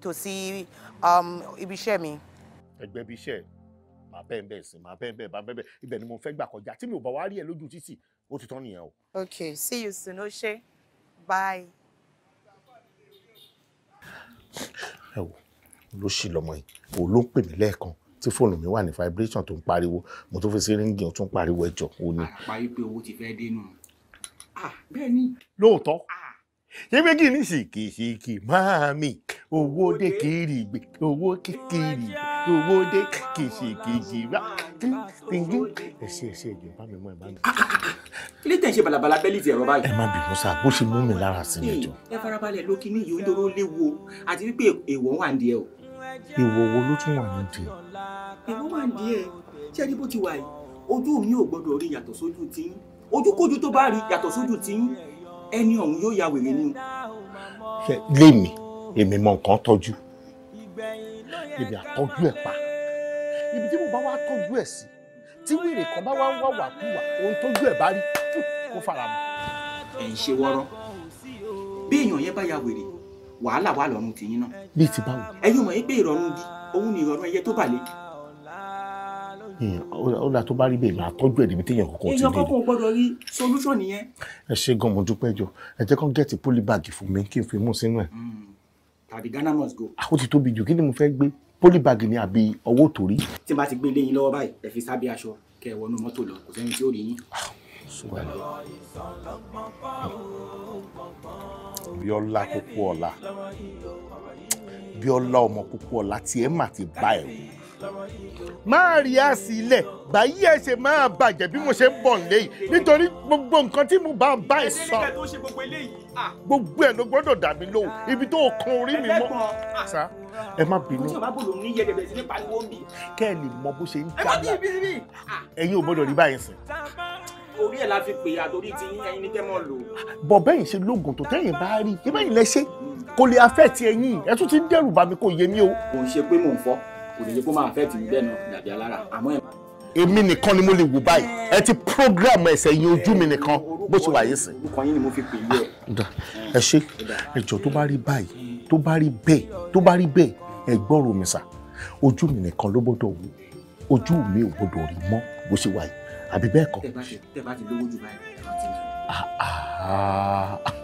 tòsí um, ibi iṣẹ́ mi. ẹgbẹ́ ibi iṣẹ́ màá bẹ́ẹ̀ bẹ́ẹ̀ sí màá bẹ́ẹ̀ bẹ́ẹ̀ bá bẹ́ẹ̀ bẹ́ẹ̀ ibẹ̀ ni mo fẹ́ gbà kọjá tí mi ò bá wá rí ẹ lójú títì ó ti tán nìyẹn o. ok see you soon ó ṣe bye. ẹ wo ló ṣì lọmọ yìí òun ló ń pè mí lẹ́ẹ̀kan tí fóònù mi wà ní vibration tó ń pariwo mo tó fi sí ríngì ó tún pariwo ẹjọ́ òun ni. àpá yìí pé owó ti fẹ́ dénú. Ah, bẹ́ẹ̀ ni. lóòótọ́ ah. ṣé kí ni sìkìsìkì máa mi owó dé kiri gbè owó kékeré owó dé kìsìkìsì rà tìǹgì ẹsẹ ẹsẹ ẹjọ bá mi mọ ẹ bá mi. Ah, ilé tẹ̀ ṣe balabala bẹ́ẹ̀lì ti ẹ̀rọ báyìí. ẹ má bínú sáà bó ṣe mú mi lára sí ni jọ. ẹ farabalẹ̀ ló kí ní ìyó nítorí ó léwu àti wípé èèwọ̀ wà ń ẹ o. èèwọ̀ wo ló tún wà ní di èèwọ̀ wà ń ẹ ṣé ẹni bó ti wà yìí ojú mi ò gbọdọ̀ rí yàtọ̀ sójú tiyín ojúkójú tó bá rí yàtọ̀ sójú tí ẹni ọ̀hún yóò ya wèrè ni. lémi èmi mọ nǹkan tọ́jú èmi àtọ́jú ẹ̀ pa ibi tí mo bá wá tọ́jú ẹ̀ sí tí wèrè kan bá wá ń wá wàkúwà ohun tọ́jú ẹ̀ bá rí kó fara mọ́. ẹ̀ ń ṣe wọ́rọ́ bí èèyàn yẹn bá ya wèrè wàhálà wà lọ́rùn tìyín náà. bí ti báwo. ẹ̀yin mọ̀ ẹ́ pé ìrọ̀rùn bí òun ni ìrọ̀rùn ẹyẹ tó bà lékè Hmm, ó dà tó bá rí bẹ́ẹ̀ máa tọ́jú ẹ̀ níbi téèyàn kọ̀ọ̀kan ti lè rí. èèyàn kọ̀ọ̀kan ò gbọ́dọ̀ rí solution nìyẹn. ẹ ṣe gan mo dúpẹ́ jọ ẹ jẹ́ kán gẹ̀ẹ́tì pólí báàgì fún mi kí n fi mú sínú ẹ̀. Hmm, tàbí Ghana must go. Ah, ó ti tóbi jù kí ni mo fẹ́ gbé pólí báàgì ni àbí ọwọ́ torí. tí n bá ti gbé ilé yín lọ́wọ́ báyìí ẹ fi sábẹ́ aṣọ kẹ́ ẹ wọnú mọ́tò lọ kò sẹ́ni tí ó rí yín. Ah, Bíọ́lá Pópóọlá Bíọ́lá ọmọ Pópóọlá tiẹ̀ mà ti bá ẹ̀ wò máa rí àsì ilẹ̀ báyìí ẹ ṣe máa bàjẹ́ bí mo ṣe ń bọ̀ léyìí nítorí gbogbo nǹkan tí mo bá bá ẹ sọ gbogbo ẹ ló gbọ́dọ̀ dà mí lóhùn ibi tó kan orí mi mọ́ sá ẹ má bínú kẹ́ ẹ lè mọ bó ṣe ń dàgbà ẹ̀yin ò gbọ́dọ̀ rí báyìí sìn orí ẹ̀ la fi pè àtòrí ti yín ẹyin ní kẹ́ mọ́ lò. bọ̀ bẹ́yìn ṣe lóògùn tó tẹ́yìn bá rí ibẹ̀yìn lẹ ṣe kò lè afẹ́ ti ẹ̀yìn ẹ̀ tún ti ń dẹ́rù bá mi kò yé mi o. kò ń ṣe pé mò ń fọ́ kò ní jẹ́ kó máa fẹ́ tì í bẹ́ẹ̀ náà dàbí alára àmọ́ ẹ̀. èmi nìkan ni mo lè wò báyìí ẹ ti program ẹsẹ̀ yín ojú mi nìkan bó ṣe wà yìí sìn. orúkọ yín ni mo fi pè é yẹ. ẹ ṣe ah, ẹjọ́ tó bá rí báyìí tó bá rí bẹ́ẹ̀ tó bá rí bẹ́ẹ̀ ẹ gbọ́rọ̀ mi sà ojú mi nìkan ló gbọ́dọ̀ wò ojú mi ò gbọ́dọ̀ rí mọ́ bó ṣe wà yìí àbí bẹ́ẹ̀ kọ́. tẹ bá ti lówó jù báyìí tẹ bá ti lọ. Ah, ah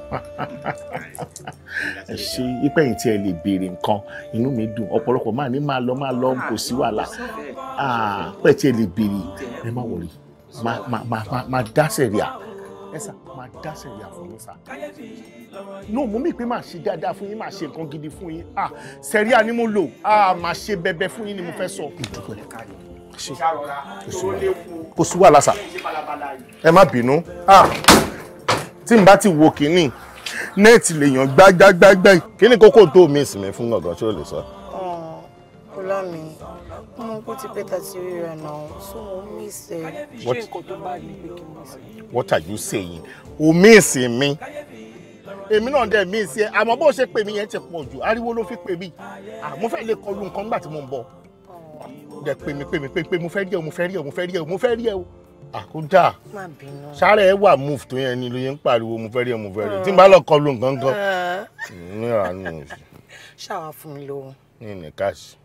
ṣe ìpẹ̀yìntì ẹ lè béèrè nǹkan inú mi dùn ọ̀pọ̀lọpọ̀ máa ní máa lọ máa lọ ah, kò sí wàhálà ah, pẹ̀tì ẹ lè béèrè ẹ má wọlé máa dá sẹ̀ríà ẹ sà máa dá sẹ̀ríà fún yín sà. náà mú mi pé máa ṣe dáadáa fún yín máa ṣe nǹkan gidi fún yín ah, sẹ̀ríà ni mo lò máa ṣe bẹbẹ fún yín ni mo fẹ́ sọ. kò sí wàhálà sà ẹ má bínú tí n bá ti wo kínní nẹ́ẹ̀tì lèèyàn gbágbágbágbá kínní kókó tó mi ìsinmi fún gangan tí ó lè sọ. ọlá mi mo kó ti pẹ́ tàti rírà náà so mo mí ìsẹ̀. what are you saying? o mí ìsìn mi èmi náà dẹ̀ mí sí ẹ àmọ́ bó ṣe pè mí yẹn ti pọ̀ jù ariwo ló fi pè mí àmọ́ fẹ́ lè kọlu nǹkan nígbà tí mo ń bọ̀ dẹ̀ pè mí pè mí pè mí mo fẹ́ rí ẹ mo fẹ́ rí ẹ mo fẹ́ rí ẹ mo fẹ́ rí ẹ o àkúdà sáré ẹ wà move tó yẹn ni ló yẹn ń pariwo mo fẹ́ rí ẹ mo fẹ́ rí ẹ tí n bá lọ kọlu nǹkan kan níra nù. ṣáwa fún mi lóhun. mi ní káàsì.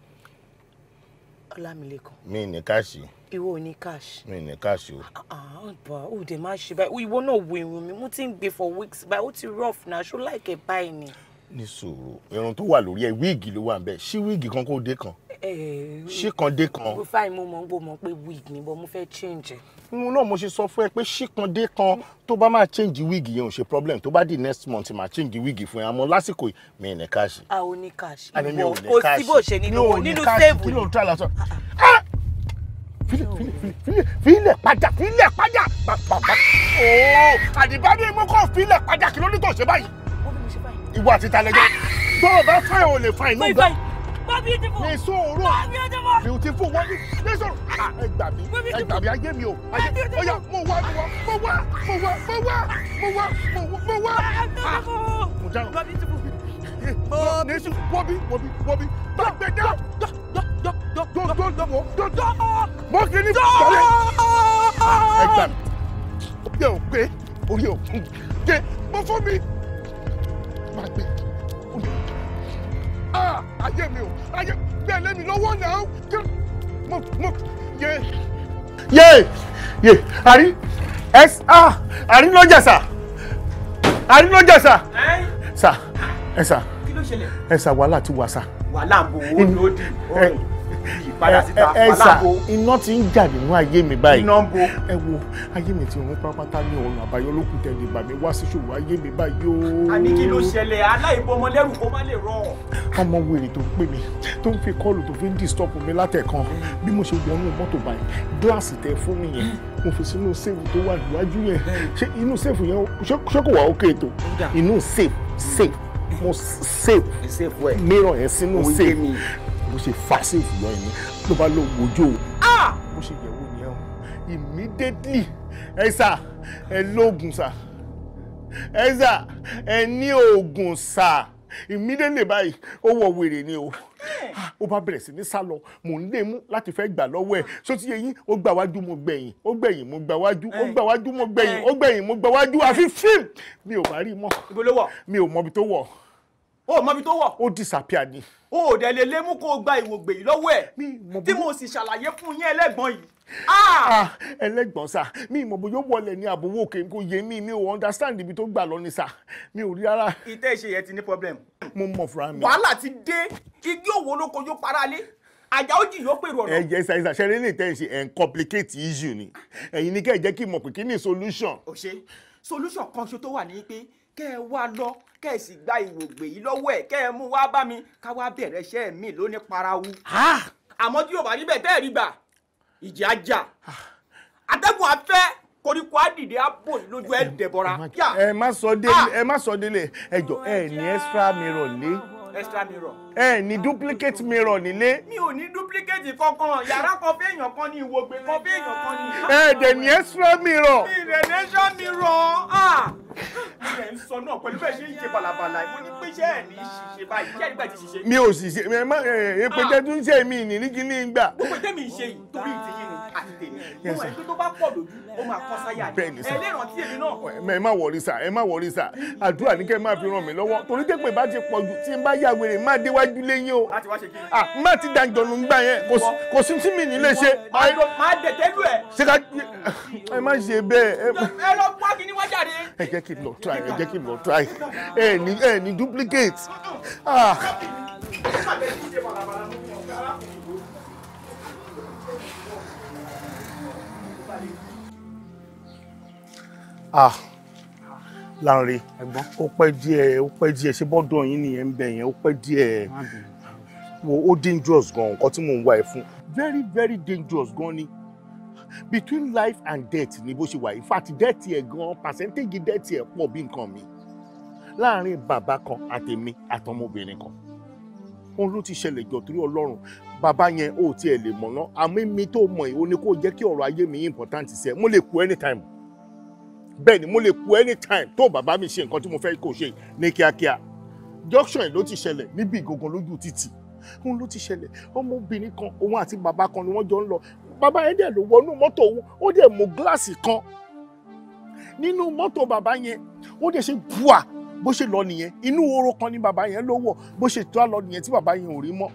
ọlámilékan. mi ní káàsì. ìwọ ò ní káàsì. mi ní káàsì o. ọba ò dé má ṣe báyìí ìwọ náà wo irun mi mo ti ń gbé for weeks báyìí ó ti rough náà ṣó láìkẹ́ báyìí ni. ní sòrò irun tó wà lórí ẹ wíìgì ló wà ń bẹ ṣí wíìgì kan kó dé kan. Eh, ṣìkàndé kan. mo fà mo mọ̀ bó mọ̀ pé wig ni bọ́ mo fẹ́ change. inú náà mo ṣe sọ fún ẹ pé ṣìkàndé kan tó bá máa change wig yẹn ò ṣe problem tó bá di next month máa change wig fún ẹ àmọ́ lásìkò mi ì ní cash. a ò ní cash. àmì mi ò ní cash kò sí bó ṣe nínú nínú save. kí ló ń tọ́ àlàsọ. Ah, ah. ah! filẹ̀ filẹ̀ filẹ̀ filẹ̀ padà filẹ̀ padà. ooo oh, àdìbá ni mo kọ́ filẹ̀ padà kí ló ní tó ṣe báyìí. ìwà àti ìtàlẹ́jọ́ tó o bá fẹ́ o lè fa inú gbà. More beautiful. Ní sòrò. More beautiful. Beautiful wọ́n ní. Ní sòrò. Ẹ gbà mí. Ẹ gbà mí ayé mi o. Ayé mi Oya mo wá mo wá mo wá mo wá mo wá mo wá mo wá. Mo ah, ah, dáhùn. More beautiful. Eh, ní sòrò wọ́bí wọ́bí wọ́bí. Gbàgbẹ́dá. Dọ́dọ́dọ́dọ́dọ́. Mo kì í ní sọ̀rọ̀. Ẹ gbà mí. Oye ò pé oye ò kún. Gé mo fún mi. Ah! ayé mi o ayé bẹ́ẹ̀ lé mi lọ́wọ́ náà yé mo mo yé. yé yé àrí ẹs a ah, àrí ló jẹ sà àrí ló jẹ sà sà ẹ sà ẹ sà wàhálà ti wà sà. wàhálà bò ó lòdì ìpadà síta pàlàbò. iná ti ń jà nínú ayé mi báyìí. iná ń bo. ẹ wo ayé mi ti rún pápátá ní ọ̀run àbáyọ lókùn tẹ̀lé bà mí wá sí ṣòwò ayé mi báyìí o. àní kí ló ṣẹlẹ̀ aláìbọmọlẹ́rù kó má lè rọ. ọmọ wèrè tó ń pè mí tó ń fi kọ́ọ̀lù tó fi ń disturb mi látẹ̀kan mm. bí mo ṣe wọnú mọ́tò báyìí gíláàsì tẹ fún mi yẹn mo fi sínú sèfù tó wà níwájú yẹn mm. ṣé inú sèfù yẹn ṣé kò wá òkè tó inú sèfù sèfù mo sèfù mìíràn yẹn sínú sèfù bó ṣe fà séèfù lọ ẹni ló bá lọ wojú o bó ṣe yẹ̀wò yẹn o immediately ẹ sà ẹ lóògùn sà ẹ sà ẹ ní oògùn sà immediately báyìí ó wọ wèrè ni o hmm. ah, ó bá bẹ̀rẹ̀ sí ní sá lọ mò ń lé e mú láti fẹ́ gbà lọ́wọ́ ẹ̀ só ti yẹ yín ó gbà wájú mo gbẹ̀yìn ó gbẹ̀yìn mo gbà wájú ó eh. gbà wájú mo gbẹ̀yìn eh. ó gbẹ̀yìn mo gbà wájú àfi fíìm mi ò bá rí mọ́ mi ò mọbi tó wọ̀. o mọbi tó wọ̀. ó disappear ni o ò dẹ̀ lè lémú kó o gba ìwògbè yìí lọ́wọ́ ẹ̀ tí mo sì ṣàlàyé fún yín ẹlẹ́gbọ́n yìí. Ah! Ah! Ah, ẹlẹ́gbọ́n sà mi ìmọ̀ bóyá wọlé ní àbówó òkè kò yé mi mi ò understand ibi tó gbà lọ ni sà mi ò rí rárá. ìtẹ́ ìṣe yẹn ti ní problem. mo mọ̀ fúnra mi. wàhálà ti dé igi òwò ló kojú paralé àjà ó jì yóò pèrò ọ̀rọ̀. ẹ̀jẹ̀ ṣe àìsàn ṣẹlẹ̀ lè tẹ̀ ẹ̀ ń complicate issue ni ẹ̀yin ni kẹ́ ẹ̀ jẹ́ kí n mọ̀ pé kí ni solution. ó ṣe solution kan ṣo tó wà ní pé kẹ́ ẹ wá lọ kẹ́ ẹ sì gba ìwògbè yìí lọ́wọ́ ẹ̀ kẹ́ ẹ mú wá bá mi ká wá bẹ̀rẹ̀ iṣẹ́ mi lóní parawu. àmọ́ tí yóò bá tẹ́ ẹ̀ rí gbà ìjà jà atẹ́gùn afẹ́ koríko adìde abo lójú ẹ̀ dẹ̀bọ̀ra. ẹ má sọ délé ẹ jọ ẹ ní extra mirror lé. extra mirror ẹ ní duplicate mirror nílé. mi ò ní duplicate kankan yàrá kan fẹ́ èèyàn kan ní ìwògbé kan fẹ́ èèyàn kan ní. ẹ dẹ̀ ní extra mirror. mi rẹ̀ ní extra mirror ah. mi rẹ̀ ń sọ náà pẹ̀lú bẹ́ẹ̀ ṣe ń ṣe balabala mo ní pé ṣe ẹ̀ ní ṣiṣẹ́ báyìí ṣe ẹ̀dígbà ti ṣiṣẹ́. mi ò sì ṣe ẹ má ẹ pé ah! tẹ́tù ń ṣe mí ní ní kíní gbà. gbogbo tẹ́mi ń ṣe yìí torí ìtìyìn àti tèmi mo mọ̀ pé tó bá pọ̀ lójú ó máa kọ́ sáyà ni ẹlẹ́rántí èmi náà. ẹ má wọrí sà ẹ má wọrí sà àdúrà ní kẹ́ máa fi ràn mí lọ́wọ́ torí tẹ́pẹ́ bá ti pọ̀ jù tí n bá yàgbére níwájú lẹ́yìn o ah, má ti dànjọ nù gbà yẹn kò sí tí mi nílé ṣe. máa dẹ̀tẹ̀ lù ẹ̀. ṣé ká ẹ má ṣe bẹ́ẹ̀. ẹ lọ wá kí ni wá jáde. ẹ jẹ́ kí n lọ try ẹ jẹ́ kí n lọ try ẹ ní ẹ ní duplicate. ah. ah. Lanre ó pẹ́ díẹ̀ ó pẹ́ díẹ̀ ṣe bọ́dọ̀ yín nìyẹn ń bẹ yẹn ó pẹ́ díẹ̀ ó dangerous gan nǹkan tí mò ń wá ẹ fún very very dangerous gan ni between life and death ni bó ṣe wà yìí fati death ẹ gan percentage death ẹ pọ̀ bí nǹkan mi láàárín bàbá kan àtèmi àtọmọbìnrin kan òun ló ti ṣẹlẹ̀ jọ torí ọlọ́run bàbá yẹn ò tiẹ̀ lè mọ̀ náà àmì mi tó mọ̀ yìí ó ní kó jẹ́ kí ọ̀rọ̀ ayé mi important sí ẹ mo lè kú anytime bẹ́ẹ̀ ni mo lè kú anytime tó bàbá mi ṣe nǹkan tí mo fẹ́ kó ṣe ní kíákíá junction yìí ló ti ṣẹlẹ̀ níbi ìgangan lójú títì òun ló ti ṣẹlẹ̀ ọmọbìnrin kan òun àti bàbá kan ni wọ́n jọ ń lọ bàbá yẹn dẹ̀ ló wọnú mọ́tò òun ó dẹ̀ mú gíláàsì kan nínú mọ́tò bàbá yẹn ó dẹ̀ ṣe bùà bó ṣe lọ nìyẹn inú oró kan ni bàbá yẹn ló wọ̀ bó ṣe tó lọ nìyẹn tí bàbá yẹn ò rí mọ́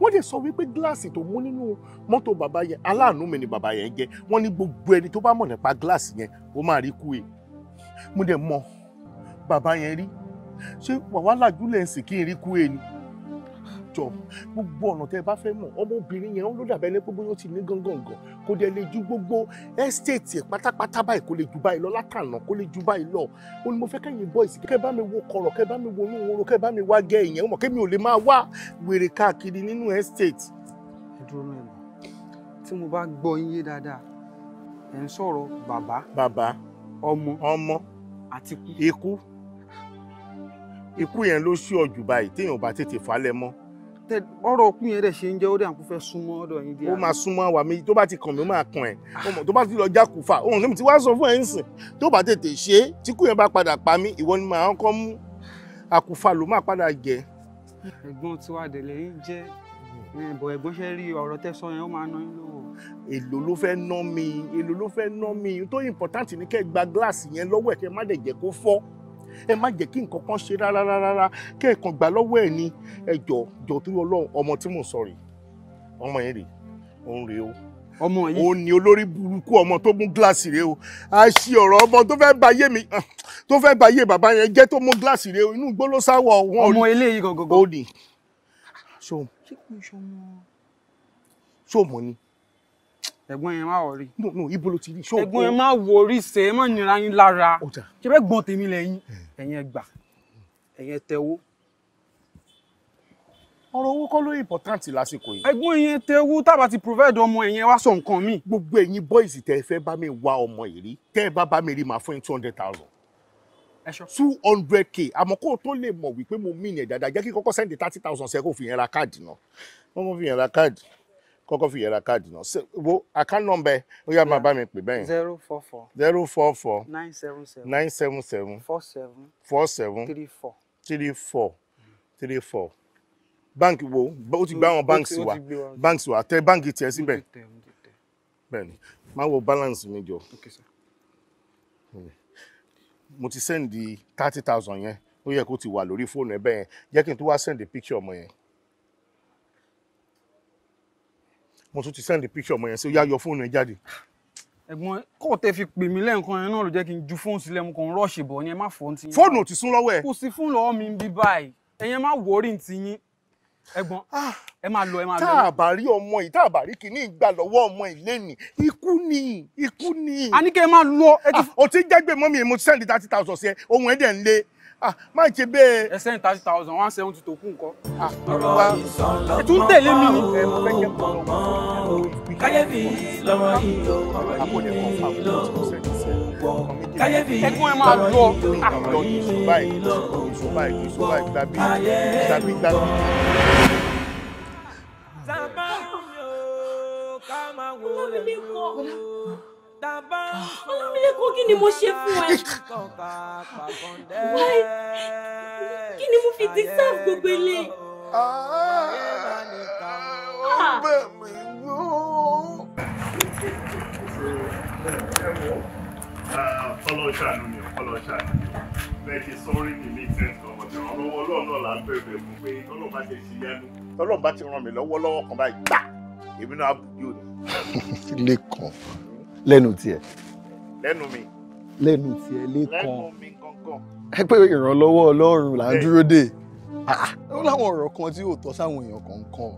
wọ́n dẹ̀ sọ wípé gíláàsì tó mú nínú mọ́tò bàbá yẹn aláàánú mi ni bàbá yẹn jẹ́ wọ́n ní gbogbo ẹni tó bá mọ̀ nípa gíláàsì yẹn ó máa rí kú e mo dẹ̀ mọ̀ bàbá yẹn rí ṣé wàhálà júlẹ̀ ń sì kí n rí kú e ni jọ gbogbo ọ̀nà tẹ́ ẹ bá fẹ́ mọ̀ ọmọbìnrin yẹn ló dàbẹ́ lẹ́pẹ́ bóyá ó ti ní gangan kó dẹ̀ lè ju gbogbo ẹ́stéètì pátápátá báyìí kó lè ju báyìí lọ látànà kó lè ju báyìí lọ ó ní mo fẹ́ kẹ́yìn boys kẹ́ bá mi wo kọ̀rọ̀ kẹ́ bá mi wo inú woro kẹ́ bá mi wá gẹ́ ìyẹn mọ̀ kémi ò lè máa wá wèrè káàkiri nínú ẹ́stéètì. ẹ dúró mẹ́rin tí mo bá gbọ́ yín yé dáadáa ẹ̀ ń sọ̀rọ̀ bàbá bàbá ọmọ ọmọ àti ikú ikú yẹn ló ṣú ọ̀jù báyìí téèyàn ò bá tètè falẹ̀ mọ́ ọ̀rọ̀ ọkùn yẹn dẹ ṣe ń jẹ ó dẹ àǹkú fẹ́ súnmọ́ ọ̀dọ̀ yín díẹ̀. ó máa súnmọ́ wa mi tó bá ti kàn mí ó máa kàn ẹ tó bá ti lọ jákùfà òun kí mi ti wá sọ fún ẹ ń sìn tó bá tètè ṣe tí kú yẹn bá padà pa mí ìwọ ni màá kọ́ mú àkùfà ló máa padà jẹ. ẹ̀gbọ́n tiwa délé yìí jẹ́ bọ̀ ẹ̀gbọ́n ṣe rí ọ̀rọ̀ tẹ́sán yẹn ó máa ná yín lówó. èlò ló fẹ́ ná mi èlò ló fẹ́ ná mi tó important ni kẹ́ gba gíláàsì yẹn lọ́wọ́ ẹ̀ kẹ́ má dẹ̀ jẹ́ kó fọ́ ẹ má jẹ́ kí nǹkan kan ṣe rárá rárá kẹ́ẹ̀kan gbà lọ́wọ́ ẹ̀ ni ẹ jọ jọ torí ọlọ́run ọmọ tí mò ń sọ rèé ọmọ yẹn rèé òun rèé o ọmọ yìí òun ni olórí burúkú ọmọ tó mú gíláàsì rèé o a ṣe ọ̀rọ̀ ọmọ tó fẹ́ ba yé mi tó fẹ́ ba yé bàbá yẹn jẹ́ tó mú gíláàsì rèé o inú igbó ló sá wọ wọn. ọmọ eléyìí gangan. ó ní ṣó mọ ni ẹ̀gbọ́n yẹn má wọrí. no no ibo ló ti rí ṣọ́ọ̀bù. ẹ̀gbọ́n yẹn má wọrí ṣe é má nira yín lára. ọjà ṣe bẹ́ẹ̀ gbọ́n tèmi lẹ́yìn eh. ẹ̀yin ẹgbà ẹ̀yin ẹtẹ̀wó. ọ̀rọ̀ owó kọ́ ló important lásìkò yìí. ẹ̀gbọ́n yẹn tẹ̀wó tábà ti provide ọmọ ẹ̀yẹn wá sọ nǹkan mi. gbogbo ẹ̀yin boys tẹ́ ẹ fẹ́ bá mi wá ọmọ yìí rí tẹ́ ẹ bá bá mi rí màá fún yín two hundred thousand two hundred k àmọ́ kó o tó lè mọ̀ wípé mo mí ìyẹn dáadáa jẹ́ kí kọ́kọ́ sẹ́ndì thirty thousand ṣe kó fi yẹn ra káàdì náà wọ́n mọ̀ fi yẹn ra káàdì kọ́kọ́ fi yẹra káàdì náà ṣe wo account number ó yá máa bá mi pè bẹ́yìn. zero four four. zero four four. nine seven seven. nine seven seven. four seven. four seven. three four. three four. three four. Bank, wo ó ti gbá àwọn báńkì wa báńkì wa tẹ báńkì tiẹ̀ síbẹ̀ bẹ́ẹ̀ni máa wo balance mi jọ. Okay, sir. mo ti sẹ́ndì thirty thousand yẹn ó yẹ kó ti wà lórí fóònù ẹ bẹ́ẹ̀ yẹn jẹ́ kí n tó wá sẹ́ndì picture ọmọ yẹn. mo tún ti send picture ọmọ yẹn sí ó yá yọ fóònù ẹ jáde. ẹ̀gbọ́n kò tẹ́ fi pè mí lẹ́ǹkan yẹn náà ló jẹ́ kí n ju fóònù sílẹ̀ mo kàn ń rọ́ọ̀ṣì bọ̀ ni ẹ má fóònù ti yín. fóònù ò ti sún lọ́wọ́ ẹ. kò sí fún lọ́wọ́ mi bí báyìí ẹ̀yẹn má wọrí ti yín ẹ̀gbọ́n ah, ẹ máa lọ ẹ máa lọ. tá a bá rí ọmọ yìí tá a bá rí kinní ìgbà lọ́wọ́ ọmọ yìí lẹ́nìí ikú ni ikú ni. a ní kẹ́ ẹ máa lọ. Ah, o ti jẹ́gbẹ́ mọ́ mi mo ti sẹ́ndí thirty thousand sí ohun ẹ̀ dẹ̀ ń lé. Ah, má ṣe bẹ́ẹ̀. ẹ sẹ́yìn thirty thousand one seventy tó kù nǹkan. Ah, ẹ tún tẹ̀lé mi ni. ẹ mo fẹ́ jẹ́ pọ̀lọ́pọ̀. káyéfì lọ́rọ̀ yìí ló ọ̀rọ̀ yìí ah, ló káyéfì lọ́rọ̀ yìí ló gbọ́ Zamba yo, kama wole yo. Ah. Ọlámilékan kí ni mo ṣe fún ẹ? Why? Kí ni mo fi deserve gbogbo ilé? Ó bẹ̀ mí wó. Ọlọ́run ṣàánú mi, ọlọ́run ṣàánú mi. Bẹ́ẹ̀ ti sọ́rí mi ní ìfẹ́ǹtì ọmọdé. Ọlọ́wọ́ ọlọ́run náà là ń bẹ̀rẹ̀ fún pé ọlọ́run bá ti ṣe yánu. Ọlọ́run bá ti ràn mí lọ́wọ́ lọ́wọ́ kan báyìí gbà. Èmi náà á bù yóò ní. Lẹ́kọ̀ọ́. lẹ́nu tiẹ̀. lẹ́nu mi. lẹ́nu tiẹ̀ lẹ́kan. lẹ́nu mi kankan. ẹ pé ìrànlọ́wọ́ ọlọ́run là ń dúró dè ah, ah. ó láwọn ọ̀rọ̀ kan tí yóò tọ́ sáwọn èèyàn kọ̀ọ̀kan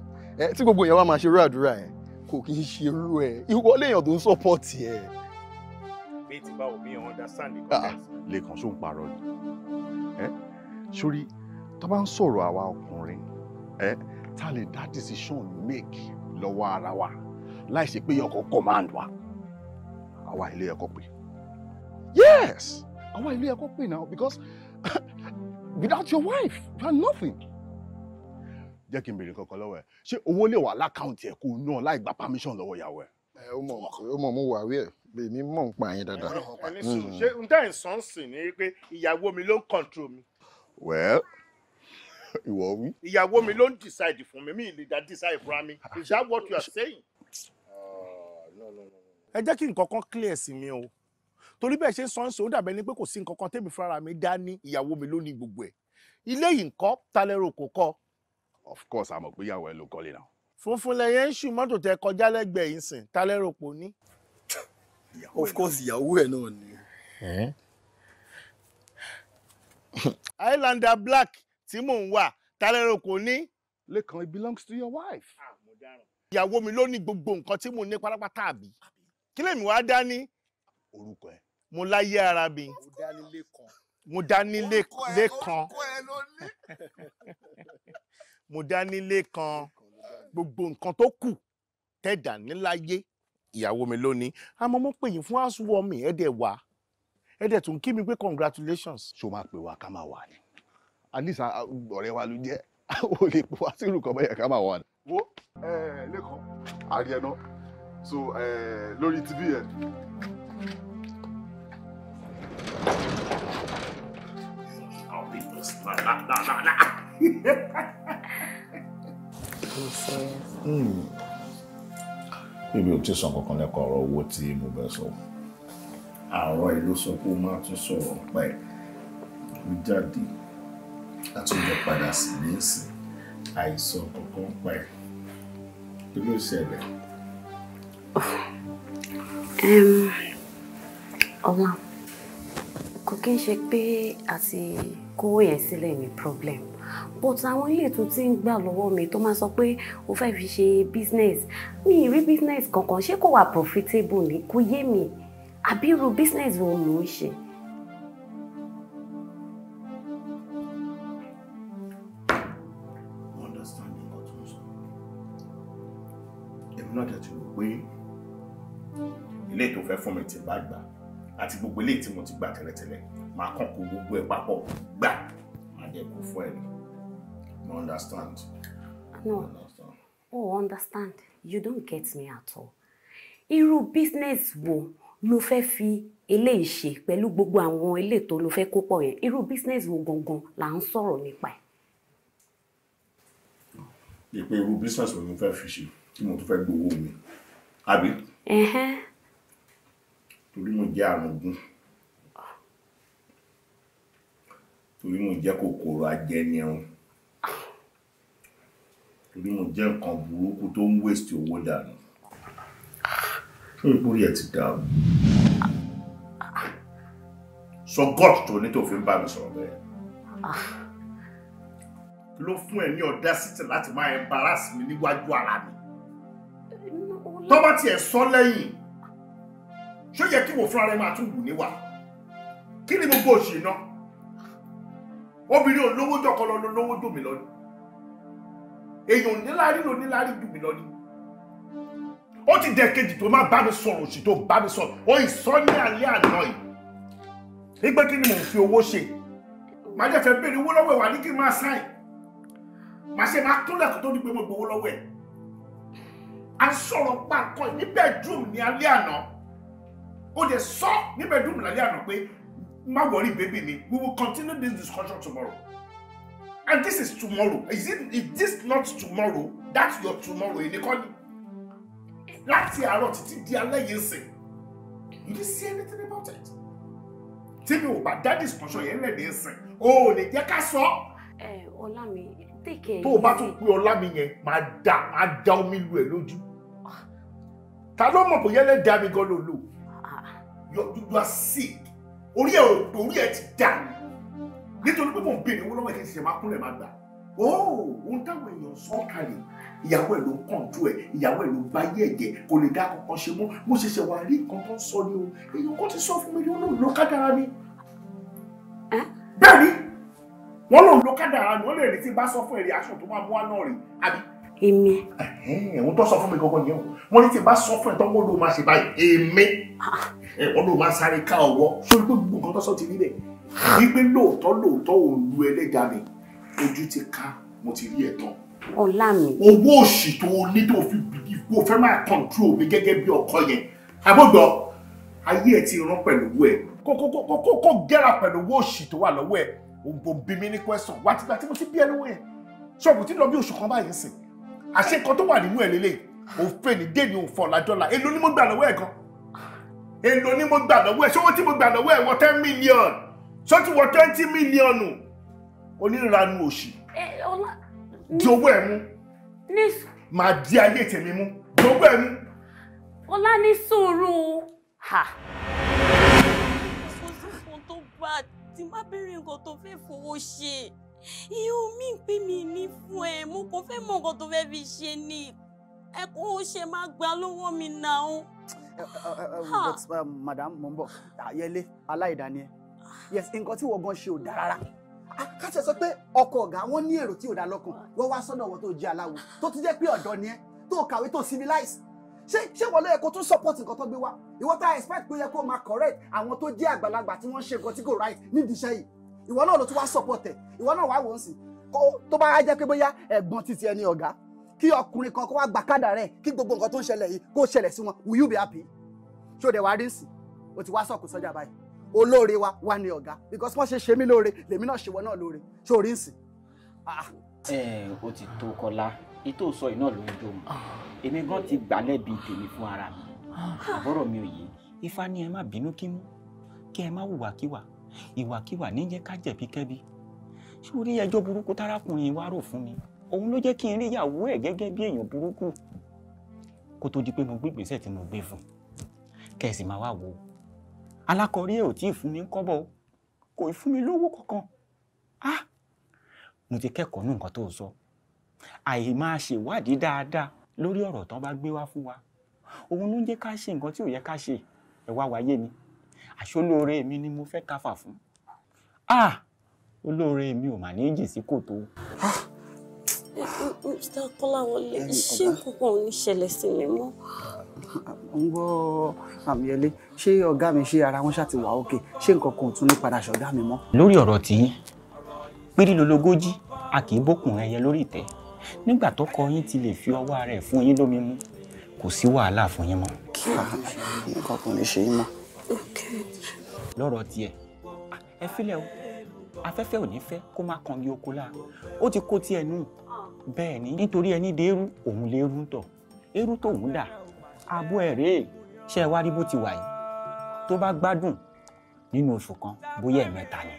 tí gbogbo èèyàn wá máa ṣe irú àdúrà ẹ̀ kò kí ń ṣe irú ẹ̀ ìwọ léèyàn tó ń sọ́pọ̀tì ẹ̀. bí ti báwo mi understand the ah, context. lẹ́kan ṣó ń parọ́ ni sórí tó bá ń sọ̀rọ̀ àwa ọkùnrin tá a lè dá decision make lọ́wọ́ ara wa láì ṣe pé ọkọ̀ command wa àwa ilé ẹ̀kọ́ pè yes àwa ilé ẹ̀kọ́ pè now because without your wife you are nothing jẹ́ kí n béèrè kankan lọ́wọ́ ẹ̀ ṣé owó lè wà lákàùntì ẹ̀ kó ná láì gba permission lọ́wọ́ ìyàwó ẹ̀. ẹ ó mọ ó mọ mo wà wí ẹ bèmí mọ ń pa yín dáadáa. ẹni sùn mm. ṣé n tẹ́ ẹ̀ sàn sìn ni pé ìyàwó mi ló ń control mi. well ìwọ wí. ìyàwó mi ló ń decide fún mi mi ì lè dá decide fúnra mi is that what you are saying. Uh, no, no, no ẹ jẹ́ kí nǹkan kan clear sí mi o torí bẹ́ẹ̀ ṣe ń sọ ń sọ ó dàbẹ́ ni pé kò sí nǹkan kan tẹ́mi fúnra mi dá ní ìyàwó mi lónìí gbogbo ẹ̀ ilé yìí nǹkan talẹ́rò kò kọ́. of course àmọ̀ pé ìyàwó ẹ ló kọ́lé náà. funfun lẹyẹ ń ṣù mọ́tò tẹ kọjá lẹ́gbẹ̀ẹ́ yìí sìn talẹ́rò kò ní. of course ìyàwó ẹ náà ni. islander black tí mò ń wà talẹ́rò kò ní. lẹ́kan it belongs to your wife. Ah, ìyàwó mi ló ní gbogbo nǹkan tí mo ní pátápátá àbí kí lèmi wá dání orúkọ ẹ mo láyé ara mi mo dání lẹ́kan mo dání lẹ́kan gbogbo nǹkan tó kù tẹ̀dá níláyé ìyàwó mi lónìí àmọ́ mo pè yín fún housewarming ẹ̀dẹ̀ wá ẹ̀dẹ̀ tún kí mi pé congratulations. ṣó máa pè wá ká máa wà ní àdìsá ọ̀rẹ́ wa ló jẹ́ ó lè pọ̀ wá sí irú bẹ́ẹ̀ ká máa wà ní. wo ẹ̀ẹ́dẹ́kan àríyànná so uh, lórí tv yẹn. Ibi ò tí sọ kankan lẹ́kọ̀ọ́ ọ̀rọ̀ owó tí mo bẹ̀ sọ. Àwọn ìlú sọ pé ó máa tún sọ̀rọ̀ pa ẹ̀. Ó jáde látúndọ̀ padà sí ní ìsìn. Àìsàn kankan pa ẹ̀. Kí ló ṣẹlẹ̀? ọmọ kò kí n ṣe pé àti kówó yẹn sílẹ̀ ní problem but àwọn ilé tó ti ń gbà lọ́wọ́ mi tó máa sọ pé o fẹ́ fi ṣe business mi ì rí business kankan ṣé kò wà profitable ni kò yé mi àbí irú business wo mò ń ṣe. ilé tó fẹ́ fún mi ti bá gbà àti gbogbo ilé tí mo ti gbà tẹ́lẹ̀tẹ́lẹ̀ máa kàn kó gbogbo ẹ̀ papọ̀ gbà máa dẹ̀ kó fún ẹ̀ ni no understand. no oh understand you don't get me at all irú business wo ló fẹ́ fi eléyìí ṣe pẹ̀lú gbogbo àwọn ilé tó ló fẹ́ kó pọ̀ yẹn irú business wo gangan là ń sọ̀rọ̀ nípa ẹ̀. ìpè irú business wo ni mo fẹ́ fi ṣe tí mo tún fẹ́ gbowó mi àbí torí mo jẹ́ àrùn gún torí mo jẹ́ kòkòrò ajẹnirun torí mo jẹ́ nǹkan burúkú tó ń wéṣì owó dànù fún ìkórè ẹ̀ ti dàrú sọ gọ́ọ̀tù tó ní tó fi ń bá mi sọ̀rọ̀ bẹ́ẹ̀ kí ló fún ẹ ní ọ̀dá sítì láti máa embarrass mi níwájú ara mi tọ́bọ̀ tiẹ̀ sọ lẹ́yìn ṣó yẹ kí wò fúnra rẹ máa tún wù níwà kí ni gbogbo òṣì náà obìnrin olówó jọkọ lọ lówó dùn mí lọ́nìí èèyàn níláàrí ló níláàrí dùn mí lọ́nìí ó ti dẹ̀ kejì tó má bá mi sọ̀rọ̀ òṣì tó bá mi sọ̀rọ̀ ó ìsọ ní alẹ́ àná yìí nígbà kí ni mò ń fi owó ṣe màá jẹ́ fẹ́ béèrè owó lọ́wọ́ ẹ̀ wà ní kí n máa sáìn màá ṣe máa kúnlẹ̀ kó tó di pé mo gbowó lọ́wọ́ ẹ̀ à ń sọ̀rọ̀ pàǹkan níbẹ̀ dùn ní alẹ́ àná ó dẹ̀ sọ ní bedroom lálẹ́ àná pé má worry baby mi we will continue this discussion tomorrow and this is tomorrow is it is this not tomorrow that's your tomorrow èdè kọ́ ni láti àárọ̀ títí di alẹ́ yìí sìn you dey see anything about it tí mi ò bá dá discussion yẹn lẹ́ẹ̀dẹ̀ sìn o ò lè jẹ́ ká sọ. ẹ ọlá mi take care. tó o bá tún pé ọlá mi yẹn máa dà máa dà omi lu ẹ lójú ta ló mọ̀ bóyá ẹlẹ́dàá mi gan ló lò you are sick orí ẹ ò pé orí ẹ ti dànù nítorí pé mò ń béèrè owó lọ́wọ́ ẹ̀ kí n ṣe máa kúnlẹ̀ máa gbà ooo oh, ohun táwọn èèyàn sọ kalẹ̀ ìyàwó ẹ̀ ló ń kọ̀ǹtù ẹ̀ ìyàwó ẹ̀ ló ń báyé ẹ̀jẹ̀ kò lè dá kankan ṣe mọ́ mo ṣẹ̀ṣẹ̀ wà rí nǹkan tó ń sọ ni o èyí kò ti sọ fún mi ní olóòlù ló kádàrá mi. bẹ́ẹ̀ ni wọ́n lòun ló kádàrá mi wọ́n lè rí bá sọ fún èrè aṣọ tó máa mú wá náà rè àbí èmi. ẹ̀hún tó sọ fún mi gangan yẹn o wọ́n ní tí bá sọ fún ẹ̀ tán wọ́n ló máa ṣe báyìí èmi ah. wọ́n ló máa sáré ká ọwọ́ sórí pé gbogbo nǹkan tó sọ ti rí bẹ̀ wípé lóòótọ́ lóòótọ́ òun lu ẹlẹ́dàá mi ojú ti ká mo ti rí ẹ̀ tán ọ̀la mi. owó òṣì tó o ní tó o fi bìbí kó o fẹ́ máa kọ̀ǹtúrò mi gẹ́gẹ́ bí ọkọ yẹn àbọ̀gbọ̀ ayé ẹ̀ ti rán pẹ̀lú owó ẹ̀ kókókókó gẹ́ra pẹ̀lú owó òṣì tó wà lọ́wọ́ ẹ̀ òǹbò bí mi ní kwẹ́sàn wá tìgbà tí mo ti bí ẹ lówó yẹn ṣọ́ọ̀bù tí lọ bí oṣù kan báyìí sìn àṣé nǹkan tó wà nínú ẹ̀ lélẹ̀ òfin ní dé ní òfò ọ̀làjọ́là èlò ni mo gbà lọ́wọ́ ẹ̀ gan èlò ni mo gbà lọ́wọ́ ẹ̀ ṣé owó tí mo gbà lọ́wọ́ ẹ̀ wọ ten million ṣé ti wọ twenty million oníranu òṣì di owó ẹ̀ mú màá di ayé tèmi mú di owó ẹ̀ mú. ọlá ní sùúrù ha. kò sí fún tó bá tí má bẹ̀rẹ̀ nǹkan tó fẹ́ fowó ṣe ìyó mi pé mi ní fún ẹ mo kàn fẹ́ mọ nǹkan tó fẹ́ fi ṣe ni ẹ kó o ṣe máa gba lọ́wọ́ mi náà. Uh, madam mo ń bọ̀ ayẹlé aláìdáni ẹ yes nǹkan tí wọ́n gan ṣe ò dáa rárá káṣẹ sọ pé ọkọ ọ̀gá wọn ní èrò tí ò dáa lọ́kàn wọ́n wá sọ́dọ̀ wọn tó jẹ́ aláwo tó tún jẹ́ pé ọ̀dọ́ ni ẹ tó kàwé tó civilize ṣé ṣé wọ́n ló yẹ kó tún support nǹkan tó gbé wá ìwọ tá expect pé ó yẹ kó máa correct àwọn tó jẹ́ àgbàlagbà tí wọ́n ṣe nǹkan tí kò right nídìí iṣẹ́ yìí ìwọ náà ló tún wá support ẹ̀ ìwọ náà wá wò ó sì tó bá jẹ́ pé bóyá ẹ̀gbọ́n títí ẹni ọ̀gá kí ọkùnrin kan kó wá gbà kádà rẹ̀ kí gbogbo nǹkan tó ń ṣẹlẹ̀ yìí kó ṣẹlẹ̀ sí wọn will you be happy ṣó dẹ̀ wá rí sí o ti wá sọ̀kù sọ́jà báyìí olóore wa wà ní ọ̀gá because wọ́n ṣe ṣe mí lóore lèmi náà ṣe wọ́n náà lóore ṣó rí sí. Ah. ẹ o ti tó Kọ́lá ètò sọ iná ló ń jó mu èmi gan ti gbà lẹ́bi tèmi fún ara mi ah. àbọ̀rọ̀ mi ò yé ifá ni ẹ má bínú kí mú kí ẹ má hùwàkíwà ìwàkiwà ní jẹ́ ká jẹ̀bi kẹ́bi sórí ẹjọ́ burúkú tárákùnrin wa rò fún mi òun ló jẹ́ kí n rí ìyàwó ẹ̀ gẹ́gẹ́ bí èèyàn burúkú kó tó di pé mo gbé ìgbésẹ̀ tí mo gbé fún kẹ́sì máa wá wò ó alákọ̀ọ́rí ẹ̀ ò tí ì fún mi kọ́bọ̀ kò ì fún mi lówó kankan ah mo ti kẹ́kọ̀ọ́ ní nǹkan tó sọ àì máa ṣèwádìí dáadáa lórí ọ̀rọ̀ tán bá gbé wá fún wa òun ló ń jẹ́ ká ṣe nǹkan tí ò yẹ ká ṣe ẹ̀ wá wáyé ni àṣọlóore mi ni mo fẹ́ káfà fún ah olóore mi ò mà ní jì sí kòtò. Ah! mr kọ́láwọlé ṣé nǹkan ò ní ṣẹlẹ̀ sí mi mọ́. ń gbọ́ àmìyẹlé ṣé ọ̀gá mi ṣe ara wọn ṣáti wà òkè ṣé nǹkan kan ò tún ní padà ṣọ̀gá mi mọ́. lórí ọ̀rọ̀ tiyín pírílólógójì a kì í bókun ẹyẹ lórí ìtẹ́ nígbà tó kọ yín ti lè fi ọwọ́ rẹ̀ fún yín lómi mú kò sí wàhálà fún yín mọ́. Ah! nǹkan kò ní ṣe yín mọ́ lọ́rọ̀ tiẹ̀ ah, ẹ filẹ̀ o afẹ́fẹ́ ò ní fẹ́ kó má kan ní oko láà ó ti kó tiẹ̀ nù bẹ́ẹ̀ ni nítorí ẹni dẹ́rú òun lè rú tọ̀ eérú tóun dà abú ẹ̀ rèé ṣé ẹ wá rí bó ti wà yìí tó bá gbádùn nínú oṣù kan bóyá ẹ̀mẹ́ta ni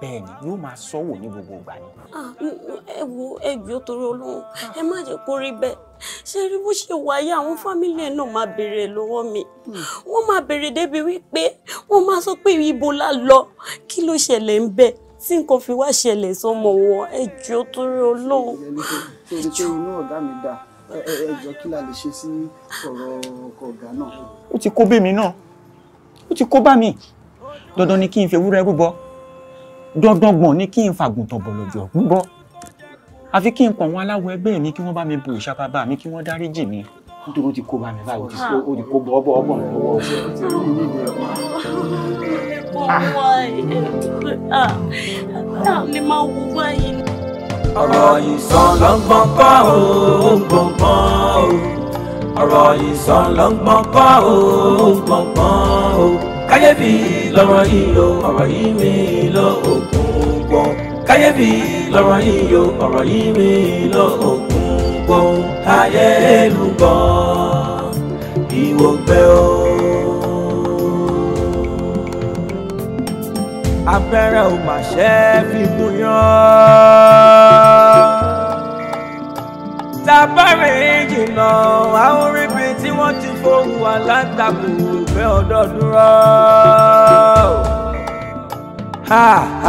bẹ́ẹ̀ ni yóò máa sọ́wọ́ ní gbogbo ìgbà ni. Ah, ẹ wo ẹ jọ̀ọ́ torí Ọlọ́run ẹ má jẹ́ kó rí bẹ́ẹ̀ ṣe rí bó ṣe wáyé àwọn fámílì náà máa béèrè lọ́wọ́ mi wọ́n máa béèrè débi wípé wọ́n máa sọ pé ibo la lọ kí ló ṣẹlẹ̀ ń bẹ̀ tí nǹkan fi wá ṣẹlẹ̀ sọmọ wọn ẹ jọ̀ọ́ torí Ọlọ́run. torí pé inú ọ̀gá mi dà ẹ jọ̀ọ́ kí la lè ṣe sí ọ̀rọ̀ ọkọ̀ ọ̀gá náà. ó ti kó bẹ́ẹ̀ mi náà ó ti kó bá mi dandan ni kí n fi ewúrẹ́ rúbọ dandan gbọ̀n ni kí n fàgùntàn bọ̀lọ̀jọ̀ rúbọ àfi kí n pọ̀ wọn aláwọ̀ ẹgbẹ́ mi kí wọ́n bá mi bu ìṣàpá bá mi kí wọ́n dáríjì mi nítorí ó ti kó bá mi báyìí ó ti kó bọ́ ọ́ bọ́ ọ́ bọ̀ mí lọ́wọ́. ọ̀rọ̀ ìsàn pa ó gbọ̀ngbọ́n ó ọ̀rọ̀ ìsàn lọ́gbọ́n pa ó gbọ̀ngbọ́n ó káyébì lọ́rọ̀ yìí o ọ̀rọ̀ yìí mi lọ òkun gbọ́n káyébì lọ́rọ̀ yìí o ọ̀rọ̀ yìí mi lọ òkun gbọ́n ayélujọ́ ìwògbẹ́ o. abẹ́rẹ́ ò mà fi gún yán tábàrẹ̀ jìnnà àwọn oríbi tí wọ́n ti fowó aláǹtakùn òfẹ́ ọ̀dọ́dún rọ́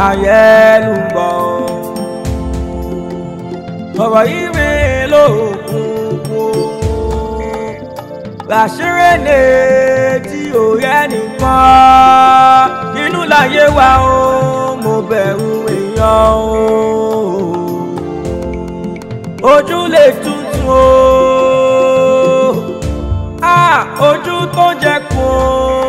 àyẹ̀lú ń bọ̀ ọ̀rọ̀ yìí mi lóògùn kú làṣírí ni tí ò yẹ nìkan inú láyé wa ó mo bẹ̀rù èèyàn ó ojú lè tuntun o ah, ojú tó jẹ kún o.